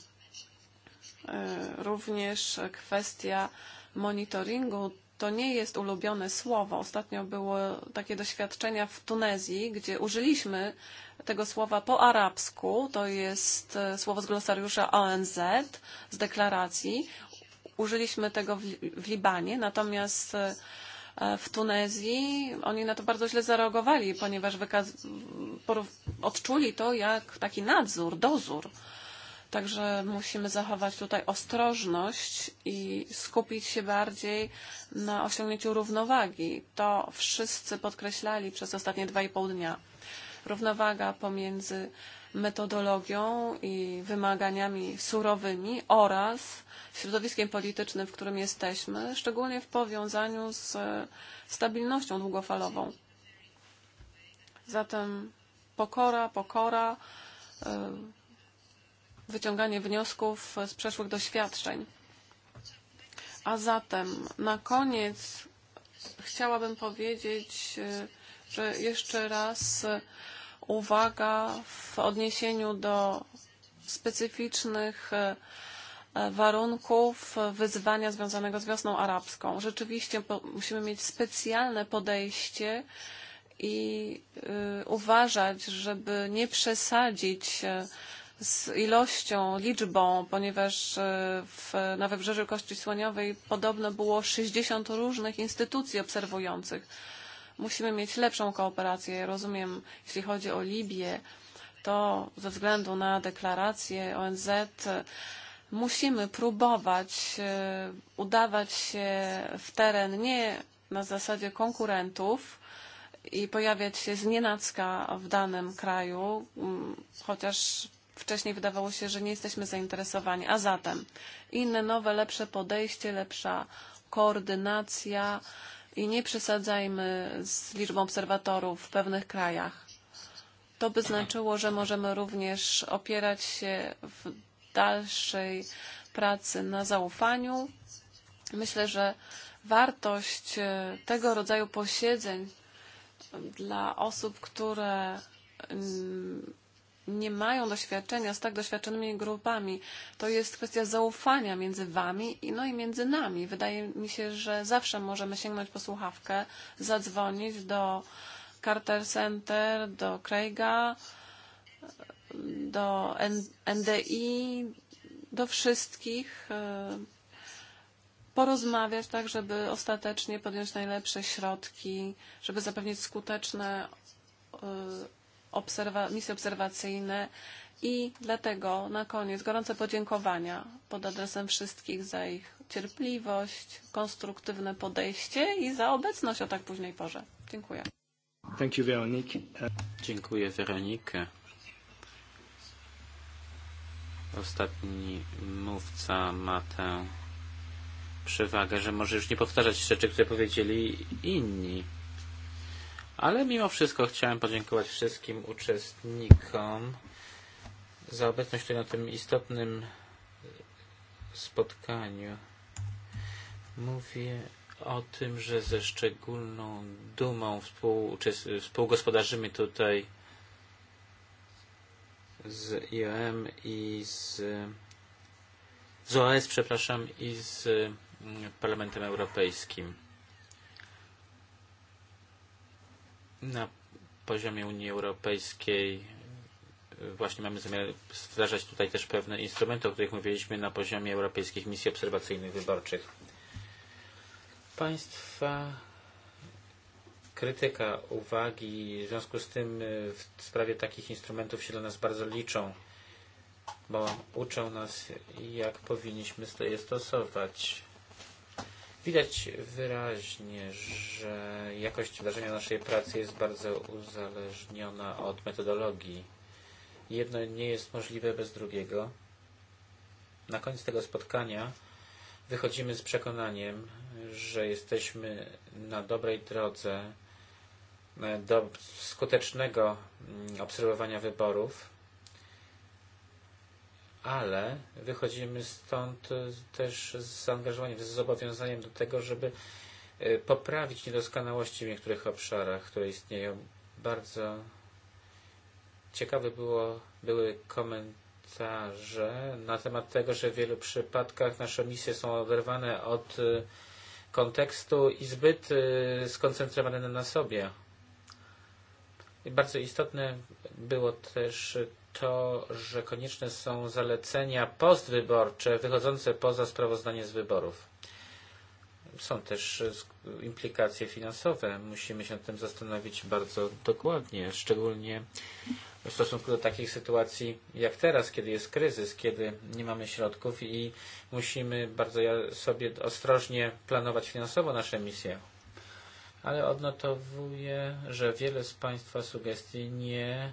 [SPEAKER 2] e, również kwestia monitoringu. To nie jest ulubione słowo. Ostatnio było takie doświadczenia w Tunezji, gdzie użyliśmy tego słowa po arabsku. To jest e, słowo z glosariusza ONZ, z deklaracji. Użyliśmy tego w, w Libanie, natomiast e, e, w Tunezji oni na to bardzo źle zareagowali, ponieważ odczuli to jak taki nadzór, dozór. Także musimy zachować tutaj ostrożność i skupić się bardziej na osiągnięciu równowagi. To wszyscy podkreślali przez ostatnie dwa i pół dnia równowaga pomiędzy metodologią i wymaganiami surowymi oraz środowiskiem politycznym, w którym jesteśmy, szczególnie w powiązaniu z e, stabilnością długofalową. Zatem pokora, pokora, e, wyciąganie wniosków z przeszłych doświadczeń. A zatem na koniec chciałabym powiedzieć, e, że jeszcze raz uwaga w odniesieniu do specyficznych e, e, warunków wyzwania związanego z wiosną arabską. Rzeczywiście po, musimy mieć specjalne podejście i y, e, uważać, żeby nie przesadzić z ilością, liczbą, ponieważ w, na Wybrzeżu Kości Słoniowej podobno było 60 różnych instytucji obserwujących Musimy mieć lepszą kooperację. Rozumiem, jeśli chodzi o Libię, to ze względu na deklarację ONZ musimy próbować e, udawać się w teren nie na zasadzie konkurentów i pojawiać się z nienacka w danym kraju, chociaż wcześniej wydawało się, że nie jesteśmy zainteresowani. A zatem inne, nowe, lepsze podejście, lepsza koordynacja, i nie przesadzajmy z liczbą obserwatorów w pewnych krajach. To by znaczyło, że możemy również opierać się w dalszej pracy na zaufaniu. Myślę, że wartość e, tego rodzaju posiedzeń dla osób, które mm, nie mają doświadczenia z tak doświadczonymi grupami. To jest kwestia zaufania między wami i, no i między nami. Wydaje mi się, że zawsze możemy sięgnąć po słuchawkę, zadzwonić do Carter Center, do Craiga, do NDI, do wszystkich, e, porozmawiać tak, żeby ostatecznie podjąć najlepsze środki, żeby zapewnić skuteczne e, obserwa- misje obserwacyjne i dlatego na koniec gorące podziękowania pod adresem wszystkich za ich cierpliwość, konstruktywne podejście i za obecność o tak późnej porze. Dziękuję.
[SPEAKER 1] Thank you, Veronique. Dziękuję, Weronikę. Ostatni mówca ma tę przewagę, że może już nie powtarzać rzeczy, które powiedzieli inni. Ale mimo wszystko chciałem podziękować wszystkim uczestnikom za obecność tutaj na tym istotnym spotkaniu. Mówię o tym, że ze szczególną dumą współgospodarzymy tutaj z IOM i z, z OS, przepraszam, i z mm, Parlamentem Europejskim. na poziomie Unii Europejskiej właśnie mamy zamiar wdrażać tutaj też pewne instrumenty, o których mówiliśmy na poziomie europejskich misji obserwacyjnych wyborczych. Państwa krytyka, uwagi w związku z tym w sprawie takich instrumentów się dla nas bardzo liczą, bo uczą nas, jak powinniśmy je stosować. Widać wyraźnie, że jakość wydarzenia naszej pracy jest bardzo uzależniona od metodologii. Jedno nie jest możliwe bez drugiego. Na koniec tego spotkania wychodzimy z przekonaniem, że jesteśmy na dobrej drodze e, do skutecznego mm, obserwowania wyborów ale wychodzimy stąd e, też z zaangażowaniem, z zobowiązaniem do tego, żeby e, poprawić niedoskonałości w niektórych obszarach, które istnieją. Bardzo ciekawe było, były komentarze na temat tego, że w wielu przypadkach nasze misje są oderwane od e, kontekstu i zbyt skoncentrowane na sobie. I bardzo istotne było też to, że konieczne są zalecenia postwyborcze wychodzące poza sprawozdanie z wyborów. Są też e, implikacje finansowe. Musimy się nad tym zastanowić bardzo dokładnie, szczególnie w stosunku do takich sytuacji jak teraz, kiedy jest kryzys, kiedy nie mamy środków i musimy bardzo sobie ostrożnie planować finansowo nasze misje. Ale odnotowuję, że wiele z Państwa sugestii nie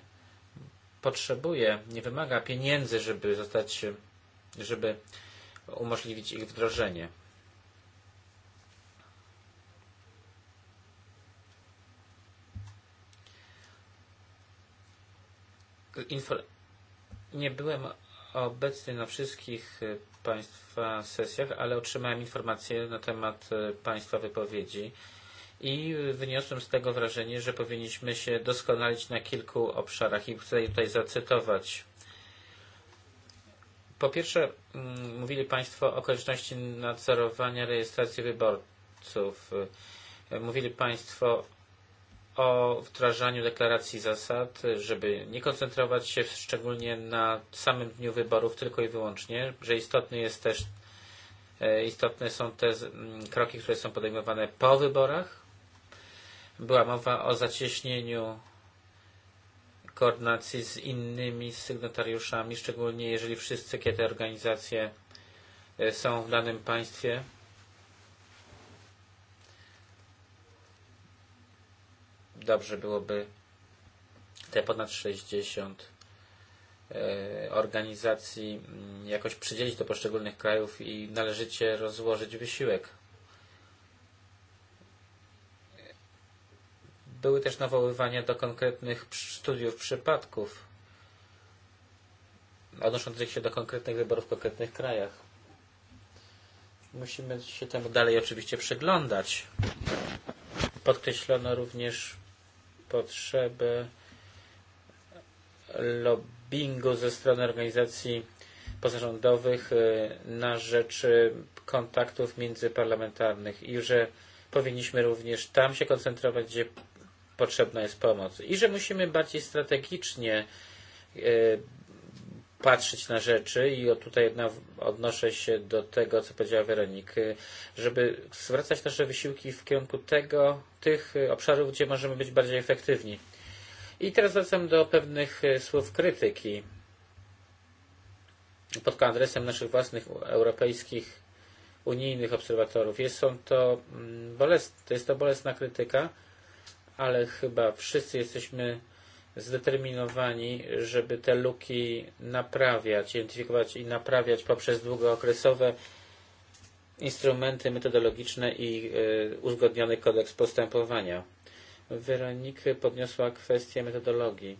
[SPEAKER 1] potrzebuje, nie wymaga pieniędzy, żeby zostać, żeby umożliwić ich wdrożenie. Info. nie byłem obecny na wszystkich Państwa sesjach, ale otrzymałem informacje na temat Państwa wypowiedzi i wyniosłem z tego wrażenie, że powinniśmy się doskonalić na kilku obszarach i chcę tutaj zacytować. Po pierwsze, mm, mówili Państwo o konieczności nadzorowania rejestracji wyborców. Mówili Państwo o wdrażaniu deklaracji zasad, żeby nie koncentrować się szczególnie na samym dniu wyborów tylko i wyłącznie, że istotny jest też e, istotne są te mm, kroki, które są podejmowane po wyborach. Była mowa o zacieśnieniu koordynacji z innymi sygnatariuszami, szczególnie jeżeli wszystkie te organizacje e, są w danym państwie. Dobrze byłoby te ponad 60 e, organizacji mm, jakoś przydzielić do poszczególnych krajów i należycie rozłożyć wysiłek. Były też nawoływania do konkretnych studiów przypadków, odnoszących się do konkretnych wyborów w konkretnych krajach. Musimy się temu dalej oczywiście przyglądać. Podkreślono również potrzebę lobbingu ze strony organizacji pozarządowych e, na rzecz e, kontaktów międzyparlamentarnych i że powinniśmy również tam się koncentrować, gdzie potrzebna jest pomoc i że musimy bardziej strategicznie e, patrzeć na rzeczy i tutaj odnoszę się do tego, co powiedziała Weronik, e, żeby zwracać nasze wysiłki w kierunku tego, tych obszarów, gdzie możemy być bardziej efektywni. I teraz wracam do pewnych e, słów krytyki pod adresem naszych własnych europejskich, unijnych obserwatorów. Jest, są to, mm, bolest, to jest to bolesna krytyka, ale chyba wszyscy jesteśmy zdeterminowani, żeby te luki naprawiać, identyfikować i naprawiać poprzez długookresowe instrumenty metodologiczne i e, uzgodniony kodeks postępowania. Weronika podniosła kwestię metodologii.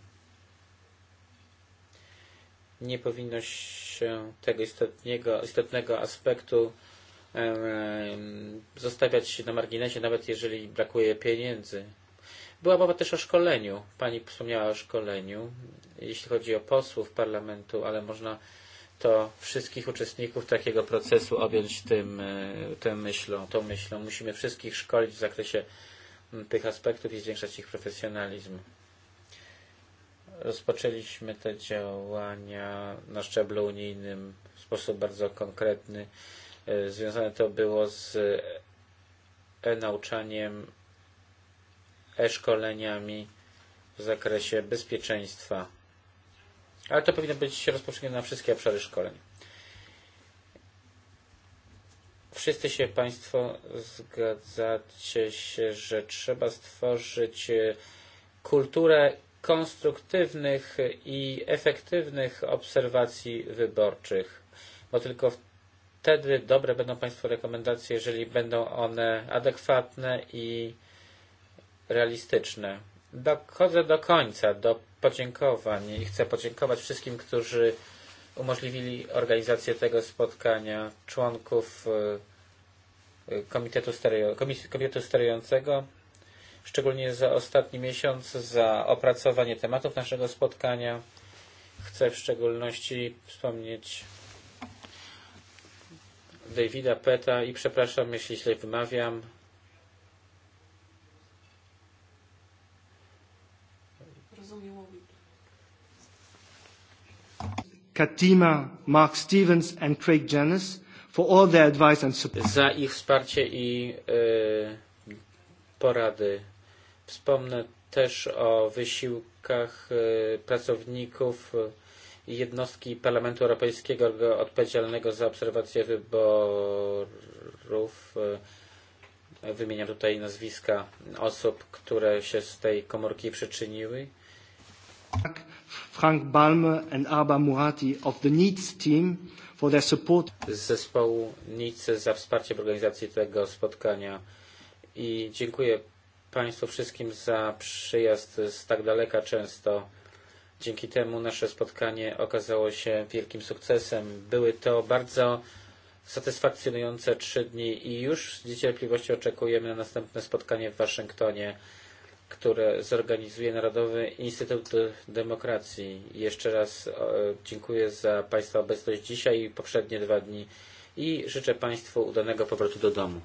[SPEAKER 1] Nie powinno się tego istotnego, istotnego aspektu zostawiać na marginesie, nawet jeżeli brakuje pieniędzy. Była mowa też o szkoleniu. Pani wspomniała o szkoleniu, jeśli chodzi o posłów parlamentu, ale można to wszystkich uczestników takiego procesu objąć tym, e, tym myślą, tą myślą. Musimy wszystkich szkolić w zakresie tych aspektów i zwiększać ich profesjonalizm. Rozpoczęliśmy te działania na szczeblu unijnym w sposób bardzo konkretny. E, związane to było z e nauczaniem e-szkoleniami w zakresie bezpieczeństwa. Ale to powinno być rozpowszechnione na wszystkie obszary szkoleń. Wszyscy się Państwo zgadzacie się, że trzeba stworzyć kulturę konstruktywnych i efektywnych obserwacji wyborczych, bo tylko wtedy dobre będą państwo rekomendacje, jeżeli będą one adekwatne i realistyczne. Dochodzę do końca, do podziękowań i chcę podziękować wszystkim, którzy umożliwili organizację tego spotkania, członków e, e, Komitetu, Stereo, Komitetu Sterującego, szczególnie za ostatni miesiąc, za opracowanie tematów naszego spotkania. Chcę w szczególności wspomnieć Davida Peta i przepraszam, jeśli źle wymawiam, Katima, Mark Stevens and Craig Janis for all their advice and support. Za ich wsparcie i y, e, porady. Wspomnę też o wysiłkach y, e, pracowników e, jednostki Parlamentu Europejskiego odpowiedzialnego za obserwację wyborów. Wymieniam tutaj nazwiska osób, które się z tej komórki przyczyniły. Tak. Frank Balmer and Arba
[SPEAKER 3] Murati of the NEEDS team for their support.
[SPEAKER 1] Z zespołu NEEDS za wsparcie w organizacji tego spotkania i dziękuję Państwu wszystkim za przyjazd z tak daleka często. Dzięki temu nasze spotkanie okazało się wielkim sukcesem. Były to bardzo satysfakcjonujące trzy dni i już z niecierpliwością oczekujemy na następne spotkanie w Waszyngtonie które zorganizuje Narodowy Instytut Demokracji. Jeszcze raz e, dziękuję za Państwa obecność dzisiaj i poprzednie dwa dni i życzę Państwu udanego powrotu do domu.